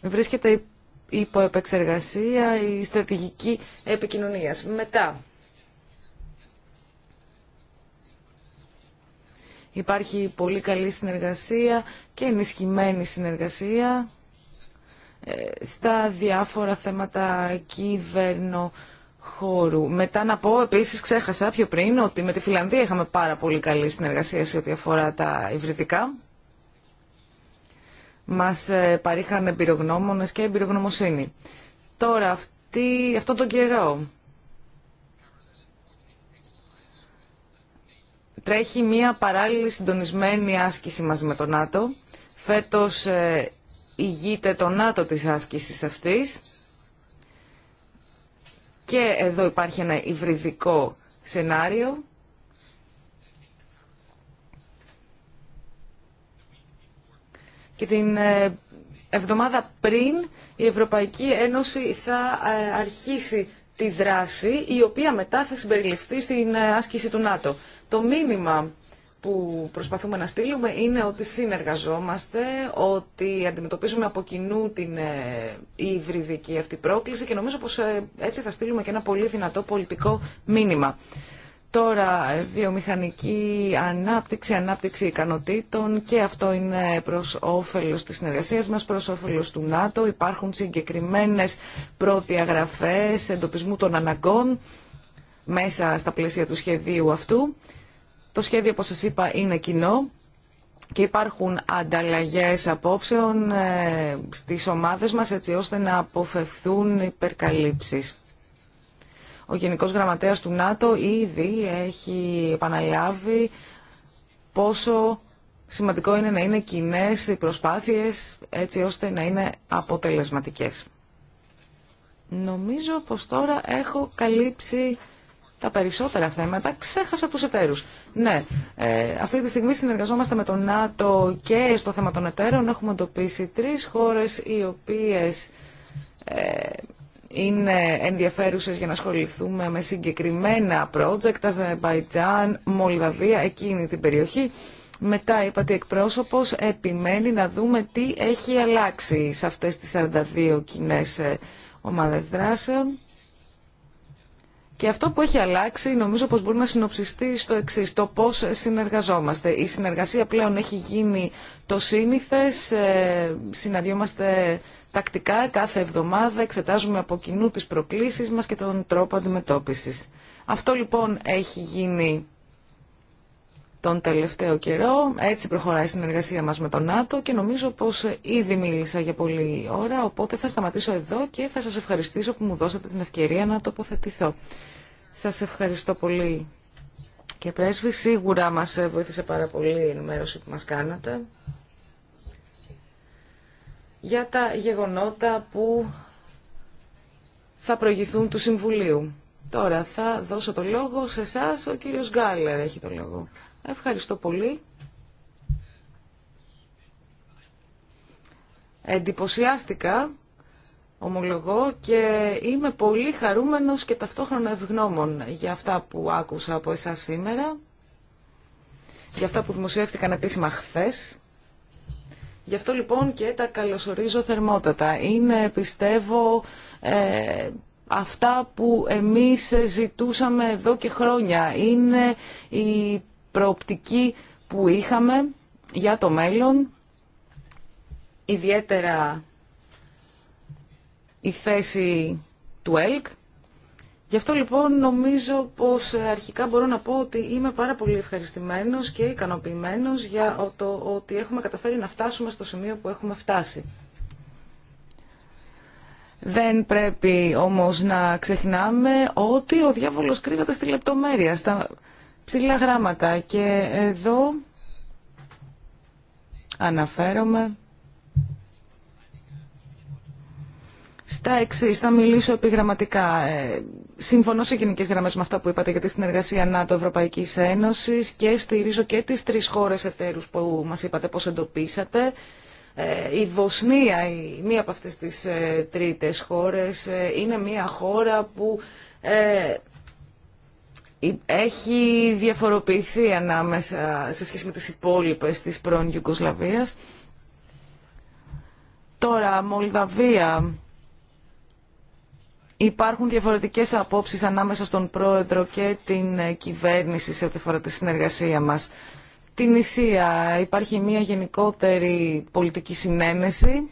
βρίσκεται υπό επεξεργασία η στρατηγική επικοινωνίας. Μετά, υπάρχει πολύ καλή συνεργασία και ενισχυμένη συνεργασία ε, στα διάφορα θέματα κυβέρνο χώρου. Μετά να πω επίσης, ξέχασα πιο πριν, ότι με τη Φιλανδία είχαμε πάρα πολύ καλή συνεργασία σε ό,τι αφορά τα υβριδικά μας ε, παρήχαν εμπειρογνώμονες και εμπειρογνωμοσύνη. Τώρα, αυτή, αυτό τον καιρό τρέχει μία παράλληλη συντονισμένη άσκηση μαζί με το ΝΑΤΟ. Φέτος ε, ηγείται το ΝΑΤΟ της άσκησης αυτής. Και εδώ υπάρχει ένα υβριδικό σενάριο και την ε, εβδομάδα πριν η Ευρωπαϊκή Ένωση θα ε, αρχίσει τη δράση η οποία μετά θα συμπεριληφθεί στην ε, άσκηση του ΝΑΤΟ. Το μήνυμα που προσπαθούμε να στείλουμε είναι ότι συνεργαζόμαστε, ότι αντιμετωπίζουμε από κοινού την υβριδική αυτή πρόκληση και νομίζω πως έτσι θα στείλουμε και ένα πολύ δυνατό πολιτικό μήνυμα. Τώρα, βιομηχανική ανάπτυξη, ανάπτυξη ικανοτήτων και αυτό είναι προς όφελος της συνεργασίας μας, προς όφελος του ΝΑΤΟ. Υπάρχουν συγκεκριμένες προδιαγραφές εντοπισμού των αναγκών μέσα στα πλαίσια του σχεδίου αυτού. Το σχέδιο, όπως σας είπα, είναι κοινό και υπάρχουν ανταλλαγές απόψεων ε, στις ομάδες μας έτσι ώστε να αποφευθούν υπερκαλύψεις. Ο Γενικός Γραμματέας του ΝΑΤΟ ήδη έχει επαναλάβει πόσο σημαντικό είναι να είναι κοινέ οι προσπάθειες έτσι ώστε να είναι αποτελεσματικές. Νομίζω πως τώρα έχω καλύψει τα περισσότερα θέματα, ξέχασα τους εταίρους. Ναι, ε, αυτή τη στιγμή συνεργαζόμαστε με το ΝΑΤΟ και στο θέμα των εταίρων. Έχουμε εντοπίσει τρεις χώρες οι οποίες ε, είναι ενδιαφέρουσες για να ασχοληθούμε με συγκεκριμένα project, Αζερβαϊτζάν, Μολδαβία, εκείνη την περιοχή. Μετά είπα ότι εκπρόσωπο, επιμένει να δούμε τι έχει αλλάξει σε αυτές τις 42 κοινέ ε, ομάδες δράσεων. Και αυτό που έχει αλλάξει νομίζω πως μπορεί να συνοψιστεί στο εξή το πώς συνεργαζόμαστε. Η συνεργασία πλέον έχει γίνει το σύνηθες, ε, συναντιόμαστε Τακτικά κάθε εβδομάδα εξετάζουμε από κοινού τις προκλήσεις μας και τον τρόπο αντιμετώπισης. Αυτό λοιπόν έχει γίνει τον τελευταίο καιρό. Έτσι προχωράει η συνεργασία μας με τον ΝΑΤΟ και νομίζω πως ήδη μίλησα για πολλή ώρα, οπότε θα σταματήσω εδώ και θα σας ευχαριστήσω που μου δώσατε την ευκαιρία να τοποθετηθώ. Σας ευχαριστώ πολύ και πρέσβη. Σίγουρα μας βοήθησε πάρα πολύ η ενημέρωση που μας κάνατε για τα γεγονότα που θα προηγηθούν του Συμβουλίου. Τώρα θα δώσω το λόγο σε εσά. Ο κύριος Γκάλερ έχει το λόγο. Ευχαριστώ πολύ. Εντυπωσιάστηκα, ομολογώ, και είμαι πολύ χαρούμενος και ταυτόχρονα ευγνώμων για αυτά που άκουσα από εσάς σήμερα, για αυτά που δημοσιεύτηκαν επίσημα χθες. Γι' αυτό λοιπόν και τα καλωσορίζω θερμότατα. Είναι, πιστεύω, ε, αυτά που εμείς ζητούσαμε εδώ και χρόνια. Είναι η προοπτική που είχαμε για το μέλλον, ιδιαίτερα η θέση του ΕΛΚ Γι' αυτό λοιπόν νομίζω πως ε, αρχικά μπορώ να πω ότι είμαι πάρα πολύ ευχαριστημένος και ικανοποιημένος για το ότι έχουμε καταφέρει να φτάσουμε στο σημείο που έχουμε φτάσει. Δεν πρέπει όμως να ξεχνάμε ότι ο διάβολος κρύβεται στη λεπτομέρεια, στα ψηλά γράμματα. Και εδώ αναφέρομαι στα εξή, θα μιλήσω επιγραμματικά. Ε, συμφωνώ σε γενικέ γραμμέ με αυτά που είπατε για τη συνεργασία ΝΑΤΟ-Ευρωπαϊκή Ένωση και στηρίζω και τι τρει χώρε εταίρου που μα είπατε πώ εντοπίσατε. Ε, η Βοσνία, μία από αυτές τις ε, τρίτες χώρες, είναι μία χώρα που έχει διαφοροποιηθεί ανάμεσα σε σχέση με τις υπόλοιπες της πρώην Ιουγκοσλαβίας. Τώρα, Μολδαβία, Υπάρχουν διαφορετικές απόψεις ανάμεσα στον πρόεδρο και την ε, κυβέρνηση σε ό,τι αφορά τη συνεργασία μας. Την Ισία υπάρχει μια γενικότερη πολιτική συνένεση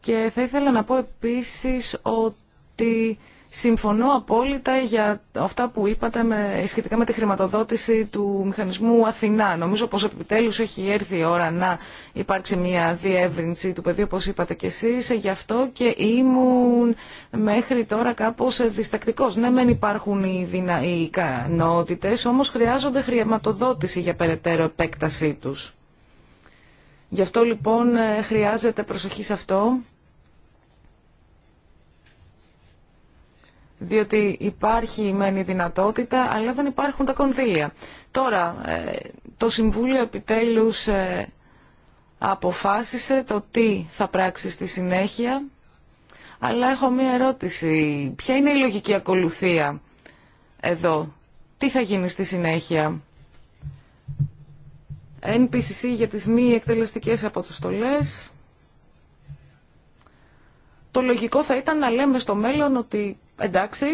και θα ήθελα να πω επίσης ότι Συμφωνώ απόλυτα για αυτά που είπατε με, σχετικά με τη χρηματοδότηση του μηχανισμού Αθηνά. Νομίζω πως επιτέλους έχει έρθει η ώρα να υπάρξει μια διεύρυνση του πεδίου, όπως είπατε κι εσείς. Γι' αυτό και ήμουν μέχρι τώρα κάπως διστακτικός. Ναι, δεν υπάρχουν οι, δυνα... οι όμως χρειάζονται χρηματοδότηση για περαιτέρω επέκτασή τους. Γι' αυτό λοιπόν ε, χρειάζεται προσοχή σε αυτό διότι υπάρχει μεν η δυνατότητα, αλλά δεν υπάρχουν τα κονδύλια. Τώρα, ε, το Συμβούλιο επιτέλους ε, αποφάσισε το τι θα πράξει στη συνέχεια, αλλά έχω μία ερώτηση. Ποια είναι η λογική ακολουθία εδώ, τι θα γίνει στη συνέχεια. NPCC για τις μη εκτελεστικές αποστολές. Το λογικό θα ήταν να λέμε στο μέλλον ότι εντάξει,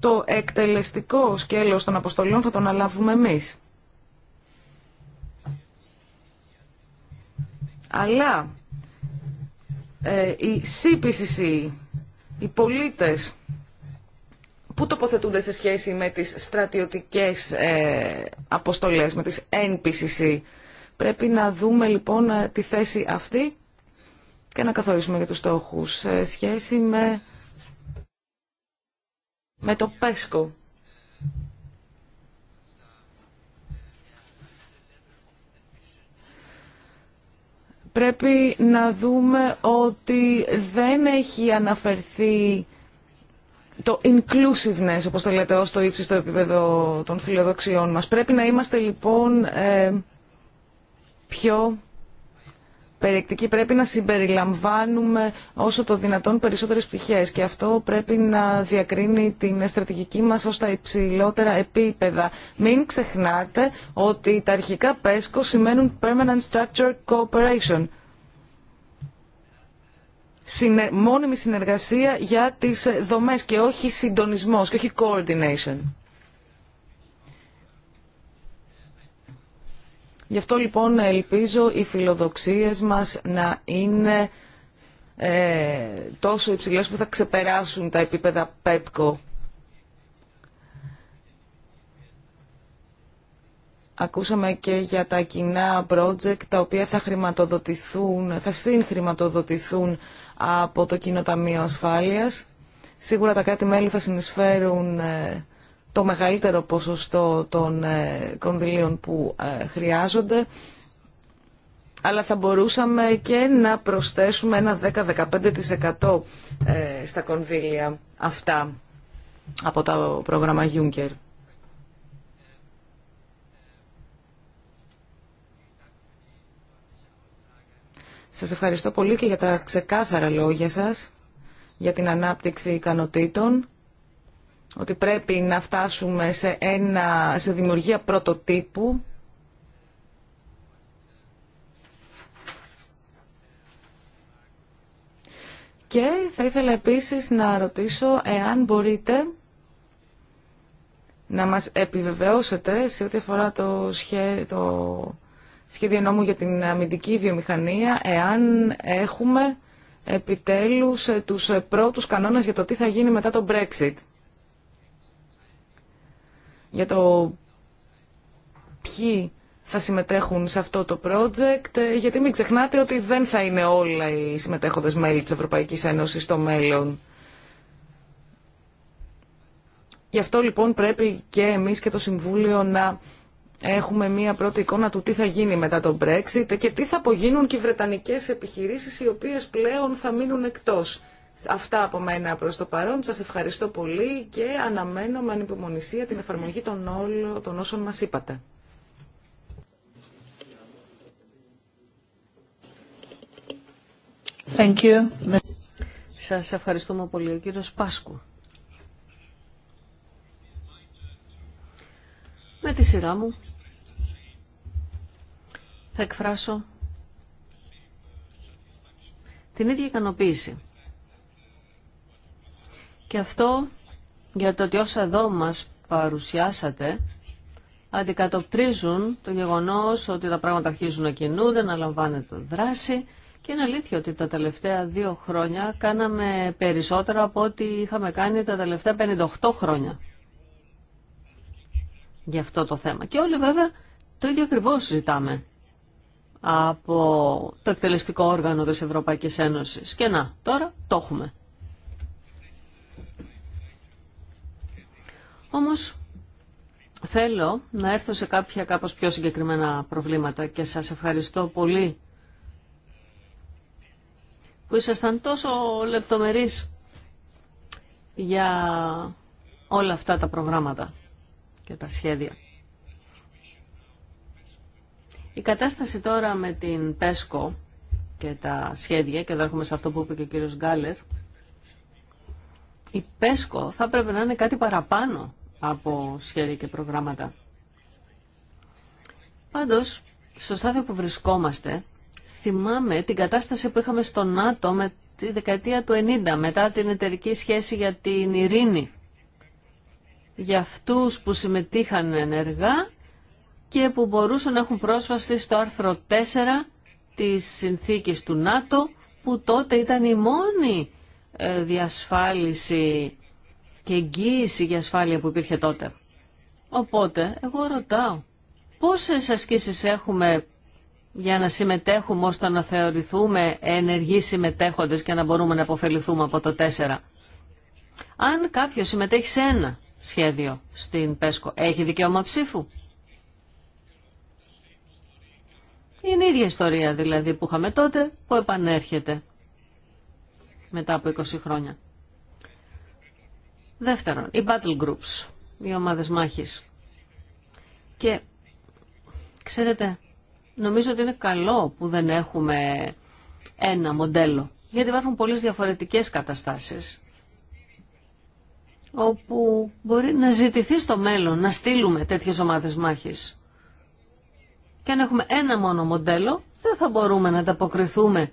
το εκτελεστικό σκέλος των αποστολών θα τον αλάβουμε εμείς. Αλλά ε, η CPCC, οι πολίτες που τοποθετούνται σε σχέση με τις στρατιωτικές ε, αποστολές, με τις NPCC. Πρέπει να δούμε λοιπόν ε, τη θέση αυτή και να καθορίσουμε για τους στόχους σε σχέση με με το ΠΕΣΚΟ. Πρέπει να δούμε ότι δεν έχει αναφερθεί το inclusiveness, όπως το λέτε, ως το ύψιστο επίπεδο των φιλοδοξιών μας. Πρέπει να είμαστε λοιπόν ε, πιο περιεκτική. Πρέπει να συμπεριλαμβάνουμε όσο το δυνατόν περισσότερες πτυχές και αυτό πρέπει να διακρίνει την στρατηγική μας ως τα υψηλότερα επίπεδα. Μην ξεχνάτε ότι τα αρχικά PESCO σημαίνουν Permanent Structure Cooperation. Συνε... μόνιμη συνεργασία για τις δομές και όχι συντονισμός και όχι coordination. Γι' αυτό λοιπόν ελπίζω οι φιλοδοξίες μας να είναι ε, τόσο υψηλές που θα ξεπεράσουν τα επίπεδα ΠΕΠΚΟ. Ακούσαμε και για τα κοινά project τα οποία θα χρηματοδοτηθούν, θα συγχρηματοδοτηθούν από το Κοινοταμείο Ασφάλειας. Σίγουρα τα κάτι μέλη θα συνεισφέρουν ε, το μεγαλύτερο ποσοστό των ε, κονδυλίων που ε, χρειάζονται, αλλά θα μπορούσαμε και να προσθέσουμε ένα 10-15% ε, στα κονδύλια αυτά από το πρόγραμμα Juncker. Σας ευχαριστώ πολύ και για τα ξεκάθαρα λόγια σας, για την ανάπτυξη ικανοτήτων ότι πρέπει να φτάσουμε σε, ένα, σε δημιουργία πρωτοτύπου και θα ήθελα επίσης να ρωτήσω εάν μπορείτε να μας επιβεβαιώσετε σε ό,τι αφορά το, σχέ, το σχέδιο νόμου για την αμυντική βιομηχανία, εάν έχουμε επιτέλους τους πρώτους κανόνες για το τι θα γίνει μετά το Brexit για το ποιοι θα συμμετέχουν σε αυτό το project, ε, γιατί μην ξεχνάτε ότι δεν θα είναι όλα οι συμμετέχοντες μέλη της Ευρωπαϊκής Ένωσης στο μέλλον. Γι' αυτό λοιπόν πρέπει και εμείς και το Συμβούλιο να έχουμε μία πρώτη εικόνα του τι θα γίνει μετά τον Brexit και τι θα απογίνουν και οι Βρετανικές επιχειρήσεις οι οποίες πλέον θα μείνουν εκτός. Αυτά από μένα προς το παρόν. Σας ευχαριστώ πολύ και αναμένω με ανυπομονησία την εφαρμογή των, όλων, των όσων μας είπατε. Thank you. Σας ευχαριστούμε πολύ. Ο κύριος Πάσκου. Με τη σειρά μου θα εκφράσω την ίδια ικανοποίηση και αυτό για το ότι όσα εδώ μας παρουσιάσατε αντικατοπτρίζουν το γεγονός ότι τα πράγματα αρχίζουν να κινούνται, να λαμβάνεται δράση και είναι αλήθεια ότι τα τελευταία δύο χρόνια κάναμε περισσότερα από ό,τι είχαμε κάνει τα τελευταία 58 χρόνια για αυτό το θέμα. Και όλοι βέβαια το ίδιο ακριβώς ζητάμε από το εκτελεστικό όργανο της Ευρωπαϊκής Ένωσης. Και να, τώρα το έχουμε. Όμως θέλω να έρθω σε κάποια κάπως πιο συγκεκριμένα προβλήματα και σας ευχαριστώ πολύ που ήσασταν τόσο λεπτομερείς για όλα αυτά τα προγράμματα και τα σχέδια. Η κατάσταση τώρα με την ΠΕΣΚΟ και τα σχέδια, και εδώ έρχομαι σε αυτό που είπε και ο κύριος Γκάλερ, η ΠΕΣΚΟ θα πρέπει να είναι κάτι παραπάνω από σχέδια και προγράμματα. Πάντως, στο στάδιο που βρισκόμαστε, θυμάμαι την κατάσταση που είχαμε στο ΝΑΤΟ με τη δεκαετία του 90, μετά την εταιρική σχέση για την ειρήνη. Για αυτούς που συμμετείχαν ενεργά και που μπορούσαν να έχουν πρόσβαση στο άρθρο 4 της συνθήκης του ΝΑΤΟ, που τότε ήταν η μόνη ε, διασφάλιση και εγγύηση για ασφάλεια που υπήρχε τότε. Οπότε, εγώ ρωτάω, πόσες ασκήσεις έχουμε για να συμμετέχουμε ώστε να θεωρηθούμε ενεργοί συμμετέχοντες και να μπορούμε να αποφεληθούμε από το 4. Αν κάποιος συμμετέχει σε ένα σχέδιο στην ΠΕΣΚΟ, έχει δικαίωμα ψήφου. Είναι η ίδια ιστορία δηλαδή που είχαμε τότε που επανέρχεται μετά από 20 χρόνια. Δεύτερον, οι battle groups, οι ομάδες μάχης. Και ξέρετε, νομίζω ότι είναι καλό που δεν έχουμε ένα μοντέλο, γιατί υπάρχουν πολλές διαφορετικές καταστάσεις όπου μπορεί να ζητηθεί στο μέλλον να στείλουμε τέτοιες ομάδες μάχης. Και αν έχουμε ένα μόνο μοντέλο, δεν θα μπορούμε να ανταποκριθούμε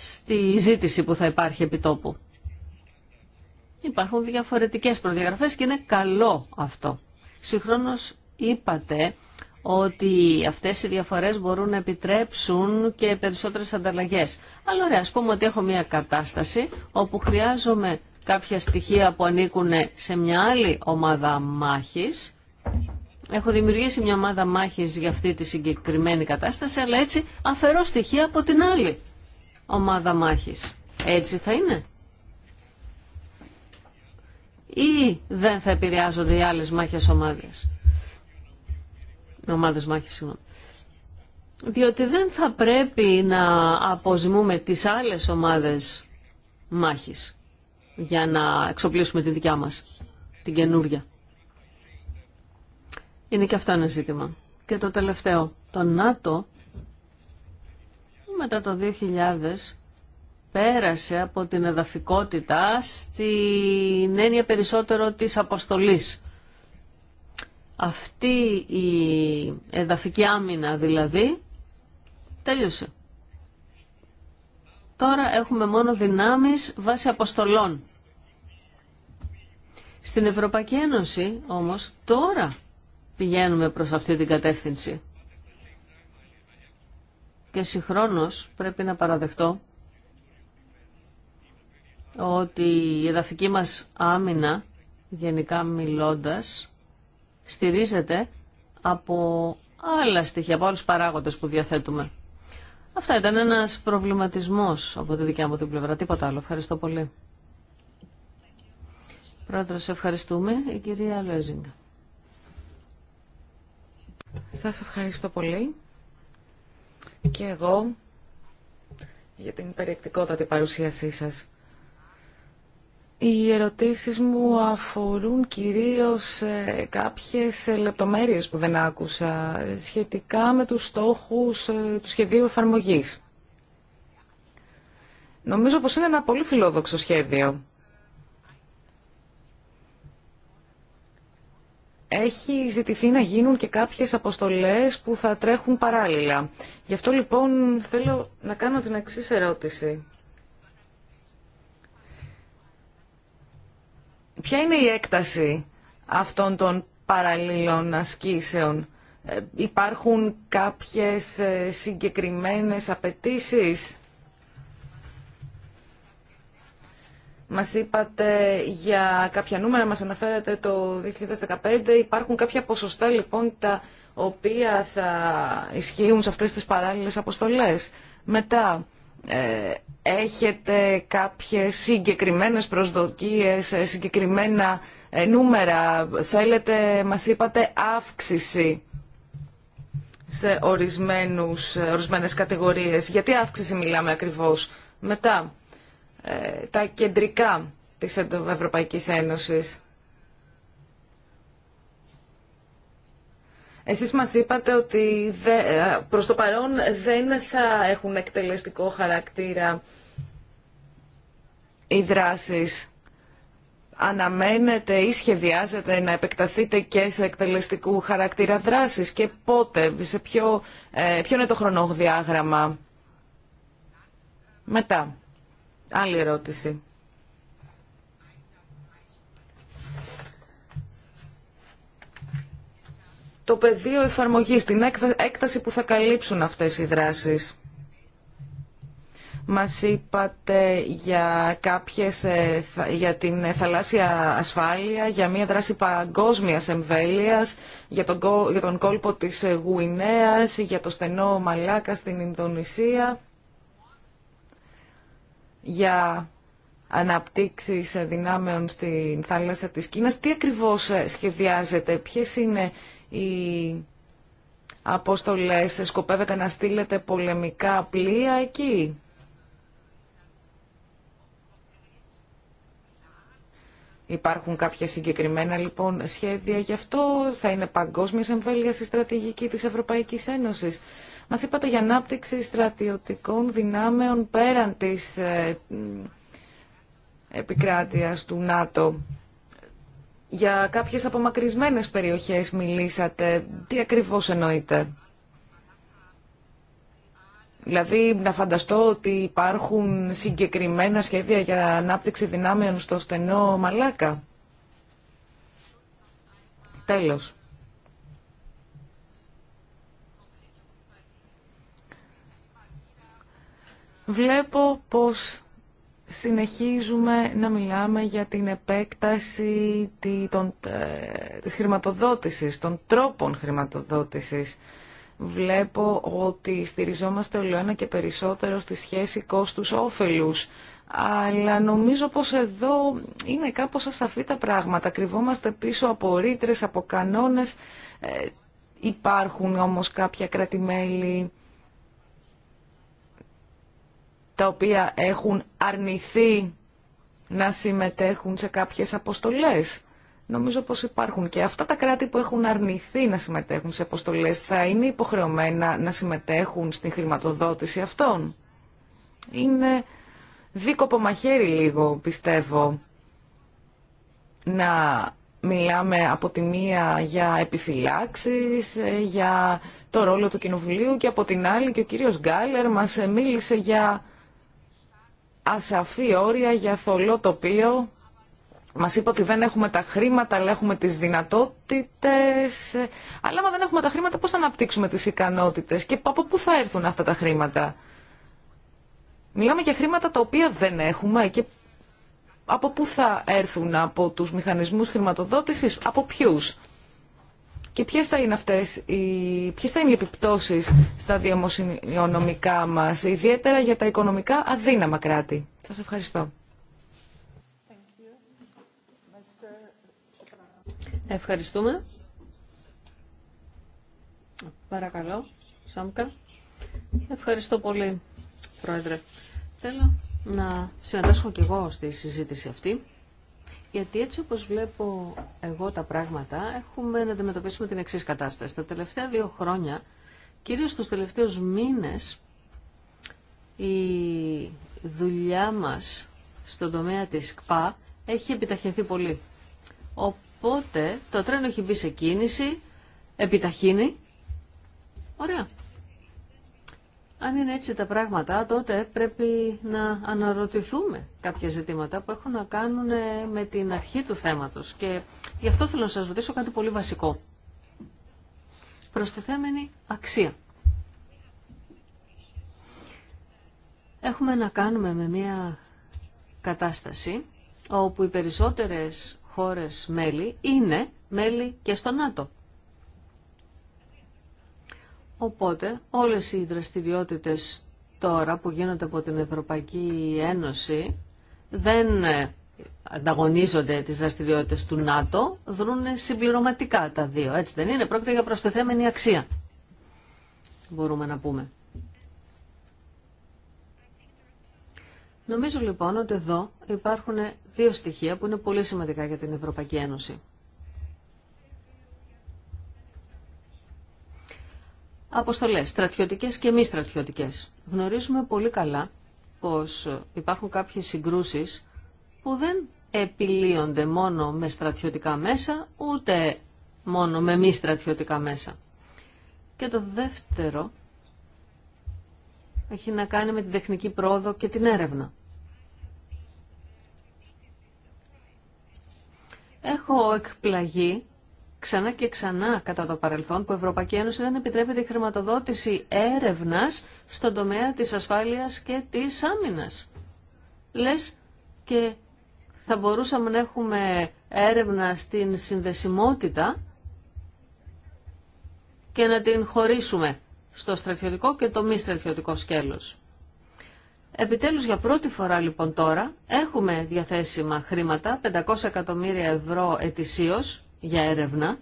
στη ζήτηση που θα υπάρχει επί τόπου υπάρχουν διαφορετικές προδιαγραφές και είναι καλό αυτό. Συγχρόνως είπατε ότι αυτές οι διαφορές μπορούν να επιτρέψουν και περισσότερες ανταλλαγές. Αλλά ωραία, ας πούμε ότι έχω μια κατάσταση όπου χρειάζομαι κάποια στοιχεία που ανήκουν σε μια άλλη ομάδα μάχης. Έχω δημιουργήσει μια ομάδα μάχης για αυτή τη συγκεκριμένη κατάσταση, αλλά έτσι αφαιρώ στοιχεία από την άλλη ομάδα μάχης. Έτσι θα είναι ή δεν θα επηρεάζονται οι άλλες μάχες ομάδες. Ομάδες μάχης, Διότι δεν θα πρέπει να αποζημούμε τις άλλες ομάδες μάχης για να εξοπλίσουμε τη δικιά μας, την καινούρια. Είναι και αυτό ένα ζήτημα. Και το τελευταίο, το ΝΑΤΟ μετά το 2000 πέρασε από την εδαφικότητα στην έννοια περισσότερο της αποστολής. Αυτή η εδαφική άμυνα δηλαδή τέλειωσε. Τώρα έχουμε μόνο δυνάμεις βάσει αποστολών. Στην Ευρωπαϊκή Ένωση όμως τώρα πηγαίνουμε προς αυτή την κατεύθυνση. Και συγχρόνως πρέπει να παραδεχτώ ότι η εδαφική μας άμυνα, γενικά μιλώντας, στηρίζεται από άλλα στοιχεία, από άλλους παράγοντες που διαθέτουμε. Αυτά ήταν ένας προβληματισμός από τη δικιά μου την πλευρά, τίποτα άλλο. Ευχαριστώ πολύ. Πρόεδρο, σε ευχαριστούμε. Η κυρία Λέζινγκ. Σας ευχαριστώ πολύ. Και εγώ για την περιεκτικότατη παρουσίασή σας. Οι ερωτήσεις μου αφορούν κυρίως ε, κάποιες ε, λεπτομέρειες που δεν άκουσα σχετικά με τους στόχους ε, του σχεδίου εφαρμογής. Νομίζω πως είναι ένα πολύ φιλόδοξο σχέδιο. Έχει ζητηθεί να γίνουν και κάποιες αποστολές που θα τρέχουν παράλληλα. Γι' αυτό λοιπόν θέλω να κάνω την εξής ερώτηση. Ποια είναι η έκταση αυτών των παραλλήλων ασκήσεων. Ε, υπάρχουν κάποιες ε, συγκεκριμένες απαιτήσεις. Μας είπατε για κάποια νούμερα, μας αναφέρατε το 2015. Υπάρχουν κάποια ποσοστά λοιπόν τα οποία θα ισχύουν σε αυτές τις παράλληλες αποστολές. Μετά, ε, έχετε κάποιες συγκεκριμένες προσδοκίες, ε, συγκεκριμένα ε, νούμερα, θέλετε, μας είπατε, αύξηση σε ορισμένους, ορισμένες κατηγορίες. Γιατί αύξηση μιλάμε ακριβώς. Μετά, τα κεντρικά της Ευρωπαϊκής Ένωσης. Εσείς μας είπατε ότι προς το παρόν δεν θα έχουν εκτελεστικό χαρακτήρα οι δράσεις. Αναμένετε ή σχεδιάζετε να επεκταθείτε και σε εκτελεστικού χαρακτήρα δράσεις και πότε, σε ποιο, ε, ποιο είναι το χρονοδιάγραμμα. Μετά, άλλη ερώτηση. το πεδίο εφαρμογής, την έκταση που θα καλύψουν αυτές οι δράσεις. Μας είπατε για, κάποιες, ε, για την θαλάσσια ασφάλεια, για μια δράση παγκόσμιας εμβέλειας, για τον, για τον κόλπο της ε, Γουινέας, για το στενό Μαλάκα στην Ινδονησία, για αναπτύξεις ε, δυνάμεων στην θάλασσα της Κίνας. Τι ακριβώς σχεδιάζετε; ποιες είναι οι Απόστολες, σκοπεύετε να στείλετε πολεμικά πλοία εκεί. Υπάρχουν κάποια συγκεκριμένα λοιπόν σχέδια γι' αυτό, θα είναι παγκόσμια εμβέλεια η στρατηγική της Ευρωπαϊκής Ένωσης. Μας είπατε για ανάπτυξη στρατιωτικών δυνάμεων πέραν της ε, επικράτειας του ΝΑΤΟ. Για κάποιες απομακρυσμένες περιοχές μιλήσατε. Τι ακριβώς εννοείτε. Δηλαδή να φανταστώ ότι υπάρχουν συγκεκριμένα σχέδια για ανάπτυξη δυνάμεων στο στενό Μαλάκα. Τέλος. Βλέπω πως συνεχίζουμε να μιλάμε για την επέκταση ε, της χρηματοδότησης, των τρόπων χρηματοδότησης. Βλέπω ότι στηριζόμαστε όλο ένα και περισσότερο στη σχέση κόστους-όφελους. Αλλά νομίζω πως εδώ είναι κάπως ασαφή τα πράγματα. Κρυβόμαστε πίσω από ρήτρες, από κανόνες. Ε, υπάρχουν όμως κάποια κρατημέλη τα οποία έχουν αρνηθεί να συμμετέχουν σε κάποιες αποστολές. Νομίζω πως υπάρχουν και αυτά τα κράτη που έχουν αρνηθεί να συμμετέχουν σε αποστολές θα είναι υποχρεωμένα να συμμετέχουν στην χρηματοδότηση αυτών. Είναι δίκοπο μαχαίρι λίγο πιστεύω να μιλάμε από τη μία για επιφυλάξεις, για το ρόλο του Κοινοβουλίου και από την άλλη και ο κύριος Γκάλερ μας μίλησε για ασαφή όρια για θολό τοπίο. Μας είπε ότι δεν έχουμε τα χρήματα, αλλά έχουμε τις δυνατότητες. Αλλά άμα δεν έχουμε τα χρήματα, πώς θα αναπτύξουμε τις ικανότητες και από πού θα έρθουν αυτά τα χρήματα. Μιλάμε για χρήματα τα οποία δεν έχουμε και από πού θα έρθουν, από τους μηχανισμούς χρηματοδότησης, από ποιους. Και ποιες θα είναι αυτές, οι, ποιες θα είναι οι επιπτώσεις στα δημοσιονομικά μας, ιδιαίτερα για τα οικονομικά αδύναμα κράτη. Σας ευχαριστώ. Ευχαριστούμε. Παρακαλώ, Σάμκα. Ευχαριστώ πολύ, Πρόεδρε. Θέλω να συμμετάσχω και εγώ στη συζήτηση αυτή γιατί έτσι όπω βλέπω εγώ τα πράγματα, έχουμε να αντιμετωπίσουμε την εξή κατάσταση. Τα τελευταία δύο χρόνια, κυρίως τους τελευταίους μήνες, η δουλειά μας στον τομέα της ΚΠΑ έχει επιταχυνθεί πολύ. Οπότε το τρένο έχει μπει σε κίνηση, επιταχύνει. Ωραία. Αν είναι έτσι τα πράγματα, τότε πρέπει να αναρωτηθούμε κάποια ζητήματα που έχουν να κάνουν ε, με την αρχή του θέματος. Και γι' αυτό θέλω να σας ρωτήσω κάτι πολύ βασικό. Προστιθέμενη αξία. Έχουμε να κάνουμε με μια κατάσταση όπου οι περισσότερες χώρες μέλη είναι μέλη και στο ΝΑΤΟ. Οπότε όλες οι δραστηριότητες τώρα που γίνονται από την Ευρωπαϊκή Ένωση δεν ε, ανταγωνίζονται τις δραστηριότητες του ΝΑΤΟ, δρούν συμπληρωματικά τα δύο. Έτσι δεν είναι, πρόκειται για προστιθέμενη αξία, μπορούμε να πούμε. Νομίζω λοιπόν ότι εδώ υπάρχουν δύο στοιχεία που είναι πολύ σημαντικά για την Ευρωπαϊκή Ένωση. αποστολές, στρατιωτικές και μη στρατιωτικές. Γνωρίζουμε πολύ καλά πως υπάρχουν κάποιες συγκρούσεις που δεν επιλύονται μόνο με στρατιωτικά μέσα, ούτε μόνο με μη στρατιωτικά μέσα. Και το δεύτερο έχει να κάνει με την τεχνική πρόοδο και την έρευνα. Έχω εκπλαγεί ξανά και ξανά κατά το παρελθόν που η Ευρωπαϊκή Ένωση δεν επιτρέπεται η χρηματοδότηση έρευνας στον τομέα της ασφάλειας και της άμυνας. Λες και θα μπορούσαμε να έχουμε έρευνα στην συνδεσιμότητα και να την χωρίσουμε στο στρατιωτικό και το μη στρατιωτικό σκέλος. Επιτέλους για πρώτη φορά λοιπόν τώρα έχουμε διαθέσιμα χρήματα, 500 εκατομμύρια ευρώ ετησίως, για έρευνα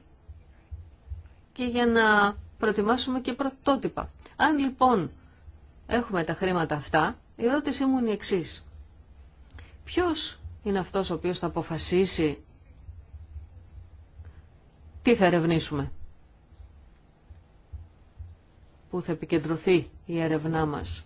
και για να προετοιμάσουμε και πρωτότυπα. Αν λοιπόν έχουμε τα χρήματα αυτά, η ερώτησή μου είναι η εξής. Ποιος είναι αυτός ο οποίος θα αποφασίσει τι θα ερευνήσουμε, που θα επικεντρωθεί η έρευνά μας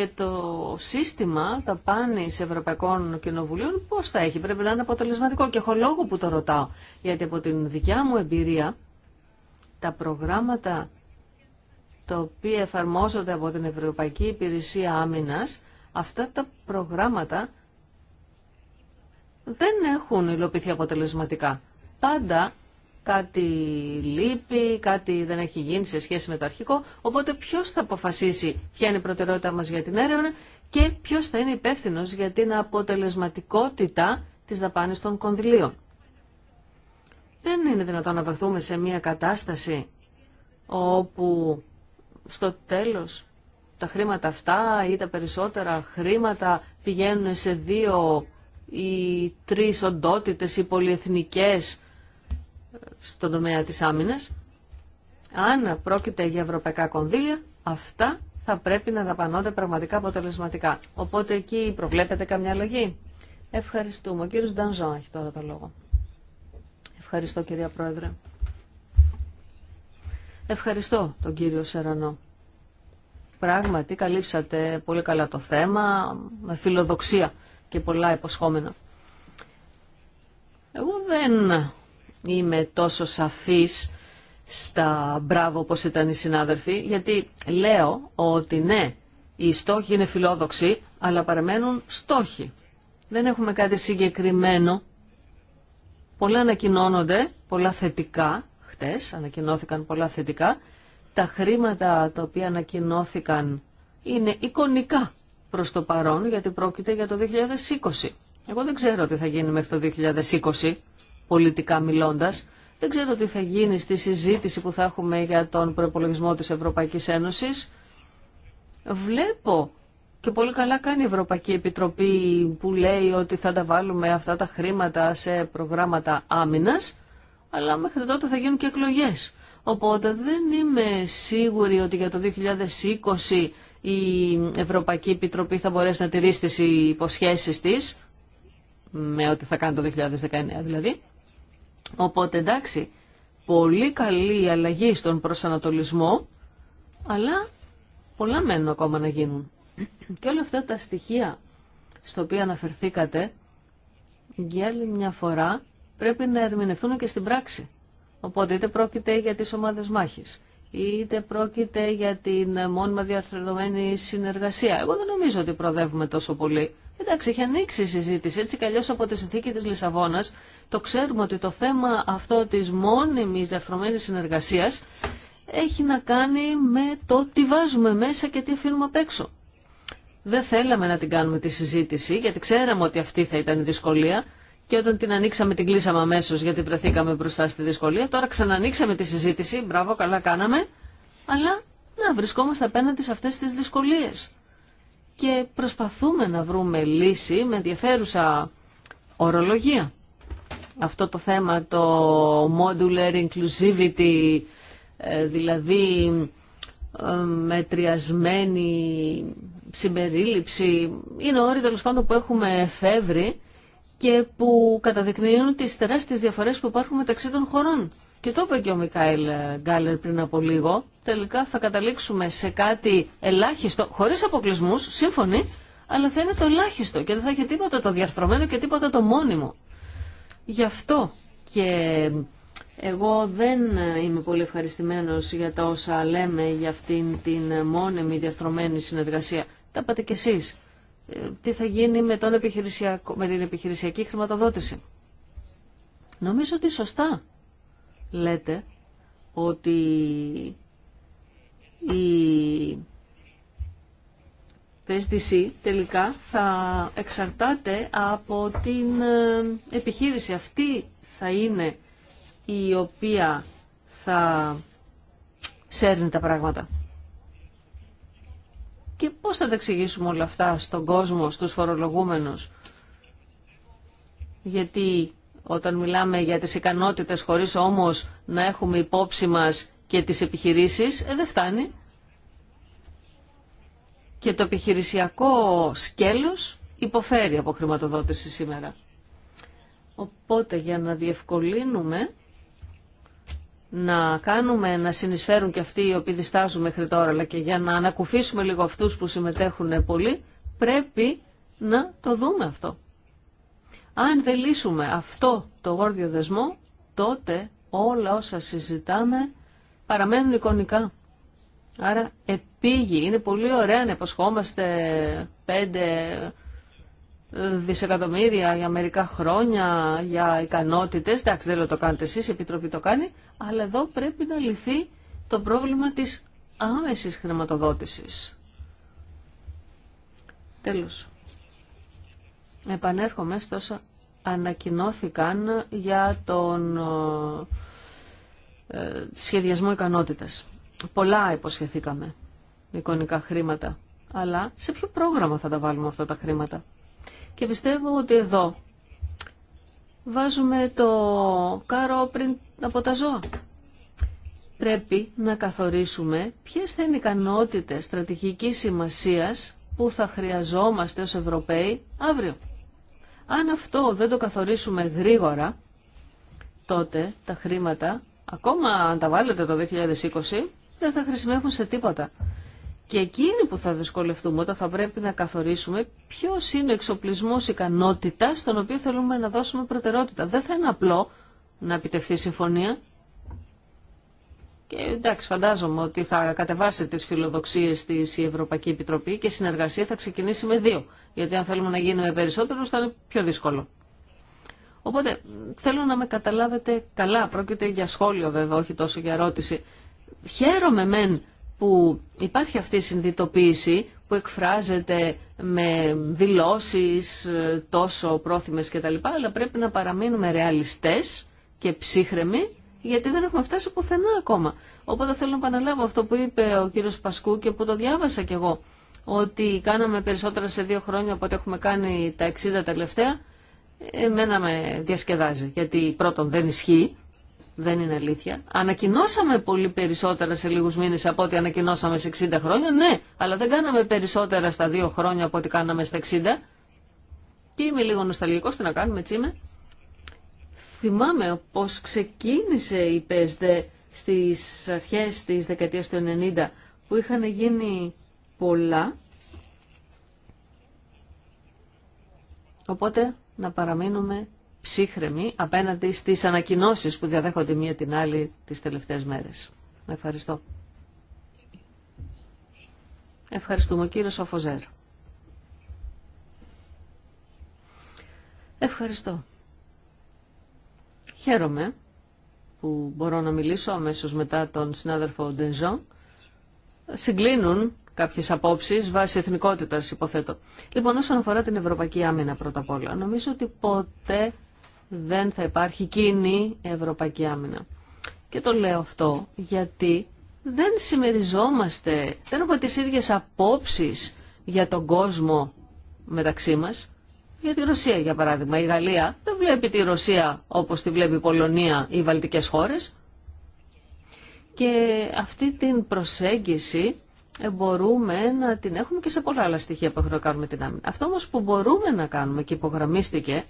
και το σύστημα τα πάνη Ευρωπαϊκών Κοινοβουλίων πώς θα έχει. Πρέπει να είναι αποτελεσματικό και έχω λόγο που το ρωτάω. Γιατί από την δικιά μου εμπειρία τα προγράμματα τα οποία εφαρμόζονται από την Ευρωπαϊκή Υπηρεσία Άμυνας, αυτά τα προγράμματα δεν έχουν υλοποιηθεί αποτελεσματικά. Πάντα κάτι λείπει, κάτι δεν έχει γίνει σε σχέση με το αρχικό. Οπότε ποιος θα αποφασίσει ποια είναι η προτεραιότητά μας για την έρευνα και ποιος θα είναι υπεύθυνο για την αποτελεσματικότητα της δαπάνης των κονδυλίων. Δεν είναι δυνατόν να βρεθούμε σε μια κατάσταση όπου στο τέλος τα χρήματα αυτά ή τα περισσότερα χρήματα πηγαίνουν σε δύο ή τρεις οντότητες ή πολυεθνικές στον τομέα της άμυνας. Αν πρόκειται για ευρωπαϊκά κονδύλια, αυτά θα πρέπει να δαπανώνται πραγματικά αποτελεσματικά. Οπότε εκεί προβλέπετε καμιά λογή. Ευχαριστούμε. Ο κύριος Ντανζό έχει τώρα το λόγο. Ευχαριστώ κυρία Πρόεδρε. Ευχαριστώ τον κύριο Σερανό. Πράγματι καλύψατε πολύ καλά το θέμα, με φιλοδοξία και πολλά υποσχόμενα. Εγώ δεν είμαι τόσο σαφής στα μπράβο όπως ήταν οι συνάδελφοι, γιατί λέω ότι ναι, οι στόχοι είναι φιλόδοξοι, αλλά παραμένουν στόχοι. Δεν έχουμε κάτι συγκεκριμένο. Πολλά ανακοινώνονται, πολλά θετικά, χτες ανακοινώθηκαν πολλά θετικά. Τα χρήματα τα οποία ανακοινώθηκαν είναι εικονικά προς το παρόν, γιατί πρόκειται για το 2020. Εγώ δεν ξέρω τι θα γίνει μέχρι το 2020 πολιτικά μιλώντας. Δεν ξέρω τι θα γίνει στη συζήτηση που θα έχουμε για τον προπολογισμό της Ευρωπαϊκής Ένωσης. Βλέπω και πολύ καλά κάνει η Ευρωπαϊκή Επιτροπή που λέει ότι θα τα βάλουμε αυτά τα χρήματα σε προγράμματα άμυνας, αλλά μέχρι τότε θα γίνουν και εκλογές. Οπότε δεν είμαι σίγουρη ότι για το 2020 η Ευρωπαϊκή Επιτροπή θα μπορέσει να τηρήσει τις υποσχέσεις της, με ό,τι θα κάνει το 2019 δηλαδή. Οπότε εντάξει, πολύ καλή αλλαγή στον προσανατολισμό, αλλά πολλά μένουν ακόμα να γίνουν. Και όλα αυτά τα στοιχεία στο οποία αναφερθήκατε, για άλλη μια φορά πρέπει να ερμηνευτούν και στην πράξη. Οπότε είτε πρόκειται για τις ομάδες μάχης, είτε πρόκειται για την μόνιμα διαρθρωμένη συνεργασία. Εγώ δεν νομίζω ότι προδεύουμε τόσο πολύ. Εντάξει, έχει ανοίξει η συζήτηση. Έτσι κι από τη συνθήκη τη Λισαβόνα. το ξέρουμε ότι το θέμα αυτό της μόνιμη διαρθρωμένη συνεργασίας έχει να κάνει με το τι βάζουμε μέσα και τι αφήνουμε απ' έξω. Δεν θέλαμε να την κάνουμε τη συζήτηση, γιατί ξέραμε ότι αυτή θα ήταν η δυσκολία, και όταν την ανοίξαμε την κλείσαμε αμέσω γιατί βρεθήκαμε μπροστά στη δυσκολία. Τώρα ξανανοίξαμε τη συζήτηση, μπράβο, καλά κάναμε, αλλά να βρισκόμαστε απέναντι σε αυτές τις δυσκολίες. Και προσπαθούμε να βρούμε λύση με ενδιαφέρουσα ορολογία. Αυτό το θέμα το modular inclusivity, ε, δηλαδή ε, μετριασμένη συμπερίληψη, είναι όροι τέλο πάντων που έχουμε εφεύρει και που καταδεικνύουν τις τεράστιες διαφορές που υπάρχουν μεταξύ των χωρών. Και το είπε και ο Μικάηλ Γκάλερ πριν από λίγο. Τελικά θα καταλήξουμε σε κάτι ελάχιστο, χωρίς αποκλεισμού, σύμφωνοι, αλλά θα είναι το ελάχιστο και δεν θα έχει τίποτα το διαρθρωμένο και τίποτα το μόνιμο. Γι' αυτό και εγώ δεν είμαι πολύ ευχαριστημένος για τα όσα λέμε για αυτήν την μόνιμη διαρθρωμένη συνεργασία. Τα πάτε κι εσείς τι θα γίνει με, τον με την επιχειρησιακή χρηματοδότηση. Νομίζω ότι σωστά λέτε ότι η PSDC τελικά θα εξαρτάται από την ε, επιχείρηση. Αυτή θα είναι η οποία θα σέρνει τα πράγματα. Και πώς θα τα εξηγήσουμε όλα αυτά στον κόσμο, στους φορολογούμενους. Γιατί όταν μιλάμε για τις ικανότητες χωρίς όμως να έχουμε υπόψη μας και τις επιχειρήσεις, ε, δεν φτάνει. Και το επιχειρησιακό σκέλος υποφέρει από χρηματοδότηση σήμερα. Οπότε για να διευκολύνουμε να κάνουμε να συνεισφέρουν και αυτοί οι οποίοι διστάζουν μέχρι τώρα, αλλά και για να ανακουφίσουμε λίγο αυτούς που συμμετέχουν πολύ, πρέπει να το δούμε αυτό. Αν δεν λύσουμε αυτό το γόρδιο δεσμό, τότε όλα όσα συζητάμε παραμένουν εικονικά. Άρα επίγει. Είναι πολύ ωραία να υποσχόμαστε πέντε δισεκατομμύρια για μερικά χρόνια, για ικανότητες. Εντάξει, δεν το κάνετε εσείς, η Επιτροπή το κάνει, αλλά εδώ πρέπει να λυθεί το πρόβλημα της άμεσης χρηματοδότησης. Τέλος. Επανέρχομαι στο όσα ανακοινώθηκαν για τον ε, σχεδιασμό ικανότητας. Πολλά υποσχεθήκαμε εικονικά χρήματα. Αλλά σε ποιο πρόγραμμα θα τα βάλουμε αυτά τα χρήματα. Και πιστεύω ότι εδώ βάζουμε το κάρο πριν από τα ζώα. Πρέπει να καθορίσουμε ποιες θα είναι οι ικανότητες στρατηγικής σημασίας που θα χρειαζόμαστε ως Ευρωπαίοι αύριο. Αν αυτό δεν το καθορίσουμε γρήγορα, τότε τα χρήματα, ακόμα αν τα βάλετε το 2020, δεν θα χρησιμεύουν σε τίποτα. Και εκείνοι που θα δυσκολευτούμε όταν θα πρέπει να καθορίσουμε ποιο είναι ο εξοπλισμό ικανότητα στον οποίο θέλουμε να δώσουμε προτεραιότητα. Δεν θα είναι απλό να επιτευχθεί συμφωνία. Και εντάξει, φαντάζομαι ότι θα κατεβάσει τι φιλοδοξίε τη η Ευρωπαϊκή Επιτροπή και η συνεργασία θα ξεκινήσει με δύο. Γιατί αν θέλουμε να γίνουμε περισσότερο, θα είναι πιο δύσκολο. Οπότε θέλω να με καταλάβετε καλά. Πρόκειται για σχόλιο βέβαια, όχι τόσο για ερώτηση. Χαίρομαι μεν που υπάρχει αυτή η συνδυτοποίηση που εκφράζεται με δηλώσεις ε, τόσο πρόθυμες λοιπά, Αλλά πρέπει να παραμείνουμε ρεαλιστές και ψύχρεμοι γιατί δεν έχουμε φτάσει πουθενά ακόμα. Οπότε θέλω να επαναλάβω αυτό που είπε ο κύριος Πασκού και που το διάβασα κι εγώ. Ότι κάναμε περισσότερα σε δύο χρόνια από ό,τι έχουμε κάνει τα 60 τελευταία. Εμένα με διασκεδάζει γιατί πρώτον δεν ισχύει δεν είναι αλήθεια. Ανακοινώσαμε πολύ περισσότερα σε λίγους μήνες από ό,τι ανακοινώσαμε σε 60 χρόνια. Ναι, αλλά δεν κάναμε περισσότερα στα δύο χρόνια από ό,τι κάναμε στα 60. Και είμαι λίγο νοσταλγικός, τι να κάνουμε, είμαι. Θυμάμαι πως ξεκίνησε η ΠΕΣΔ στις αρχές της δεκαετίας του 90 που είχαν γίνει πολλά. Οπότε να παραμείνουμε ψύχρεμοι απέναντι στις ανακοινώσει που διαδέχονται μία την άλλη τις τελευταίες μέρες. Ευχαριστώ. Ευχαριστούμε, κύριο Σοφοζέρ. Ευχαριστώ. Χαίρομαι που μπορώ να μιλήσω αμέσω μετά τον συνάδελφο Ντενζόν. Συγκλίνουν κάποιες απόψει βάσει εθνικότητας, υποθέτω. Λοιπόν, όσον αφορά την Ευρωπαϊκή Άμυνα πρώτα απ' όλα, νομίζω ότι ποτέ δεν θα υπάρχει κοινή ευρωπαϊκή άμυνα. Και το λέω αυτό γιατί δεν συμμεριζόμαστε, δεν έχουμε τις ίδιες απόψεις για τον κόσμο μεταξύ μας. Για τη Ρωσία, για παράδειγμα, η Γαλλία δεν βλέπει τη Ρωσία όπως τη βλέπει η Πολωνία ή οι Βαλτικές χώρες. Και αυτή την προσέγγιση μπορούμε να την έχουμε και σε πολλά άλλα στοιχεία που έχουμε να κάνουμε την άμυνα. Αυτό όμως που μπορούμε να κάνουμε και υπογραμμίστηκε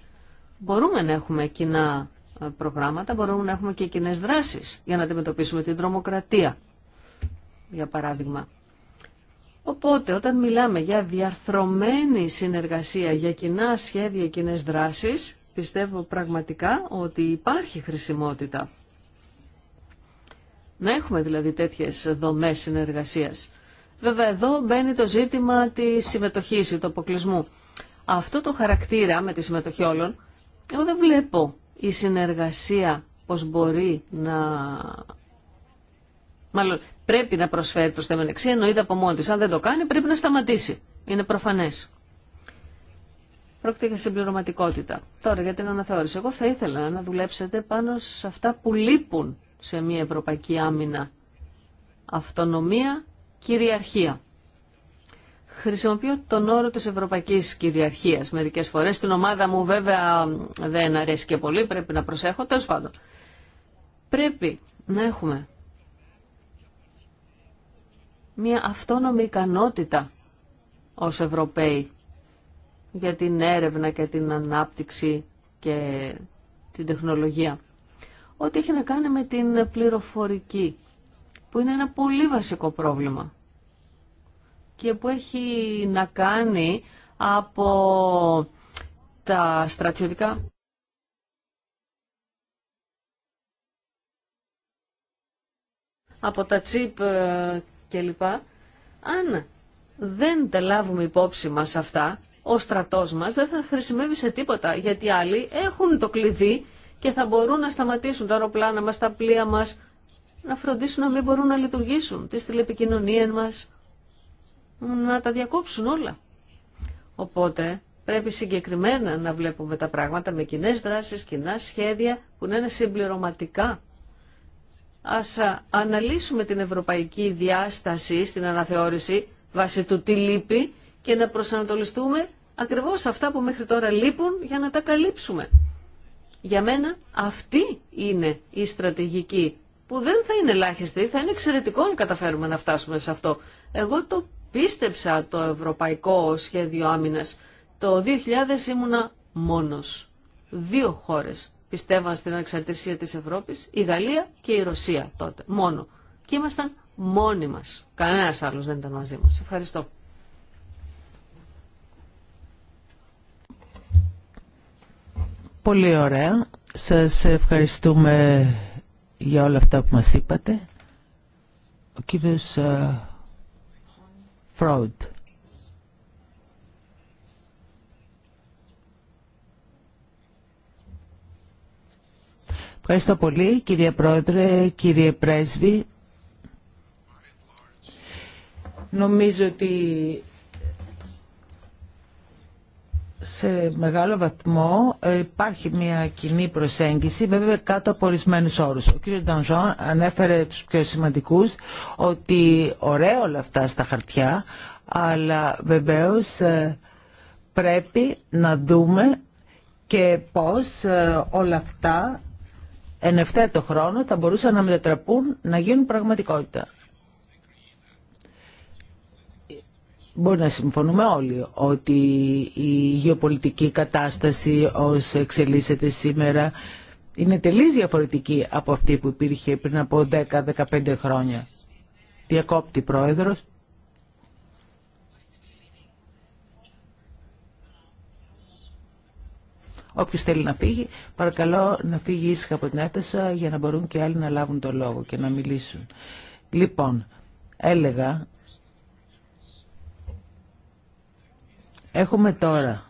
Μπορούμε να έχουμε κοινά ε, προγράμματα, μπορούμε να έχουμε και κοινέ δράσεις για να αντιμετωπίσουμε την τρομοκρατία, για παράδειγμα. Οπότε, όταν μιλάμε για διαρθρωμένη συνεργασία, για κοινά σχέδια, κοινέ δράσεις, πιστεύω πραγματικά ότι υπάρχει χρησιμότητα. Να έχουμε δηλαδή τέτοιες δομές συνεργασίας. Βέβαια εδώ μπαίνει το ζήτημα τη συμμετοχής του αποκλεισμού. Αυτό το χαρακτήρα με τη συμμετοχή όλων εγώ δεν βλέπω η συνεργασία πως μπορεί να... Μάλλον πρέπει να προσφέρει προς τα εννοείται από μόνη της. Αν δεν το κάνει πρέπει να σταματήσει. Είναι προφανές. Πρόκειται για συμπληρωματικότητα. Τώρα για την αναθεώρηση. Εγώ θα ήθελα να δουλέψετε πάνω σε αυτά που λείπουν σε μια ευρωπαϊκή άμυνα. Αυτονομία, κυριαρχία. Χρησιμοποιώ τον όρο της ευρωπαϊκής κυριαρχίας μερικές φορές. Στην ομάδα μου βέβαια δεν αρέσει και πολύ, πρέπει να προσέχω, τέλος πάντων. Πρέπει να έχουμε μια αυτόνομη ικανότητα ως Ευρωπαίοι για την έρευνα και την ανάπτυξη και την τεχνολογία. Ό,τι έχει να κάνει με την πληροφορική, που είναι ένα πολύ βασικό πρόβλημα και που έχει να κάνει από τα στρατιωτικά... από τα τσίπ ε, κλπ. Αν δεν τα λάβουμε υπόψη μας αυτά, ο στρατός μας δεν θα χρησιμεύει σε τίποτα, γιατί άλλοι έχουν το κλειδί και θα μπορούν να σταματήσουν τα αεροπλάνα μας, τα πλοία μας, να φροντίσουν να μην μπορούν να λειτουργήσουν, τις τηλεπικοινωνίες μας να τα διακόψουν όλα. Οπότε πρέπει συγκεκριμένα να βλέπουμε τα πράγματα με κοινέ δράσεις, κοινά σχέδια που να είναι συμπληρωματικά. Ας αναλύσουμε την ευρωπαϊκή διάσταση στην αναθεώρηση βάσει του τι λείπει και να προσανατολιστούμε ακριβώς αυτά που μέχρι τώρα λείπουν για να τα καλύψουμε. Για μένα αυτή είναι η στρατηγική που δεν θα είναι ελάχιστη, θα είναι εξαιρετικό αν καταφέρουμε να φτάσουμε σε αυτό. Εγώ το πίστεψα το ευρωπαϊκό σχέδιο άμυνας. Το 2000 ήμουνα μόνος. Δύο χώρες πιστεύαν στην εξαρτησία της Ευρώπης, η Γαλλία και η Ρωσία τότε, μόνο. Και ήμασταν μόνοι μας. Κανένας άλλος δεν ήταν μαζί μας. Ευχαριστώ. Πολύ ωραία. Σας ευχαριστούμε για όλα αυτά που μας είπατε. Ο κύριος ε, fraud. Ευχαριστώ πολύ κύριε Πρόεδρε, κύριε Πρέσβη. Νομίζω ότι σε μεγάλο βαθμό ε, υπάρχει μια κοινή προσέγγιση, βέβαια κάτω από ορισμένου όρου. Ο κ. Ντανζόν ανέφερε του πιο σημαντικού, ότι ωραία όλα αυτά στα χαρτιά, αλλά βεβαίω ε, πρέπει να δούμε και πώς ε, όλα αυτά εν ευθέτω χρόνο θα μπορούσαν να μετατραπούν να γίνουν πραγματικότητα. Μπορεί να συμφωνούμε όλοι ότι η γεωπολιτική κατάσταση ως εξελίσσεται σήμερα είναι τελείως διαφορετική από αυτή που υπήρχε πριν από 10-15 χρόνια. Διακόπτη πρόεδρος. Όποιος θέλει να φύγει, παρακαλώ να φύγει ήσυχα από την αίθουσα για να μπορούν και άλλοι να λάβουν το λόγο και να μιλήσουν. Λοιπόν, έλεγα Έχουμε τώρα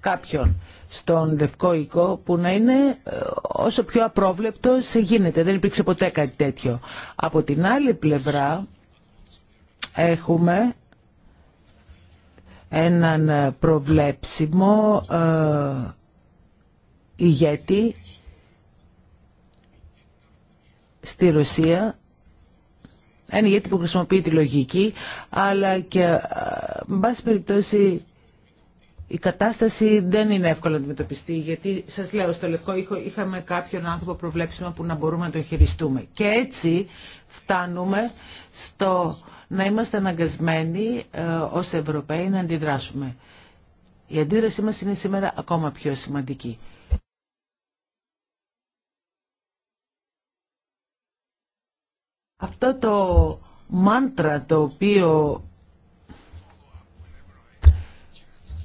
κάποιον στον Λευκό Οίκο που να είναι ε, όσο πιο απρόβλεπτος γίνεται. Δεν υπήρξε ποτέ κάτι τέτοιο. Από την άλλη πλευρά έχουμε έναν προβλέψιμο ε, ηγέτη στη Ρωσία ένα ηγέτη που χρησιμοποιεί τη λογική αλλά και ε, με πάση περιπτώσει η κατάσταση δεν είναι εύκολο να αντιμετωπιστεί, γιατί σας λέω, στο Λευκό είχαμε κάποιον άνθρωπο προβλέψιμο που να μπορούμε να τον χειριστούμε. Και έτσι φτάνουμε στο να είμαστε αναγκασμένοι ε, ως Ευρωπαίοι να αντιδράσουμε. Η αντίδρασή μας είναι σήμερα ακόμα πιο σημαντική. Αυτό το μάντρα το οποίο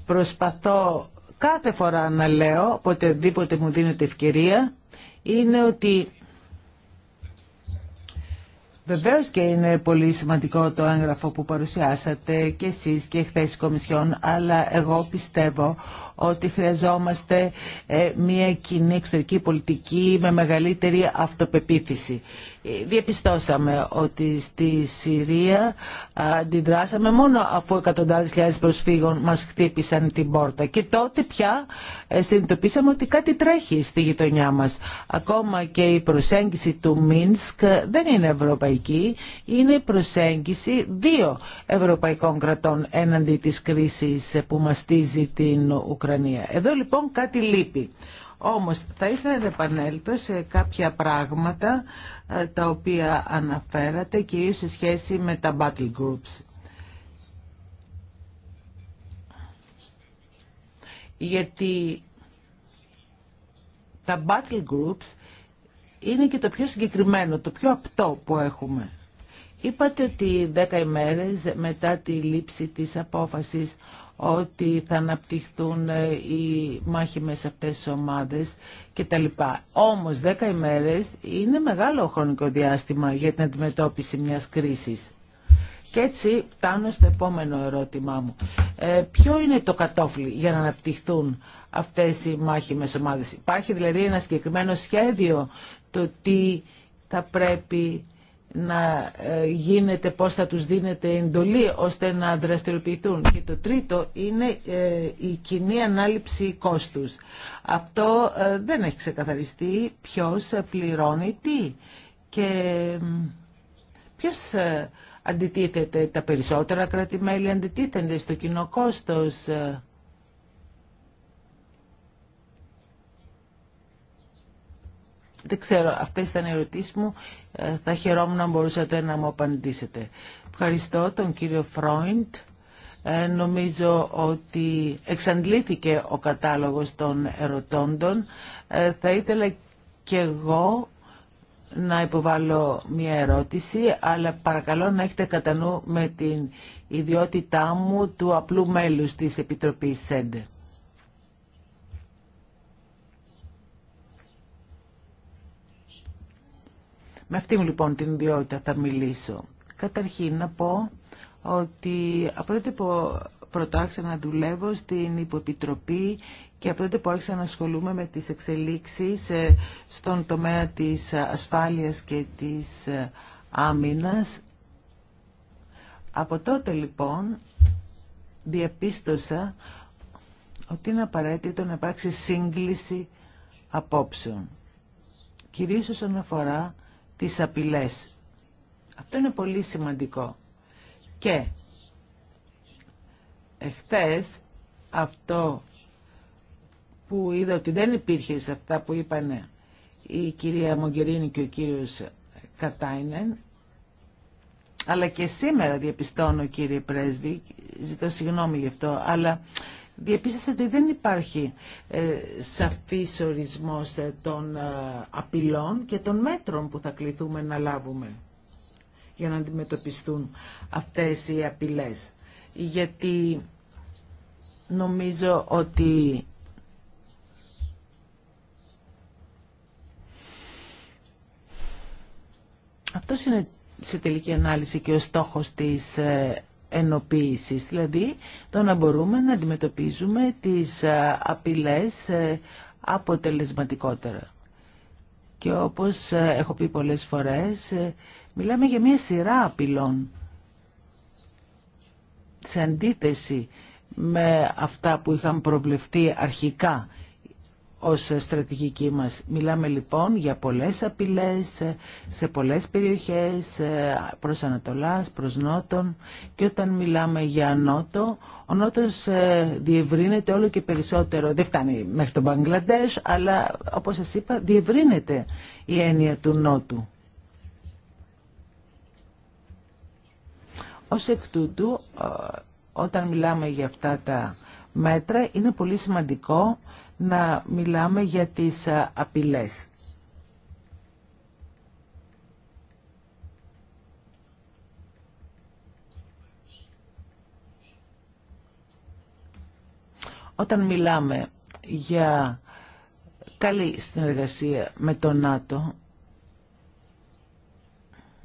προσπαθώ κάθε φορά να λέω, οποτεδήποτε μου δίνεται ευκαιρία, είναι ότι Βεβαίως και είναι πολύ σημαντικό το έγγραφο που παρουσιάσατε και εσείς και χθε η Κομισιόν, αλλά εγώ πιστεύω ότι χρειαζόμαστε ε, μια κοινή εξωτερική πολιτική με μεγαλύτερη αυτοπεποίθηση. Ε, διαπιστώσαμε ότι στη Συρία αντιδράσαμε μόνο αφού εκατοντάδες χιλιάδες προσφύγων μας χτύπησαν την πόρτα και τότε πια ε, συνειδητοποίησαμε ότι κάτι τρέχει στη γειτονιά μας. Ακόμα και η προσέγγιση του Μίνσκ δεν είναι ευρωπαϊκή, είναι η προσέγγιση δύο ευρωπαϊκών κρατών έναντι της κρίσης που μαστίζει την Ουκρανία εδώ λοιπόν κάτι λείπει. Όμως θα ήθελα να επανέλθω σε κάποια πράγματα ε, τα οποία αναφέρατε κυρίως σε σχέση με τα battle groups. Γιατί τα battle groups είναι και το πιο συγκεκριμένο, το πιο απτό που έχουμε. Είπατε ότι δέκα ημέρες μετά τη λήψη της απόφασης ότι θα αναπτυχθούν ε, οι μάχημες αυτές τις ομάδες λοιπά. Όμως 10 ημέρες είναι μεγάλο χρονικό διάστημα για την αντιμετώπιση μιας κρίσης. Και έτσι φτάνω στο επόμενο ερώτημά μου. Ε, ποιο είναι το κατόφλι για να αναπτυχθούν αυτές οι μάχημες ομάδες. Υπάρχει δηλαδή ένα συγκεκριμένο σχέδιο το τι θα πρέπει να ε, γίνεται, πώς θα τους δίνεται εντολή ώστε να δραστηριοποιηθούν. Και το τρίτο είναι ε, η κοινή ανάληψη κόστους. Αυτό ε, δεν έχει ξεκαθαριστεί ποιος πληρώνει τι και ποιος αντιτίθεται. Τα περισσότερα κρατημέλη αντιτίθενται στο κοινό κόστος. Δεν ξέρω, αυτές ήταν οι ερωτήσεις μου. Ε, θα χαιρόμουν να μπορούσατε να μου απαντήσετε. Ευχαριστώ τον κύριο Φρόιντ. Ε, νομίζω ότι εξαντλήθηκε ο κατάλογος των ερωτώντων. Ε, θα ήθελα και εγώ να υποβάλω μια ερώτηση, αλλά παρακαλώ να έχετε κατά νου με την ιδιότητά μου του απλού μέλους της Επιτροπής ΣΕΝΤΕ. Με αυτή λοιπόν την ιδιότητα θα μιλήσω. Καταρχήν να πω ότι από τότε που προτάξα να δουλεύω στην Υποεπιτροπή και από τότε που άρχισα να ασχολούμαι με τις εξελίξεις ε, στον τομέα της ασφάλειας και της ε, άμυνας. Από τότε λοιπόν διαπίστωσα ότι είναι απαραίτητο να υπάρξει σύγκληση απόψεων. Κυρίως όσον αφορά τις απειλές. Αυτό είναι πολύ σημαντικό. Και εχθές αυτό που είδα ότι δεν υπήρχε σε αυτά που είπαν η κυρία Μογκερίνη και ο κύριος Κατάινεν, αλλά και σήμερα διαπιστώνω κύριε Πρέσβη, ζητώ συγγνώμη γι' αυτό, αλλά Διεπίστωσα ότι δεν υπάρχει ε, σαφής ορισμός ε, των ε, απειλών και των μέτρων που θα κληθούμε να λάβουμε για να αντιμετωπιστούν αυτές οι απειλές. Γιατί νομίζω ότι αυτό είναι σε τελική ανάλυση και ο στόχος της ενοποίησης, δηλαδή το να μπορούμε να αντιμετωπίζουμε τις ε, απειλές ε, αποτελεσματικότερα. Και όπως ε, έχω πει πολλές φορές, μιλάμε για μια σειρά απειλών σε αντίθεση με αυτά που είχαν προβλεφτεί αρχικά ως στρατηγική μας. Μιλάμε λοιπόν για πολλές απειλές σε πολλές περιοχές, προς Ανατολάς, προς Νότον και όταν μιλάμε για Νότο, ο Νότος ε, διευρύνεται όλο και περισσότερο, δεν φτάνει μέχρι τον Μπαγκλαντές, αλλά όπως σας είπα διευρύνεται η έννοια του Νότου. Ως εκ τούτου, ε, όταν μιλάμε για αυτά τα μέτρα, είναι πολύ σημαντικό να μιλάμε για τις ε, απειλές. Όταν μιλάμε για καλή συνεργασία με το ΝΑΤΟ,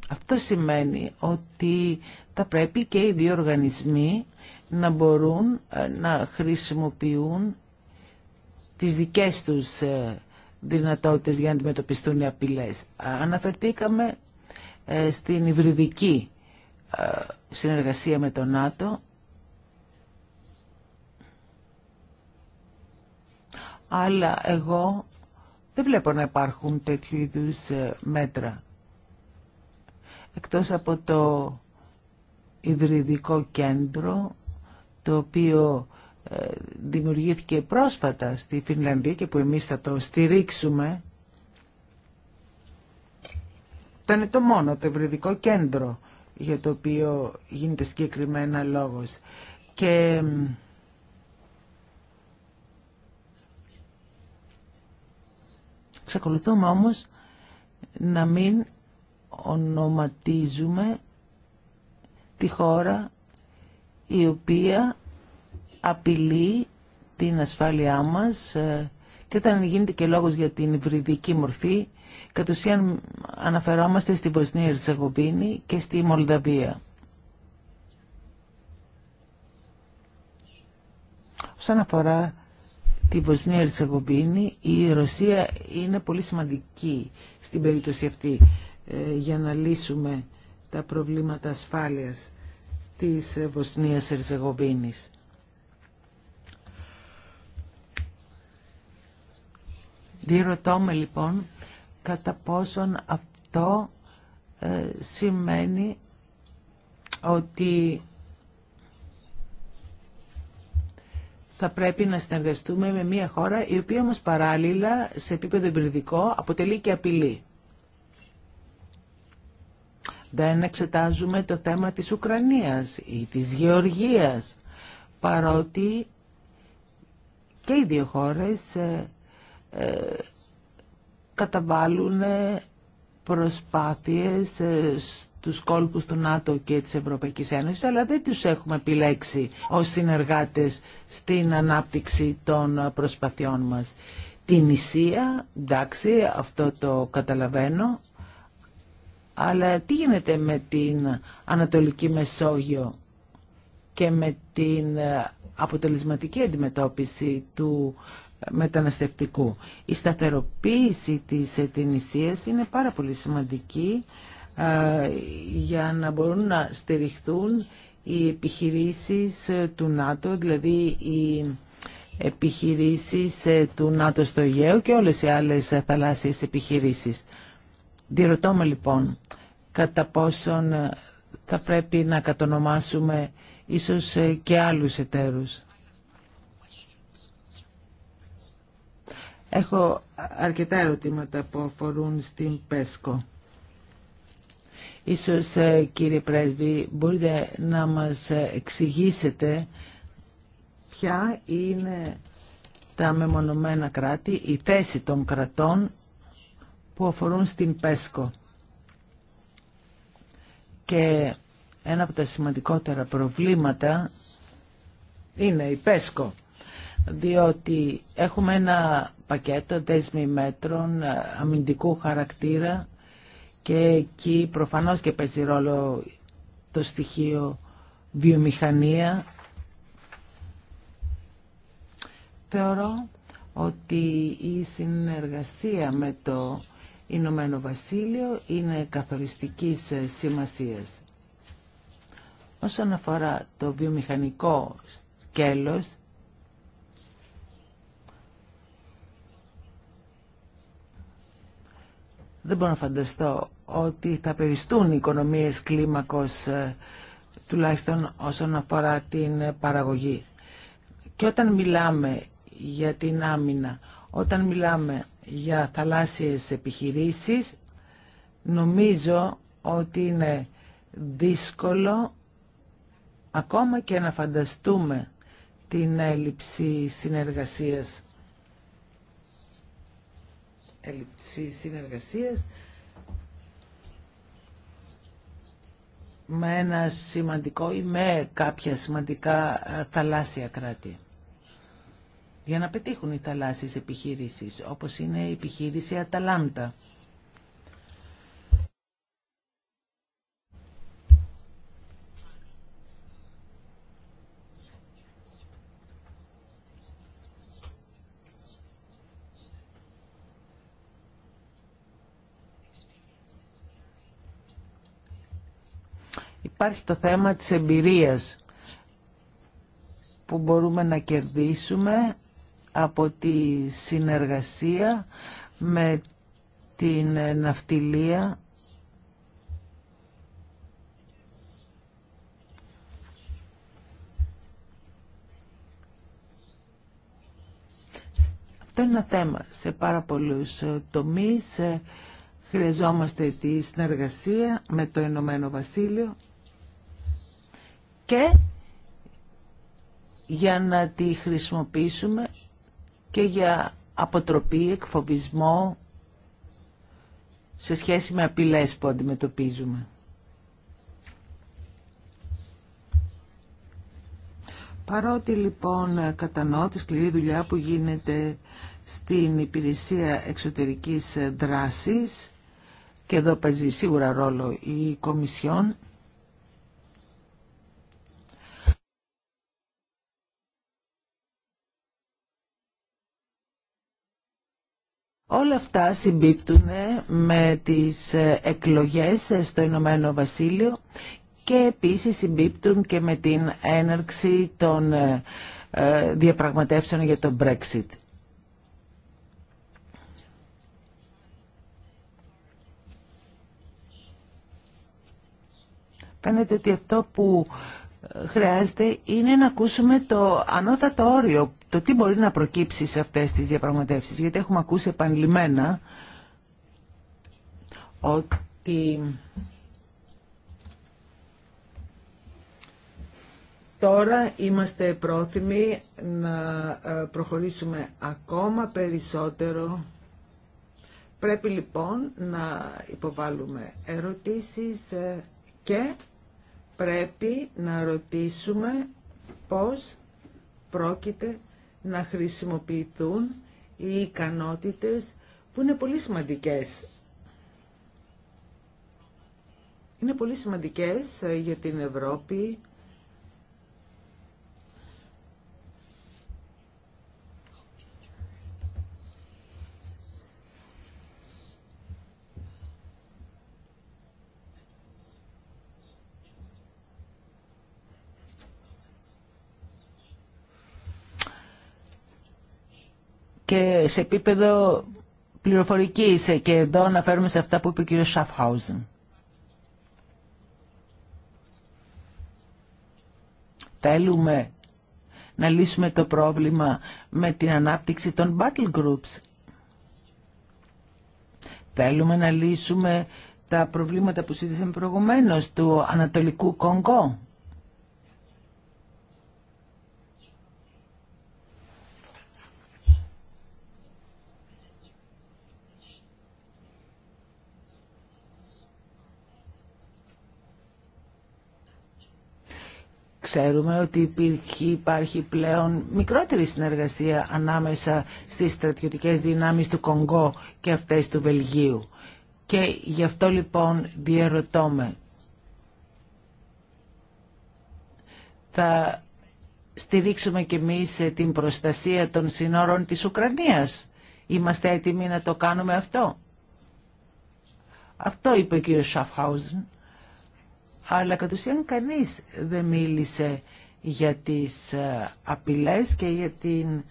αυτό σημαίνει ότι θα πρέπει και οι δύο οργανισμοί να μπορούν ε, να χρησιμοποιούν τις δικές τους ε, δυνατότητες για να αντιμετωπιστούν οι απειλές. Αναφερθήκαμε ε, στην υβριδική ε, συνεργασία με τον ΝΑΤΟ. Αλλά εγώ δεν βλέπω να υπάρχουν τέτοιου είδου μέτρα. Εκτός από το υβριδικό κέντρο, το οποίο δημιουργήθηκε πρόσφατα στη Φινλανδία και που εμείς θα το στηρίξουμε είναι το μόνο, το ευρυδικό κέντρο για το οποίο γίνεται συγκεκριμένα λόγος. Και Ξεκολουθούμε όμως να μην ονοματίζουμε τη χώρα η οποία απειλεί την ασφάλειά μας ε, και όταν γίνεται και λόγος για την υβριδική μορφή, κατ' ουσίαν αναφερόμαστε στη Βοσνία Ερζεγοβίνη και στη Μολδαβία. Όσον αφορά τη Βοσνία Ερζεγοβίνη, η Ρωσία είναι πολύ σημαντική στην περίπτωση αυτή ε, για να λύσουμε τα προβλήματα ασφάλειας της ε, Βοσνίας Ερζεγοβίνης. Διερωτώ με λοιπόν κατά πόσον αυτό ε, σημαίνει ότι θα πρέπει να συνεργαστούμε με μια χώρα η οποία όμως παράλληλα σε επίπεδο εμπειριδικό αποτελεί και απειλή. Δεν εξετάζουμε το θέμα της Ουκρανίας ή της Γεωργίας παρότι και οι δύο χώρες ε, ε, καταβάλουν προσπάθειες ε, στους κόλπους του ΝΑΤΟ και της Ευρωπαϊκής Ένωσης, αλλά δεν τους έχουμε επιλέξει ως συνεργάτες στην ανάπτυξη των προσπαθειών μας. Την Ισία, εντάξει, αυτό το καταλαβαίνω, αλλά τι γίνεται με την Ανατολική Μεσόγειο και με την ε, αποτελεσματική αντιμετώπιση του μεταναστευτικού. Η σταθεροποίηση της ετηνησίας είναι πάρα πολύ σημαντική για να μπορούν να στηριχθούν οι επιχειρήσεις ε, του ΝΑΤΟ, δηλαδή οι επιχειρήσεις ε, του ΝΑΤΟ στο Αιγαίο και όλες οι άλλες θαλάσσιες επιχειρήσεις. Διερωτώμε λοιπόν κατά πόσον ε, θα πρέπει να κατονομάσουμε ίσως και άλλους εταίρους. Έχω αρκετά ερωτήματα που αφορούν στην ΠΕΣΚΟ. Ίσως ε, κύριε Πρέσβη μπορείτε να μας ε, εξηγήσετε ποια είναι τα μεμονωμένα κράτη, η θέση των κρατών που αφορούν στην ΠΕΣΚΟ. Και ένα από τα σημαντικότερα προβλήματα είναι η ΠΕΣΚΟ, διότι έχουμε ένα πακέτο δέσμη μέτρων ε, αμυντικού χαρακτήρα και εκεί προφανώς και παίζει ρόλο το στοιχείο βιομηχανία. Θεωρώ ότι η συνεργασία με το Ηνωμένο Βασίλειο είναι καθοριστικής ε, σημασίας. Όσον αφορά το βιομηχανικό σκέλος, Δεν μπορώ να φανταστώ ότι θα περιστούν οι οικονομίες κλίμακος ε, τουλάχιστον όσον αφορά την παραγωγή. Και όταν μιλάμε για την άμυνα, όταν μιλάμε για θαλάσσιες επιχειρήσεις, νομίζω ότι είναι δύσκολο ακόμα και να φανταστούμε την έλλειψη συνεργασίας έλλειψη συνεργασίας με ένα σημαντικό ή με κάποια σημαντικά ε, θαλάσσια κράτη για να πετύχουν οι θαλάσσιες επιχείρησεις, όπως είναι η επιχείρηση Αταλάντα. Υπάρχει το θέμα της εμπειρίας που μπορούμε να κερδίσουμε από τη συνεργασία με την ναυτιλία Αυτό είναι ένα θέμα σε πάρα πολλούς τομείς. Χρειαζόμαστε τη συνεργασία με το Ηνωμένο Βασίλειο και για να τη χρησιμοποιήσουμε και για αποτροπή, εκφοβισμό σε σχέση με απειλές που αντιμετωπίζουμε. Παρότι λοιπόν κατανοώ τη σκληρή δουλειά που γίνεται στην υπηρεσία εξωτερικής δράσης και εδώ παίζει σίγουρα ρόλο η Κομισιόν Όλα αυτά συμπίπτουν με τις εκλογές στο Ηνωμένο Βασίλειο και επίσης συμπίπτουν και με την έναρξη των ε, διαπραγματεύσεων για το Brexit. Φαίνεται ότι αυτό που χρειάζεται είναι να ακούσουμε το ανώτατο όριο, το τι μπορεί να προκύψει σε αυτές τις διαπραγματεύσεις. Γιατί έχουμε ακούσει επανειλημμένα ότι τώρα είμαστε πρόθυμοι να ε, προχωρήσουμε ακόμα περισσότερο. Πρέπει λοιπόν να υποβάλουμε ερωτήσεις ε, και πρέπει να ρωτήσουμε πώς πρόκειται να χρησιμοποιηθούν οι ικανότητες που είναι πολύ σημαντικές. Είναι πολύ σημαντικές ε, για την Ευρώπη, και σε επίπεδο πληροφορικής και εδώ αναφέρουμε σε αυτά που είπε ο κ. Σαφχάουζεν. Θέλουμε να λύσουμε το πρόβλημα με την ανάπτυξη των battle groups. Θέλουμε να λύσουμε τα προβλήματα που συζητήσαμε προηγουμένως του Ανατολικού Κονγκό. Ξέρουμε ότι υπήρχε, υπάρχει πλέον μικρότερη συνεργασία ανάμεσα στις στρατιωτικές δυνάμεις του Κονγκό και αυτές του Βελγίου. Και γι' αυτό λοιπόν διαρωτώ Θα στηρίξουμε κι εμείς ε, την προστασία των συνόρων της Ουκρανίας. Είμαστε έτοιμοι να το κάνουμε αυτό. Αυτό είπε ο κύριος Σαφχάουζεν αλλά κατ' ουσίαν κανείς δεν μίλησε για τις ε, απειλές και για την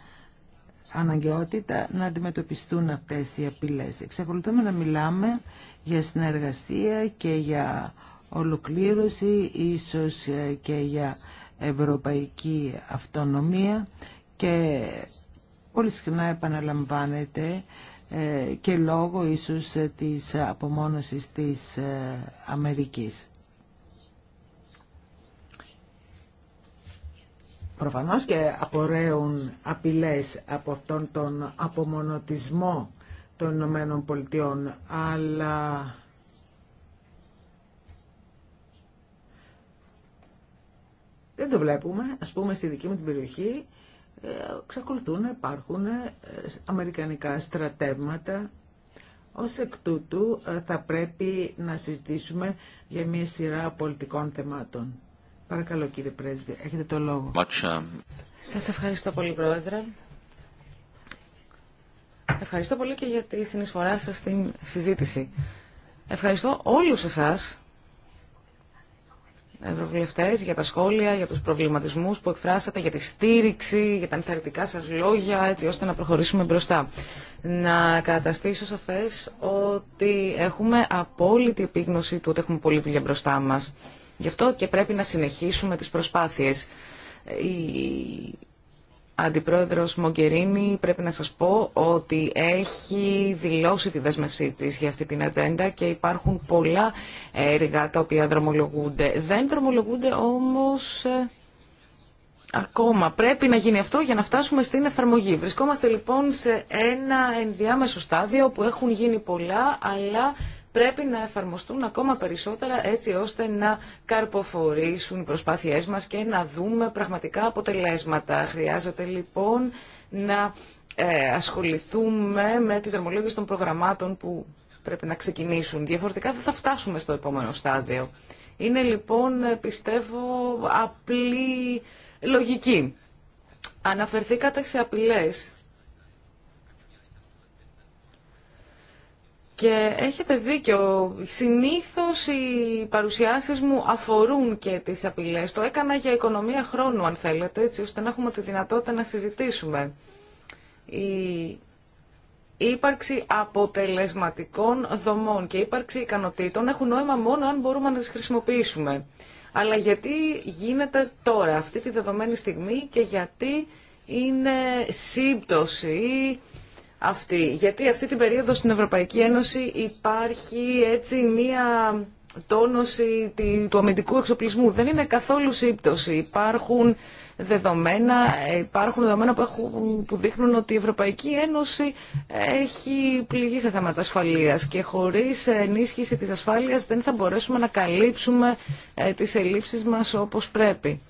αναγκαιότητα να αντιμετωπιστούν αυτές οι απειλές. Εξακολουθούμε να μιλάμε για συνεργασία και για ολοκλήρωση, ίσως ε, και για ευρωπαϊκή αυτονομία και πολύ συχνά επαναλαμβάνεται ε, και λόγω ίσως της απομόνωσης της Αμερικής. προφανώς και απορρέουν απειλές από αυτόν τον απομονωτισμό των Ηνωμένων Πολιτειών, αλλά δεν το βλέπουμε. Ας πούμε στη δική μου την περιοχή ε, εξακολουθούν να υπάρχουν ε, αμερικανικά στρατεύματα. Ως εκ τούτου ε, θα πρέπει να συζητήσουμε για μια σειρά πολιτικών θεμάτων. Παρακαλώ κύριε Πρέσβη, έχετε το λόγο. Um, σας ευχαριστώ πολύ Πρόεδρε. Ευχαριστώ πολύ και για τη συνεισφορά σας στην συζήτηση. Ευχαριστώ όλους εσάς, ευρωβουλευτές, για τα σχόλια, για τους προβληματισμούς που εκφράσατε, για τη στήριξη, για τα ενθαρρυντικά σας λόγια, έτσι ώστε να προχωρήσουμε μπροστά. Να καταστήσω σαφές ότι έχουμε απόλυτη επίγνωση του ότι έχουμε δουλειά μπροστά μας. Γι' αυτό και πρέπει να συνεχίσουμε τις προσπάθειες. Η Αντιπρόεδρος Μογκερίνη πρέπει να σας πω ότι έχει δηλώσει τη δέσμευσή της για αυτή την ατζέντα και υπάρχουν πολλά έργα τα οποία δρομολογούνται. Δεν δρομολογούνται όμως ε, ακόμα. Πρέπει να γίνει αυτό για να φτάσουμε στην εφαρμογή. Βρισκόμαστε λοιπόν σε ένα ενδιάμεσο στάδιο που έχουν γίνει πολλά, αλλά πρέπει να εφαρμοστούν ακόμα περισσότερα έτσι ώστε να καρποφορήσουν οι προσπάθειές μας και να δούμε πραγματικά αποτελέσματα. Χρειάζεται λοιπόν να ε, ασχοληθούμε με τη δρομολόγηση των προγραμμάτων που πρέπει να ξεκινήσουν. Διαφορετικά δεν θα φτάσουμε στο επόμενο στάδιο. Είναι λοιπόν, πιστεύω, απλή λογική. Αναφερθήκατε σε απειλές Και έχετε δίκιο. Συνήθως οι παρουσιάσεις μου αφορούν και τις απειλές. Το έκανα για οικονομία χρόνου, αν θέλετε, έτσι ώστε να έχουμε τη δυνατότητα να συζητήσουμε. Η ύπαρξη αποτελεσματικών δομών και ύπαρξη ικανοτήτων έχουν νόημα μόνο αν μπορούμε να τις χρησιμοποιήσουμε. Αλλά γιατί γίνεται τώρα, αυτή τη δεδομένη στιγμή και γιατί είναι σύμπτωση αυτή. Γιατί αυτή την περίοδο στην Ευρωπαϊκή Ένωση υπάρχει έτσι μία τόνωση του αμυντικού εξοπλισμού. Δεν είναι καθόλου σύμπτωση. Υπάρχουν δεδομένα, υπάρχουν δεδομένα που, έχουν, που δείχνουν ότι η Ευρωπαϊκή Ένωση έχει πληγεί σε θέματα ασφαλείας και χωρίς ενίσχυση της ασφάλειας δεν θα μπορέσουμε να καλύψουμε ε, τις ελλείψεις μας όπως πρέπει.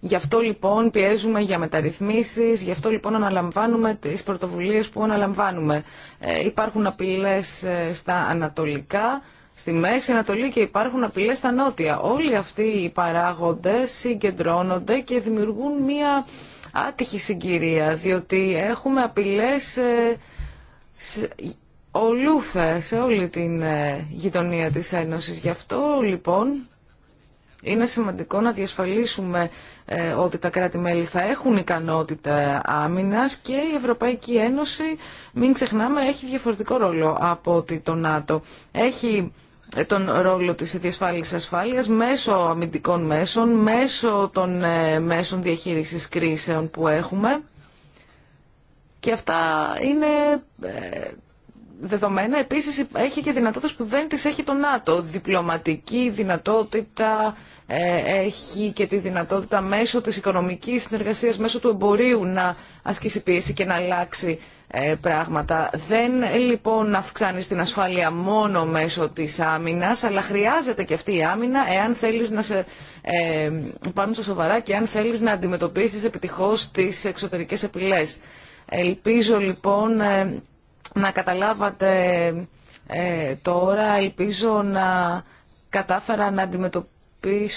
Γι' αυτό λοιπόν πιέζουμε για μεταρρυθμίσεις, γι' αυτό λοιπόν αναλαμβάνουμε τις πρωτοβουλίες που αναλαμβάνουμε. Ε, υπάρχουν απειλές ε, στα ανατολικά, στη Μέση Ανατολή και υπάρχουν απειλές στα νότια. Όλοι αυτοί οι παράγοντες συγκεντρώνονται και δημιουργούν μία άτυχη συγκυρία, διότι έχουμε απειλές ε, σε, ολούθε σε όλη την γειτονία της Ένωσης. Γι' αυτό λοιπόν είναι σημαντικό να διασφαλίσουμε ε, ότι τα κράτη-μέλη θα έχουν ικανότητα άμυνας και η Ευρωπαϊκή Ένωση, μην ξεχνάμε, έχει διαφορετικό ρόλο από ότι το ΝΑΤΟ. Έχει ε, τον ρόλο της διασφάλισης ασφάλειας μέσω αμυντικών μέσων, μέσω των ε, μέσων διαχείρισης κρίσεων που έχουμε και αυτά είναι δεδομένα επίσης έχει και δυνατότητες που δεν τις έχει το ΝΑΤΟ. Διπλωματική δυνατότητα, ε, έχει και τη δυνατότητα μέσω της οικονομικής συνεργασίας, μέσω του εμπορίου να ασκήσει πίεση και να αλλάξει ε, πράγματα. Δεν λοιπόν αυξάνει την ασφάλεια μόνο μέσω της άμυνας, αλλά χρειάζεται και αυτή η άμυνα εάν θέλεις να σε ε, πάνω στα σοβαρά και αν θέλεις να αντιμετωπίσεις επιτυχώς τις εξωτερικές επιλές. Ελπίζω λοιπόν ε, να καταλάβατε ε, τώρα. Ελπίζω να κατάφερα να αντιμετωπίσω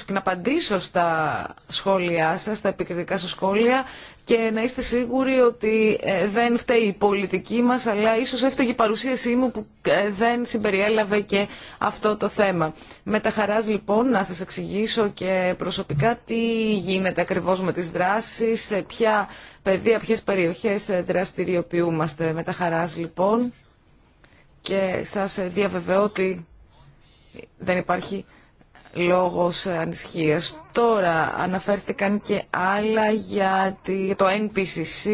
να απαντήσω στα σχόλιά σας, στα επικριτικά σας σχόλια και να είστε σίγουροι ότι ε, δεν φταίει η πολιτική μας, αλλά ίσως έφταγε η παρουσίασή μου που ε, δεν συμπεριέλαβε και αυτό το θέμα. Με τα χαράς λοιπόν να σας εξηγήσω και προσωπικά τι γίνεται ακριβώς με τις δράσεις, σε ποια παιδεία, ποιες περιοχές δραστηριοποιούμαστε. Με τα χαράς λοιπόν και σας διαβεβαιώ ότι δεν υπάρχει λόγος ανησυχίας. Τώρα αναφέρθηκαν και άλλα για το NPCC,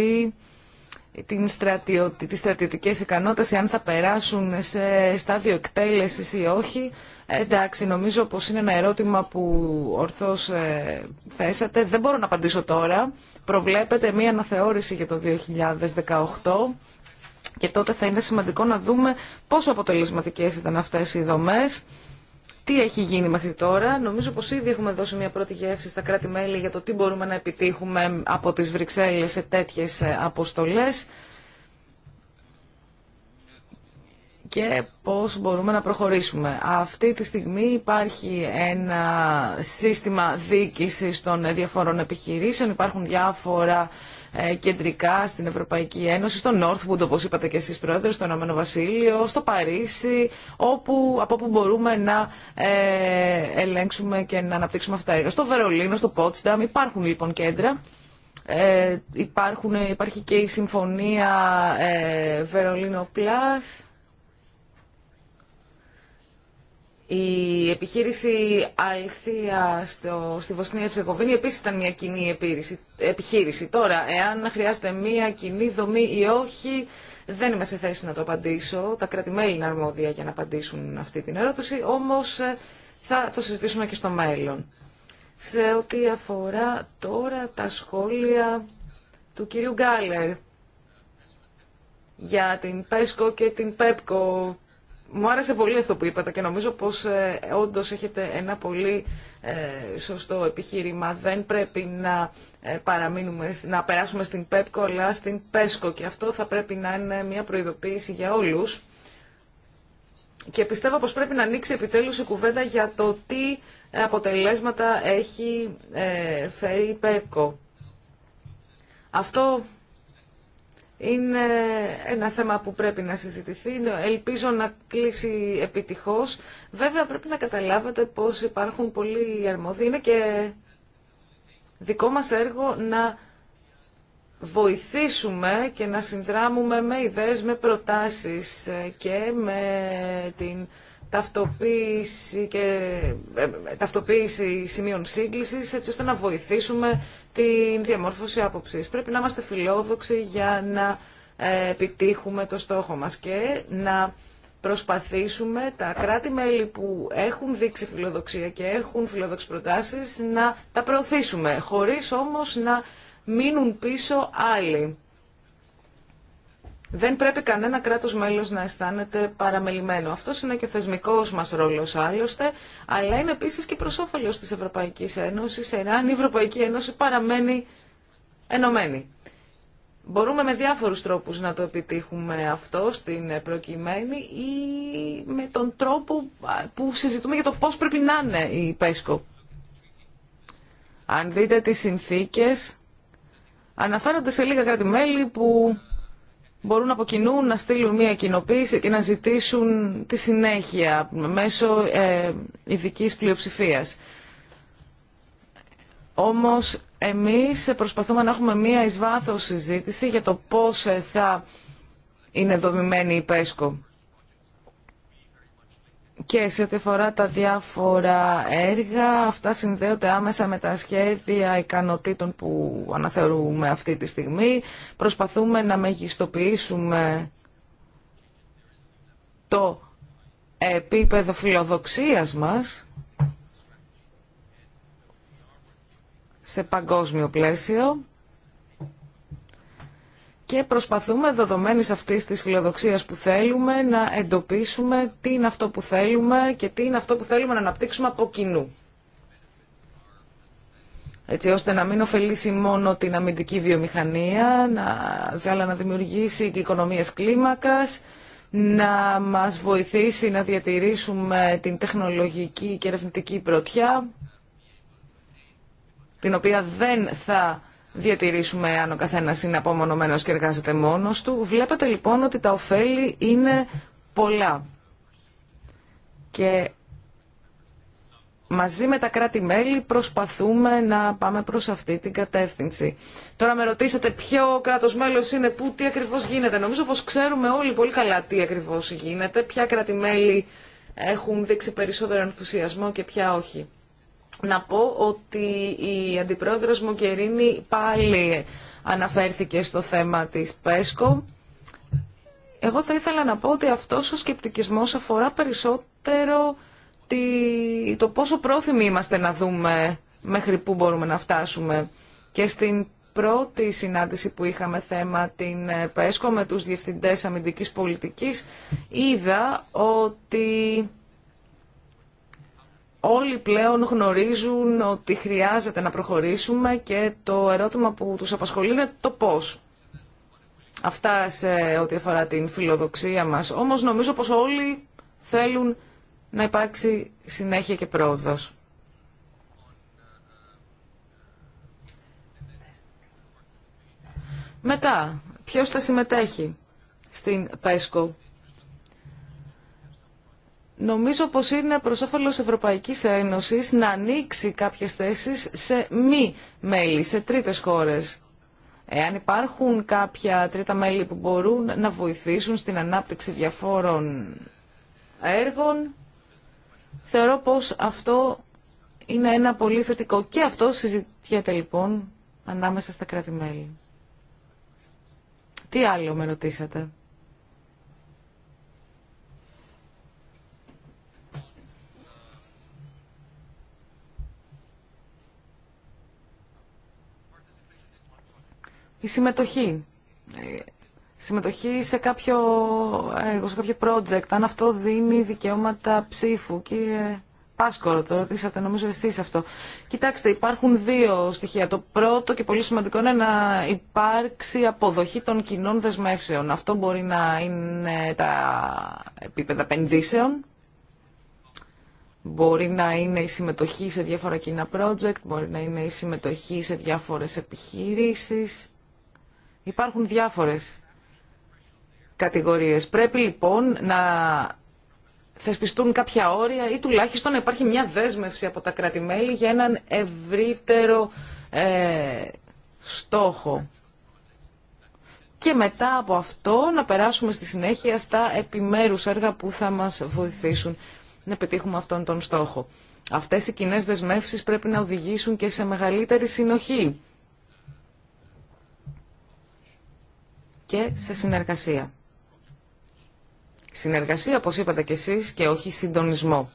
την στρατιωτη, τις στρατιωτικές ικανότητες, αν θα περάσουν σε στάδιο εκτέλεσης ή όχι. Ε, εντάξει, νομίζω πως είναι ένα ερώτημα που ορθώς ε, θέσατε. Δεν μπορώ να απαντήσω τώρα. Προβλέπετε μία αναθεώρηση για το 2018 και τότε θα είναι σημαντικό να δούμε πόσο αποτελεσματικές ήταν αυτές οι δομές τι έχει γίνει μέχρι τώρα. Νομίζω πως ήδη έχουμε δώσει μια πρώτη γεύση στα κράτη-μέλη για το τι μπορούμε να επιτύχουμε από τις Βρυξέλλες σε τέτοιες ε, αποστολές και πώς μπορούμε να προχωρήσουμε. Αυτή τη στιγμή υπάρχει ένα σύστημα διοίκησης των διαφορών επιχειρήσεων, υπάρχουν διάφορα ε, κεντρικά στην Ευρωπαϊκή Ένωση, στο Northwood, όπως είπατε και εσείς πρόεδρε, στο Ενωμένο Βασίλειο, στο Παρίσι, όπου, από όπου μπορούμε να ε, ελέγξουμε και να αναπτύξουμε αυτά τα έργα. Στο Βερολίνο, στο Πότσταμ υπάρχουν λοιπόν κέντρα. Ε, υπάρχουν, υπάρχει και η συμφωνία ε, Βερολίνο Plus Η επιχείρηση Αλθία στη Βοσνία Τσεκοβίνη επίσης ήταν μια κοινή επιχείρηση. Τώρα, εάν χρειάζεται μια κοινή δομή ή όχι, δεν είμαι σε θέση να το απαντήσω. Τα κρατη είναι αρμόδια για να απαντήσουν αυτή την ερώτηση, όμως ε, θα το συζητήσουμε και στο μέλλον. Σε ό,τι αφορά τώρα τα σχόλια του κυρίου Γκάλερ για την ΠΕΣΚΟ και την ΠΕΠΚΟ μου άρεσε πολύ αυτό που είπατε και νομίζω πως ε, όντως έχετε ένα πολύ ε, σωστό επιχείρημα. Δεν πρέπει να ε, να περάσουμε στην ΠΕΠΚΟ αλλά στην ΠΕΣΚΟ και αυτό θα πρέπει να είναι μια προειδοποίηση για όλους. Και πιστεύω πως πρέπει να ανοίξει επιτέλους η κουβέντα για το τι αποτελέσματα έχει ε, φέρει η ΠΕΠΚΟ. Αυτό είναι ένα θέμα που πρέπει να συζητηθεί. Ελπίζω να κλείσει επιτυχώς. Βέβαια πρέπει να καταλάβετε πως υπάρχουν πολλοί αρμόδιοι. Είναι και δικό μας έργο να βοηθήσουμε και να συνδράμουμε με ιδέες, με προτάσεις ε, και με την ταυτοποίηση, και, ε, ε, ταυτοποίηση σημείων σύγκλησης, έτσι ώστε να βοηθήσουμε την διαμόρφωση άποψης. Πρέπει να είμαστε φιλόδοξοι για να ε, επιτύχουμε το στόχο μας και να προσπαθήσουμε τα κράτη-μέλη που έχουν δείξει φιλοδοξία και έχουν φιλοδοξίες προτάσεις να τα προωθήσουμε, χωρίς όμως να μείνουν πίσω άλλοι. Δεν πρέπει κανένα κράτος μέλος να αισθάνεται παραμελημένο. Αυτό είναι και ο θεσμικός μας ρόλος άλλωστε, αλλά είναι επίσης και προς της Ευρωπαϊκής Ένωσης, εάν η Ευρωπαϊκή Ένωση παραμένει ενωμένη. Μπορούμε με διάφορους τρόπους να το επιτύχουμε αυτό στην προκειμένη ή με τον τρόπο που συζητούμε για το πώς πρέπει να είναι η ΠΕΣΚΟ. Αν δείτε τις συνθήκες, αναφέρονται σε λίγα κράτη-μέλη που μπορούν από κοινού να στείλουν μια κοινοποίηση και να ζητήσουν τη συνέχεια μέσω ε, ειδικής πλειοψηφία. Όμως εμείς προσπαθούμε να έχουμε μία εις συζήτηση για το πώς θα είναι δομημένη η ΠΕΣΚΟ. Και σε ό,τι αφορά τα διάφορα έργα, αυτά συνδέονται άμεσα με τα σχέδια ικανοτήτων που αναθεωρούμε αυτή τη στιγμή. Προσπαθούμε να μεγιστοποιήσουμε το επίπεδο φιλοδοξίας μας σε παγκόσμιο πλαίσιο και προσπαθούμε δεδομένης αυτής της φιλοδοξίας που θέλουμε να εντοπίσουμε τι είναι αυτό που θέλουμε και τι είναι αυτό που θέλουμε να αναπτύξουμε από κοινού. Έτσι ώστε να μην ωφελήσει μόνο την αμυντική βιομηχανία, να, αλλά να δημιουργήσει και οικονομίες κλίμακας, να μας βοηθήσει να διατηρήσουμε την τεχνολογική και ερευνητική πρωτιά, την οποία δεν θα διατηρήσουμε αν ο καθένα είναι απομονωμένο και εργάζεται μόνος του. Βλέπετε λοιπόν ότι τα ωφέλη είναι πολλά. Και μαζί με τα κράτη-μέλη προσπαθούμε να πάμε προς αυτή την κατεύθυνση. Τώρα με ρωτήσατε ποιο κράτος μέλος είναι, πού, τι ακριβώς γίνεται. Νομίζω πως ξέρουμε όλοι πολύ καλά τι ακριβώς γίνεται, ποια κράτη-μέλη έχουν δείξει περισσότερο ενθουσιασμό και ποια όχι να πω ότι η Αντιπρόεδρος Μοκερίνη πάλι αναφέρθηκε στο θέμα της ΠΕΣΚΟ. Εγώ θα ήθελα να πω ότι αυτός ο σκεπτικισμός αφορά περισσότερο το πόσο πρόθυμοι είμαστε να δούμε μέχρι πού μπορούμε να φτάσουμε. Και στην πρώτη συνάντηση που είχαμε θέμα την ΠΕΣΚΟ με τους διευθυντές αμυντικής πολιτικής είδα ότι όλοι πλέον γνωρίζουν ότι χρειάζεται να προχωρήσουμε και το ερώτημα που τους απασχολεί είναι το πώς. Αυτά σε ό,τι αφορά την φιλοδοξία μας. Όμως νομίζω πως όλοι θέλουν να υπάρξει συνέχεια και πρόοδος. Μετά, ποιος θα συμμετέχει στην ΠΕΣΚΟ. Νομίζω πως είναι προς όφελος Ευρωπαϊκής Ένωσης να ανοίξει κάποιες θέσεις σε μη μέλη, σε τρίτες χώρες. Εάν υπάρχουν κάποια τρίτα μέλη που μπορούν να βοηθήσουν στην ανάπτυξη διαφόρων έργων, θεωρώ πως αυτό είναι ένα πολύ θετικό. Και αυτό συζητιέται λοιπόν ανάμεσα στα κράτη-μέλη. Τι άλλο με ρωτήσατε. η ε, συμμετοχή. σε κάποιο έργο, σε κάποιο project, αν αυτό δίνει δικαιώματα ψήφου. Κύριε Πάσκορο, το ρωτήσατε νομίζω εσεί αυτό. Κοιτάξτε, υπάρχουν δύο στοιχεία. Το πρώτο και πολύ σημαντικό είναι να υπάρξει αποδοχή των κοινών δεσμεύσεων. Αυτό μπορεί να είναι τα επίπεδα επενδύσεων, Μπορεί να είναι η συμμετοχή σε διάφορα κοινά project, μπορεί να είναι η συμμετοχή σε διάφορες επιχειρήσεις. Υπάρχουν διάφορες κατηγορίες. Πρέπει λοιπόν να θεσπιστούν κάποια όρια ή τουλάχιστον να υπάρχει μια δέσμευση από τα κράτη-μέλη για έναν ευρύτερο ε, στόχο. Και μετά από αυτό να περάσουμε στη συνέχεια στα επιμέρους έργα που θα μας βοηθήσουν να πετύχουμε αυτόν τον στόχο. Αυτές οι κοινέ δεσμεύσεις πρέπει να οδηγήσουν και σε μεγαλύτερη συνοχή και σε συνεργασία. Συνεργασία, όπως είπατε κι εσείς, και όχι συντονισμό.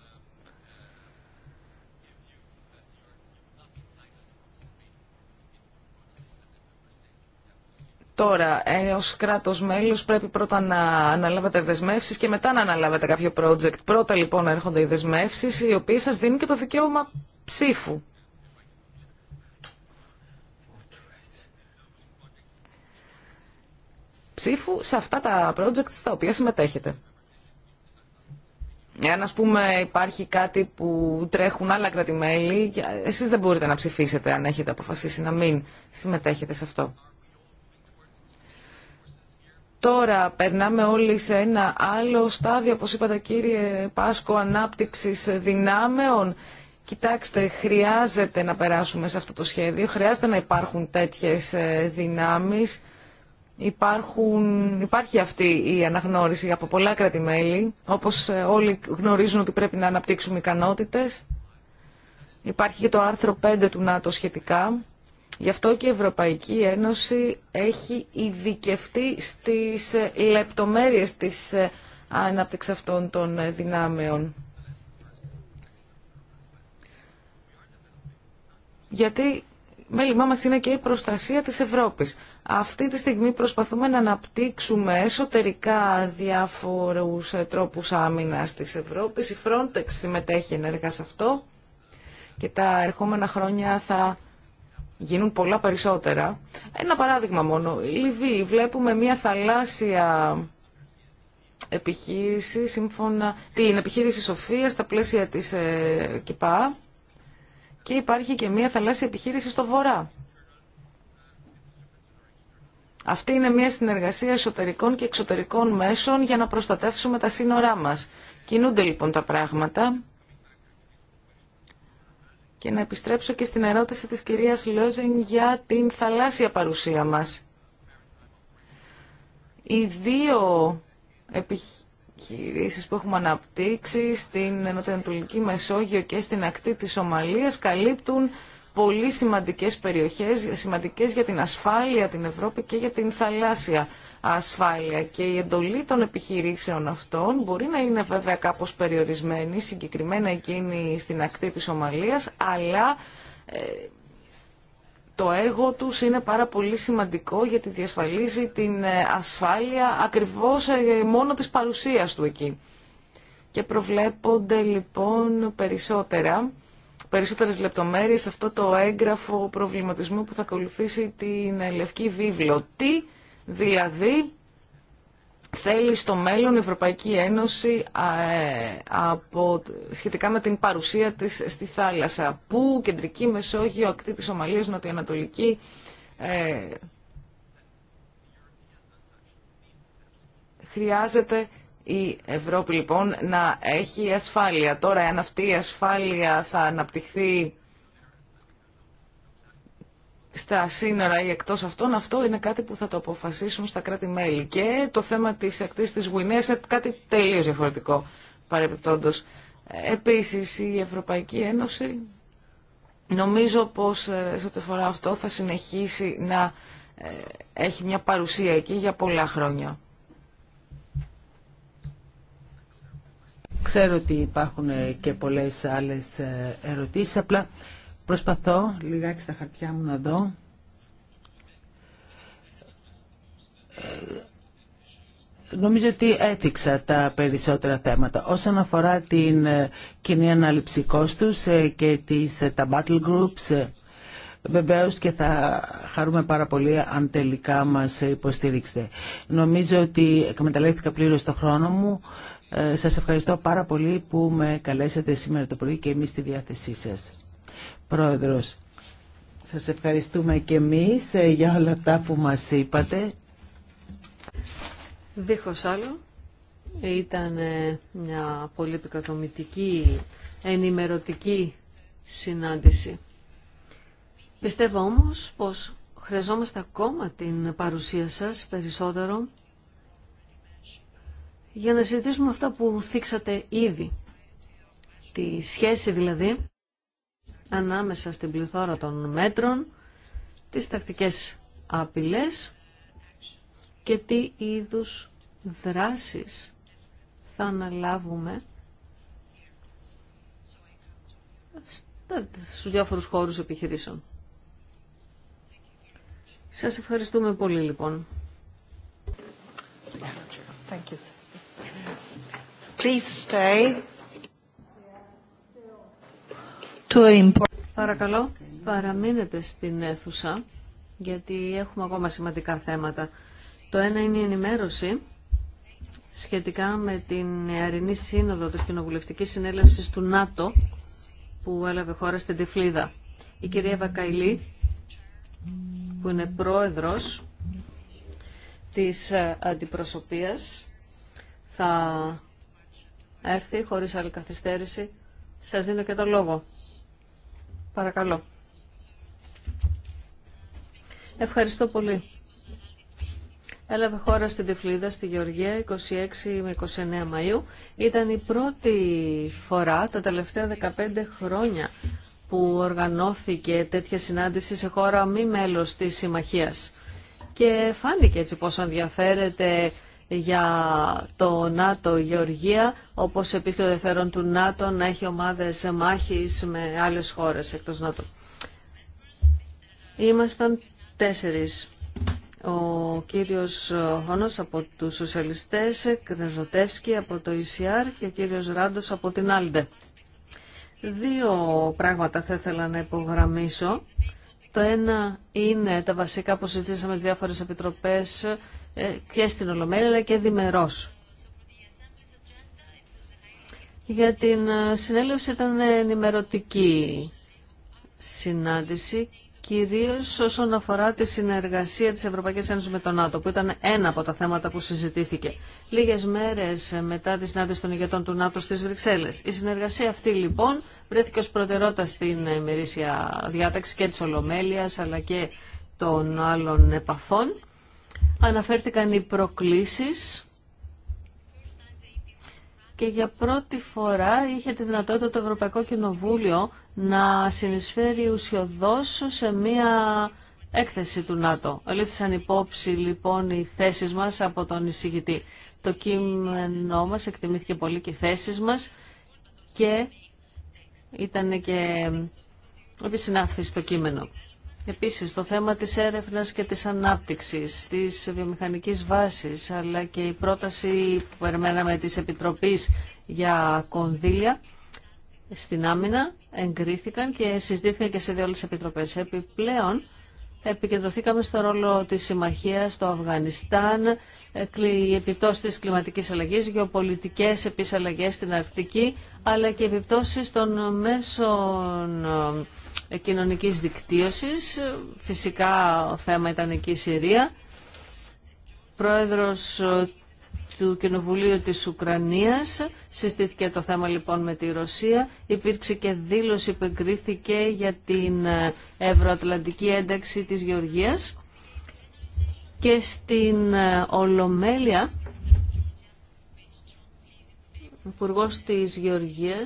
Τώρα, ω κράτο μέλος πρέπει πρώτα να αναλάβετε δεσμεύσεις και μετά να αναλάβετε κάποιο project. Πρώτα λοιπόν έρχονται οι δεσμεύσεις οι οποίες σας δίνουν και το δικαίωμα ψήφου. ψήφου σε αυτά τα projects στα οποία συμμετέχετε. Εάν ας πούμε υπάρχει κάτι που τρέχουν άλλα κρατημέλη, εσείς δεν μπορείτε να ψηφίσετε αν έχετε αποφασίσει να μην συμμετέχετε σε αυτό. Τώρα περνάμε όλοι σε ένα άλλο στάδιο, όπως είπατε κύριε Πάσκο, ανάπτυξης δυνάμεων. Κοιτάξτε, χρειάζεται να περάσουμε σε αυτό το σχέδιο, χρειάζεται να υπάρχουν τέτοιες ε, δυνάμεις. Υπάρχουν, υπάρχει αυτή η αναγνώριση από πολλά κράτη-μέλη, όπως ε, όλοι γνωρίζουν ότι πρέπει να αναπτύξουμε ικανότητες. Υπάρχει και το άρθρο 5 του ΝΑΤΟ σχετικά. Γι' αυτό και η Ευρωπαϊκή Ένωση έχει ειδικευτεί στις ε, λεπτομέρειες της ε, ανάπτυξης αυτών των δυνάμεων. Γιατί μέλημά μας είναι και η προστασία της Ευρώπης. Αυτή τη στιγμή προσπαθούμε να αναπτύξουμε εσωτερικά διάφορους ε, τρόπους άμυνας της Ευρώπης. Η Frontex συμμετέχει ενεργά σε αυτό και τα ερχόμενα χρόνια θα γίνουν πολλά περισσότερα. Ένα παράδειγμα μόνο. Η Λιβύη. Βλέπουμε μια θαλάσσια επιχείρηση σύμφωνα την επιχείρηση Σοφία στα πλαίσια της ε, ΚΙΠΑ και υπάρχει και μια θαλάσσια επιχείρηση στο Βορρά. Αυτή είναι μια συνεργασία εσωτερικών και εξωτερικών μέσων για να προστατεύσουμε τα σύνορά μας. Κινούνται λοιπόν τα πράγματα. Και να επιστρέψω και στην ερώτηση της κυρίας Λόζιν για την θαλάσσια παρουσία μας. Οι δύο επιχειρήσεις που έχουμε αναπτύξει στην Νοτιοανατολική Μεσόγειο και στην ακτή της Ομαλίας καλύπτουν πολύ σημαντικές περιοχές, σημαντικές για την ασφάλεια την Ευρώπη και για την θαλάσσια ασφάλεια. Και η εντολή των επιχειρήσεων αυτών μπορεί να είναι βέβαια κάπως περιορισμένη, συγκεκριμένα εκείνη στην ακτή της Ομαλίας, αλλά ε, το έργο τους είναι πάρα πολύ σημαντικό γιατί διασφαλίζει την ε, ασφάλεια ακριβώς ε, μόνο της παρουσίας του εκεί. Και προβλέπονται λοιπόν περισσότερα περισσότερες λεπτομέρειες αυτό το έγγραφο προβληματισμού που θα ακολουθήσει την Λευκή Βίβλο. Τι δηλαδή θέλει στο μέλλον η Ευρωπαϊκή Ένωση ε, από, σχετικά με την παρουσία της στη θάλασσα. Πού, κεντρική Μεσόγειο, ακτή της Ομαλίας, νοτιοανατολική... Ε, χρειάζεται η Ευρώπη λοιπόν να έχει ασφάλεια. Τώρα αν αυτή η ασφάλεια θα αναπτυχθεί στα σύνορα ή εκτός αυτών, αυτό είναι κάτι που θα το αποφασίσουν στα κράτη-μέλη. Και το θέμα της ακτής της Γουινέας είναι κάτι τελείως διαφορετικό παρεπιπτόντος. Επίσης η Ευρωπαϊκή Ένωση νομίζω πως ε, σε ό,τι αυτό θα συνεχίσει να ε, έχει μια παρουσία εκεί για πολλά χρόνια. Ξέρω ότι υπάρχουν ε, και πολλές άλλες ε, ερωτήσεις, απλά προσπαθώ λιγάκι στα χαρτιά μου να δω. Ε, νομίζω ότι έθιξα τα περισσότερα θέματα. Όσον αφορά την κοινή ανάληψη κόστους και τις, τα battle groups, βεβαίως και θα χαρούμε πάρα πολύ αν τελικά μας υποστηρίξετε. Νομίζω ότι εκμεταλλεύτηκα πλήρως το χρόνο μου. Ε, σας ευχαριστώ πάρα πολύ που με καλέσατε σήμερα το πρωί και εμείς στη διάθεσή σας. Πρόεδρος, σας ευχαριστούμε και εμείς ε, για όλα αυτά που μας είπατε. Δίχως άλλο, ήταν ε, μια πολύ επικατομητική, ενημερωτική συνάντηση. Πιστεύω όμως πως χρειαζόμαστε ακόμα την παρουσία σας περισσότερο για να συζητήσουμε αυτά που θίξατε ήδη. Τη σχέση δηλαδή ανάμεσα στην πληθώρα των μέτρων, τις τακτικές απειλές και τι είδους δράσεις θα αναλάβουμε στους διάφορους χώρους επιχειρήσεων. Σας ευχαριστούμε πολύ λοιπόν. Thank Please stay. Παρακαλώ, παραμείνετε στην αίθουσα, γιατί έχουμε ακόμα σημαντικά θέματα. Το ένα είναι η ενημέρωση σχετικά με την Αρινή Σύνοδο της Κοινοβουλευτικής Συνέλευσης του ΝΑΤΟ που έλαβε χώρα στην Τυφλίδα. Η κυρία Βακαηλή, που είναι πρόεδρος της ε, αντιπροσωπείας, θα έρθει χωρίς άλλη καθυστέρηση. Σας δίνω και το λόγο. Παρακαλώ. Ευχαριστώ πολύ. Έλαβε χώρα στην Τυφλίδα, στη Γεωργία, 26 με 29 Μαΐου. Ήταν η πρώτη φορά τα τελευταία 15 χρόνια που οργανώθηκε τέτοια συνάντηση σε χώρα μη μέλος της συμμαχίας. Και φάνηκε έτσι πόσο ενδιαφέρεται για το ΝΑΤΟ Γεωργία, όπως επίσης το ενδιαφέρον του ΝΑΤΟ να έχει ομάδες μάχη με άλλες χώρες εκτός ΝΑΤΟ. Ήμασταν τέσσερις. Ο κύριος Χόνος από τους Σοσιαλιστές, Κρεζοτεύσκη από το ECR και ο κύριος Ράντος από την Άλντε. Δύο πράγματα θα ήθελα να υπογραμμίσω. Το ένα είναι τα βασικά που συζητήσαμε στις διάφορες επιτροπές ε, και στην Ολομέλεια αλλά και διμερός. Για την ε, συνέλευση ήταν ενημερωτική συνάντηση, κυρίως όσον αφορά τη συνεργασία της Ευρωπαϊκής Ένωσης με τον ΝΑΤΟ, που ήταν ένα από τα θέματα που συζητήθηκε. Λίγες μέρες μετά τη συνάντηση των ηγετών του ΝΑΤΟ στις Βρυξέλλες. Η συνεργασία αυτή λοιπόν βρέθηκε ως προτεραιότητα στην ημερήσια διάταξη και της Ολομέλειας, αλλά και των άλλων επαφών αναφέρθηκαν οι προκλήσεις και για πρώτη φορά είχε τη δυνατότητα το Ευρωπαϊκό Κοινοβούλιο να συνεισφέρει ουσιοδός σε μία έκθεση του ΝΑΤΟ. Ελήφθησαν υπόψη λοιπόν οι θέσεις μας από τον εισηγητή. Το κείμενό μας εκτιμήθηκε πολύ και οι θέσεις μας και ήταν και συνάφθησε το κείμενο. Επίσης, το θέμα της έρευνας και της ανάπτυξης, της βιομηχανικής βάσης, αλλά και η πρόταση που περιμέναμε της Επιτροπής για κονδύλια στην άμυνα εγκρίθηκαν και συζητήθηκαν και σε δύο άλλες επιτροπές. Επιπλέον, επικεντρωθήκαμε στο ρόλο της συμμαχίας στο Αφγανιστάν, η ε, επιπτώση της κλιματικής αλλαγής, γεωπολιτικές επίσης στην Αρκτική, αλλά και επιπτώσεις των μέσων ε, κοινωνικής δικτύωσης. Φυσικά θέμα ήταν εκεί η Συρία. Πρόεδρος ε, του Κοινοβουλίου της Ουκρανίας. Συστήθηκε το θέμα λοιπόν με τη Ρωσία. Υπήρξε και δήλωση που εγκρίθηκε για την ε, ευρωατλαντική ένταξη της Γεωργίας. Και στην Ολομέλεια υπουργό της Γεωργία,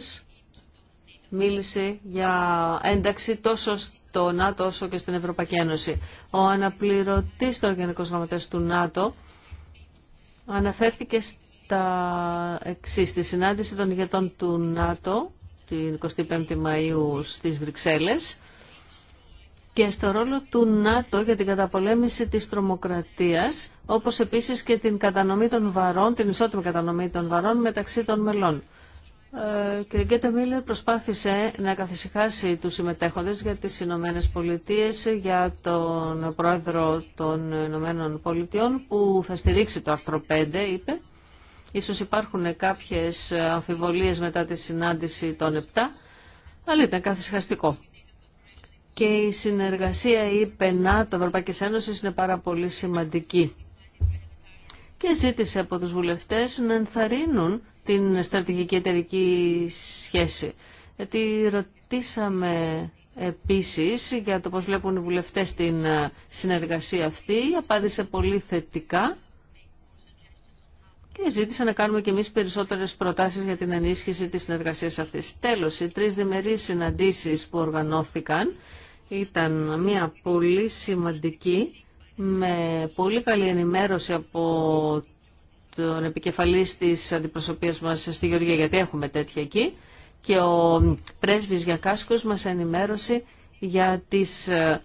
μίλησε για ένταξη τόσο στο ΝΑΤΟ όσο και στην Ευρωπαϊκή Ένωση. Ο αναπληρωτής των Γενικών Γραμματέα του ΝΑΤΟ αναφέρθηκε στα εξή. Στη συνάντηση των ηγετών του ΝΑΤΟ την 25η Μαΐου στις Βρυξέλλες και στο ρόλο του ΝΑΤΟ για την καταπολέμηση της τρομοκρατίας, όπως επίσης και την κατανομή των βαρών, την ισότιμη κατανομή των βαρών μεταξύ των μελών. Ε, κύριε Γκέτε Μίλλερ προσπάθησε να καθησυχάσει τους συμμετέχοντες για τις Ηνωμένε Πολιτείε, για τον πρόεδρο των Ηνωμένων Πολιτειών που θα στηρίξει το άρθρο 5, είπε. Ίσως υπάρχουν κάποιες αμφιβολίες μετά τη συνάντηση των 7, αλλά ήταν καθησυχαστικό και η συνεργασία ή πενά το Ευρωπαϊκής Ένωσης είναι πάρα πολύ σημαντική. Και ζήτησε από τους βουλευτές να ενθαρρύνουν την στρατηγική εταιρική σχέση. Γιατί ρωτήσαμε επίσης για το πώς βλέπουν οι βουλευτές την ε, συνεργασία αυτή, απάντησε πολύ θετικά και ζήτησε να κάνουμε και εμείς περισσότερες προτάσεις για την ενίσχυση της συνεργασίας αυτής. Τέλος, οι τρεις διμερείς συναντήσεις που οργανώθηκαν ήταν μια πολύ σημαντική με πολύ καλή ενημέρωση από τον επικεφαλής της αντιπροσωπείας μας στη Γεωργία, γιατί έχουμε τέτοια εκεί, και ο πρέσβης Γιακάσκος μας ενημέρωσε για τις ε,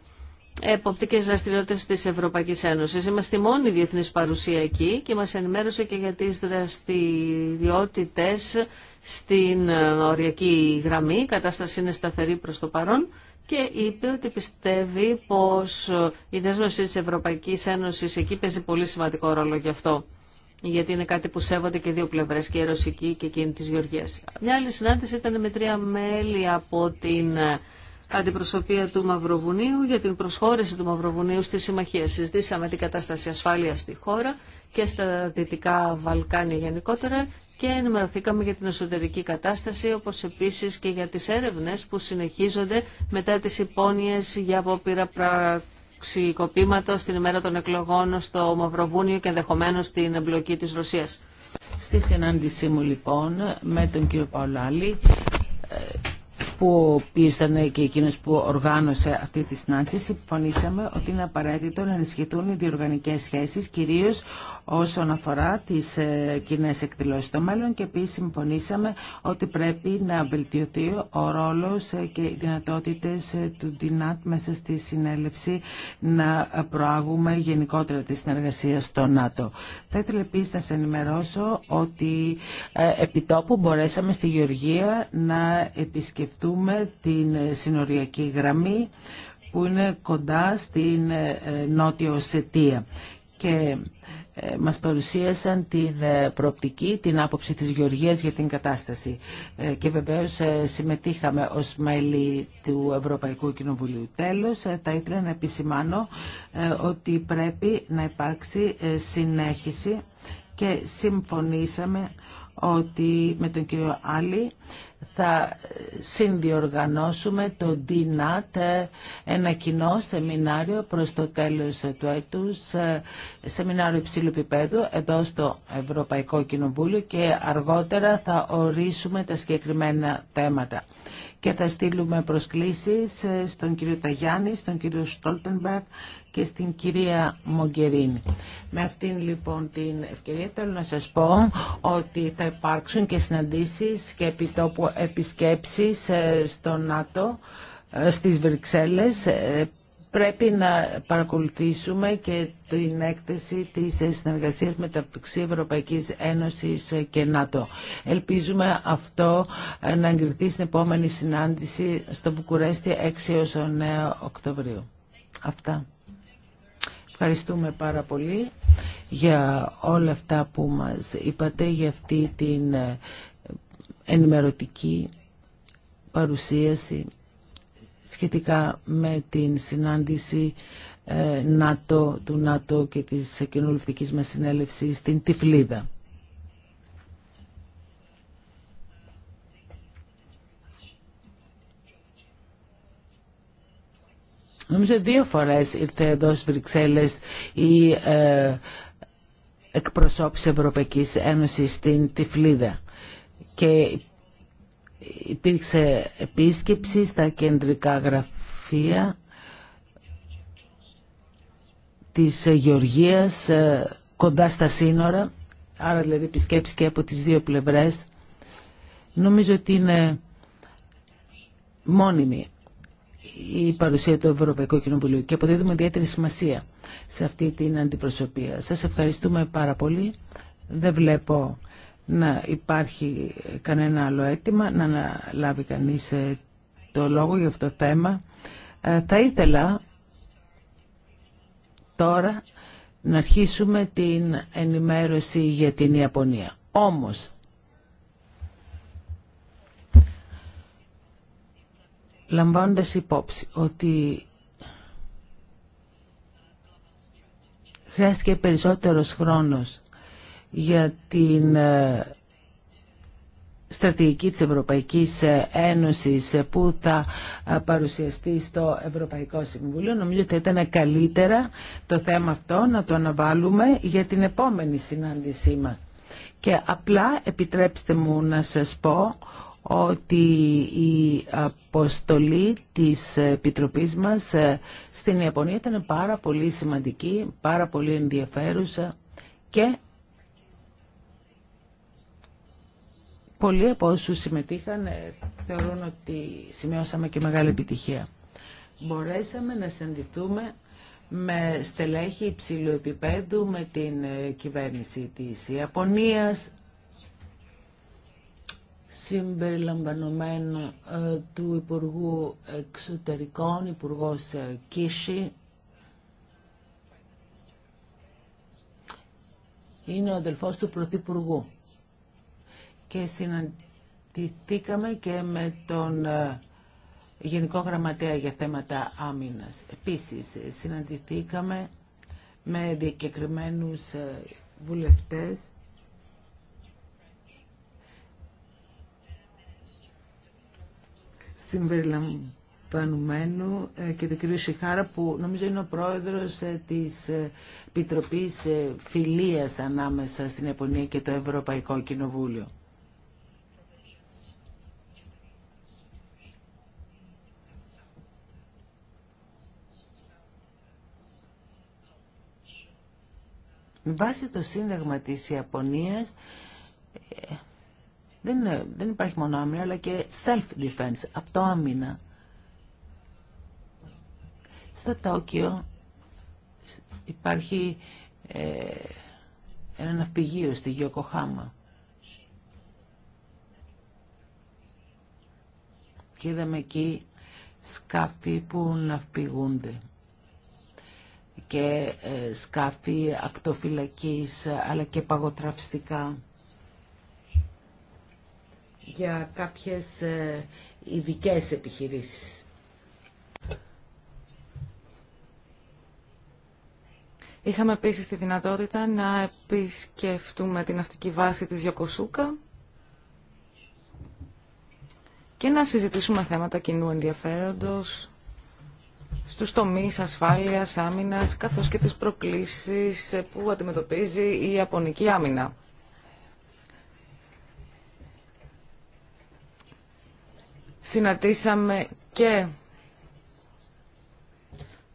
εποπτικές δραστηριότητες της Ευρωπαϊκής Ένωσης. Είμαστε η μόνη διεθνής παρουσία εκεί και μας ενημέρωσε και για τις δραστηριότητες στην ε, οριακή γραμμή. Η κατάσταση είναι σταθερή προς το παρόν και είπε ότι πιστεύει πως η δέσμευση της Ευρωπαϊκής Ένωσης εκεί παίζει πολύ σημαντικό ρόλο γι' αυτό. Γιατί είναι κάτι που σέβονται και δύο πλευρές, και η Ρωσική και εκείνη της Γεωργίας. Μια άλλη συνάντηση ήταν με τρία μέλη από την αντιπροσωπεία του Μαυροβουνίου για την προσχώρηση του Μαυροβουνίου στη Συμμαχία. Συζητήσαμε την κατάσταση ασφάλειας στη χώρα και στα Δυτικά Βαλκάνια γενικότερα και ενημερωθήκαμε για την εσωτερική κατάσταση, όπως επίσης και για τις έρευνες που συνεχίζονται μετά τις υπόνοιες για απόπειρα πραξικοπήματος την ημέρα των εκλογών στο Μαυροβούνιο και ενδεχομένως την εμπλοκή της Ρωσίας. Στη συνάντησή μου λοιπόν με τον κύριο Παολάλη, ε, που ήταν και εκείνος που οργάνωσε αυτή τη συνάντηση, συμφωνήσαμε ότι είναι απαραίτητο να ενισχυθούν οι διοργανικές σχέσεις, κυρίως όσον αφορά τις ε, κοινέ εκδηλώσεις στο μέλλον και επίσης συμφωνήσαμε ότι πρέπει να βελτιωθεί ο ρόλος ε, και οι δυνατότητες ε, του ΔΙΝΑΤ μέσα στη συνέλευση να προάγουμε γενικότερα τη συνεργασία στο ΝΑΤΟ. Θα ήθελα επίσης να σε ενημερώσω ότι επιτόπου μπορέσαμε στη Γεωργία να επισκεφτούμε την συνοριακή γραμμή που είναι κοντά στην Νότιο Σετία. Ε, μας παρουσίασαν την ε, προοπτική, την άποψη της Γεωργίας για την κατάσταση. Ε, και βεβαίως συμμετείχαμε ως μέλη του Ευρωπαϊκού Κοινοβουλίου. Τέλος, θα ήθελα να επισημάνω ότι πρέπει να υπάρξει συνέχιση και συμφωνήσαμε ότι με τον κύριο Άλλη θα συνδιοργανώσουμε το DNAT, ένα κοινό σεμινάριο προς το τέλος του έτους, σεμινάριο υψηλού επίπεδου εδώ στο Ευρωπαϊκό Κοινοβούλιο και αργότερα θα ορίσουμε τα συγκεκριμένα θέματα. Και θα στείλουμε προσκλήσεις στον κύριο Ταγιάννη, στον κύριο Στόλτενμπερκ, και στην κυρία Μογκερίνη. Με αυτήν λοιπόν την ευκαιρία θέλω να σας πω ότι θα υπάρξουν και συναντήσεις και επιτόπου επισκέψεις ε, στο ΝΑΤΟ ε, στις Βρυξέλλες ε, πρέπει να παρακολουθήσουμε και την έκθεση της συνεργασίας μεταξύ Ευρωπαϊκής Ένωσης και ΝΑΤΟ. Ελπίζουμε αυτό να εγκριθεί στην επόμενη συνάντηση στο Βουκουρέστι 6 έως 9 Οκτωβρίου. Αυτά. Ευχαριστούμε πάρα πολύ για όλα αυτά που μας είπατε, για αυτή την ε, ενημερωτική παρουσίαση σχετικά με την συνάντηση ε, ΝΑΤΟ, του ΝΑΤΟ και της κοινοβουλευτικής μας συνέλευσης στην Τυφλίδα. Νομίζω δύο φορές ήρθε εδώ στις Βρυξέλλες η ε, εκπροσώπηση Ευρωπαϊκής Ένωσης στην Τυφλίδα και υπήρξε επίσκεψη στα κεντρικά γραφεία της Γεωργίας ε, κοντά στα σύνορα, άρα δηλαδή επισκέψει και από τις δύο πλευρές. Νομίζω ότι είναι μόνιμη η παρουσία του Ευρωπαϊκού Κοινοβουλίου και αποδίδουμε ιδιαίτερη σημασία σε αυτή την αντιπροσωπεία. Σας ευχαριστούμε πάρα πολύ. Δεν βλέπω να υπάρχει κανένα άλλο αίτημα να αναλάβει κανείς ε, το λόγο για αυτό το θέμα. Ε, θα ήθελα τώρα να αρχίσουμε την ενημέρωση για την Ιαπωνία. Όμως λαμβάνοντας υπόψη ότι χρειάστηκε περισσότερος χρόνος για την ε, στρατηγική της Ευρωπαϊκής ε, Ένωσης ε, που θα παρουσιαστεί στο Ευρωπαϊκό Συμβούλιο. Νομίζω ότι ήταν καλύτερα το θέμα αυτό να το αναβάλουμε για την επόμενη συνάντησή μας. Και απλά επιτρέψτε μου να σας πω ότι η αποστολή της Επιτροπής μας ε, στην Ιαπωνία ήταν πάρα πολύ σημαντική, πάρα πολύ ενδιαφέρουσα και πολλοί από όσους συμμετείχαν ε, θεωρούν ότι σημειώσαμε και μεγάλη επιτυχία. Μπορέσαμε να συνδυθούμε με στελέχη υψηλού επίπεδου με την ε, κυβέρνηση της Ιαπωνίας, συμπεριλαμβανομένου ε, του Υπουργού Εξωτερικών, Υπουργός ε, Κίση. Είναι ο αδελφός του Πρωθυπουργού. Και συναντηθήκαμε και με τον ε, Γενικό Γραμματέα για θέματα άμυνας. Επίσης, συναντηθήκαμε με διακεκριμένους βουλευτές συμπεριλαμβανομένου ε, και του κύριο Σιχάρα που νομίζω είναι ο πρόεδρος ε, της ε, Επιτροπής Φιλίας ανάμεσα στην Ιαπωνία και το Ευρωπαϊκό Κοινοβούλιο. βάση το Σύνταγμα της Ιαπωνίας δεν, ε, δεν υπάρχει μόνο άμυνα, αλλά και self-defense, άμυνα Στο Τόκιο υπάρχει ε, ένα ναυπηγείο στη Γιοκοχάμα. Και είδαμε εκεί σκάφη που ναυπηγούνται και ε, σκάφη ακτοφυλακής αλλά και παγοτραυστικά για κάποιες ε, ειδικέ επιχειρήσεις. Είχαμε επίσης τη δυνατότητα να επισκεφτούμε την ναυτική βάση της Γιοκοσούκα και να συζητήσουμε θέματα κοινού ενδιαφέροντος στους τομείς ασφάλειας, άμυνας, καθώς και τις προκλήσεις που αντιμετωπίζει η Ιαπωνική άμυνα. συναντήσαμε και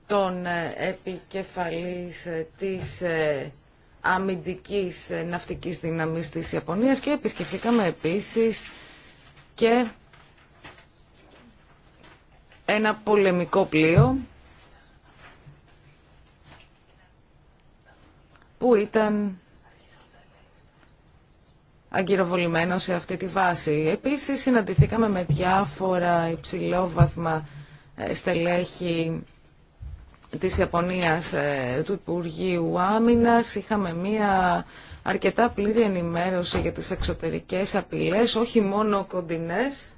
τον ε, επικεφαλής ε, της ε, αμυντικής ναυτικής δύναμης της Ιαπωνίας και επισκεφθήκαμε επίσης και ένα πολεμικό πλοίο που ήταν αγκυροβολημένο σε αυτή τη βάση. Επίσης συναντηθήκαμε με διάφορα υψηλόβαθμα ε, στελέχη της Ιαπωνίας ε, του Υπουργείου Άμυνα. Είχαμε μία αρκετά πλήρη ενημέρωση για τις εξωτερικές απειλές, όχι μόνο κοντινές,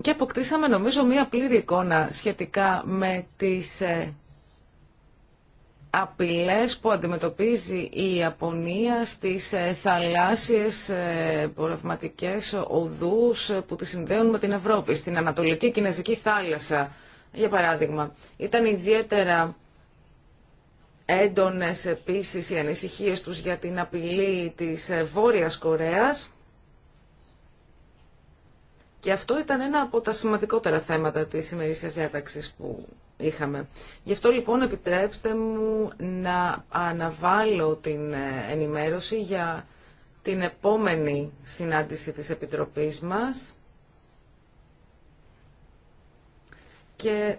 και αποκτήσαμε νομίζω μία πλήρη εικόνα σχετικά με τις ε, απειλές που αντιμετωπίζει η Ιαπωνία στις ε, θαλάσσιες ε, πορευματικές οδούς που τη συνδέουν με την Ευρώπη, στην Ανατολική Κινέζικη θάλασσα. Για παράδειγμα, ήταν ιδιαίτερα έντονες επίσης οι ανησυχίες τους για την απειλή της Βόρειας Κορέας και αυτό ήταν ένα από τα σημαντικότερα θέματα της ημερήσιας διάταξης που είχαμε. Γι' αυτό λοιπόν επιτρέψτε μου να αναβάλω την ε, ενημέρωση για την επόμενη συνάντηση της Επιτροπής μας και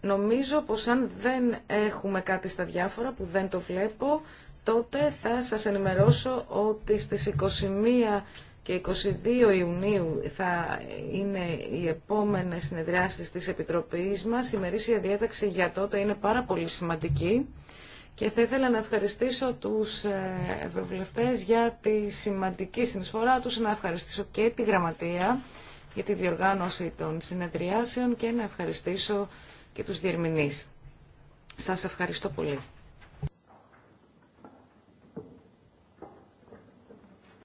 νομίζω πως αν δεν έχουμε κάτι στα διάφορα που δεν το βλέπω τότε θα σας ενημερώσω ότι στις 21 και 22 Ιουνίου θα είναι οι επόμενες συνεδριάσεις της Επιτροπής μας. Η μερίσια διέταξη για τότε είναι πάρα πολύ σημαντική και θα ήθελα να ευχαριστήσω τους ε, ευρωβουλευτές για τη σημαντική συνεισφορά τους, να ευχαριστήσω και τη Γραμματεία για τη διοργάνωση των συνεδριάσεων και να ευχαριστήσω και τους διερμηνείς. Σας ευχαριστώ πολύ.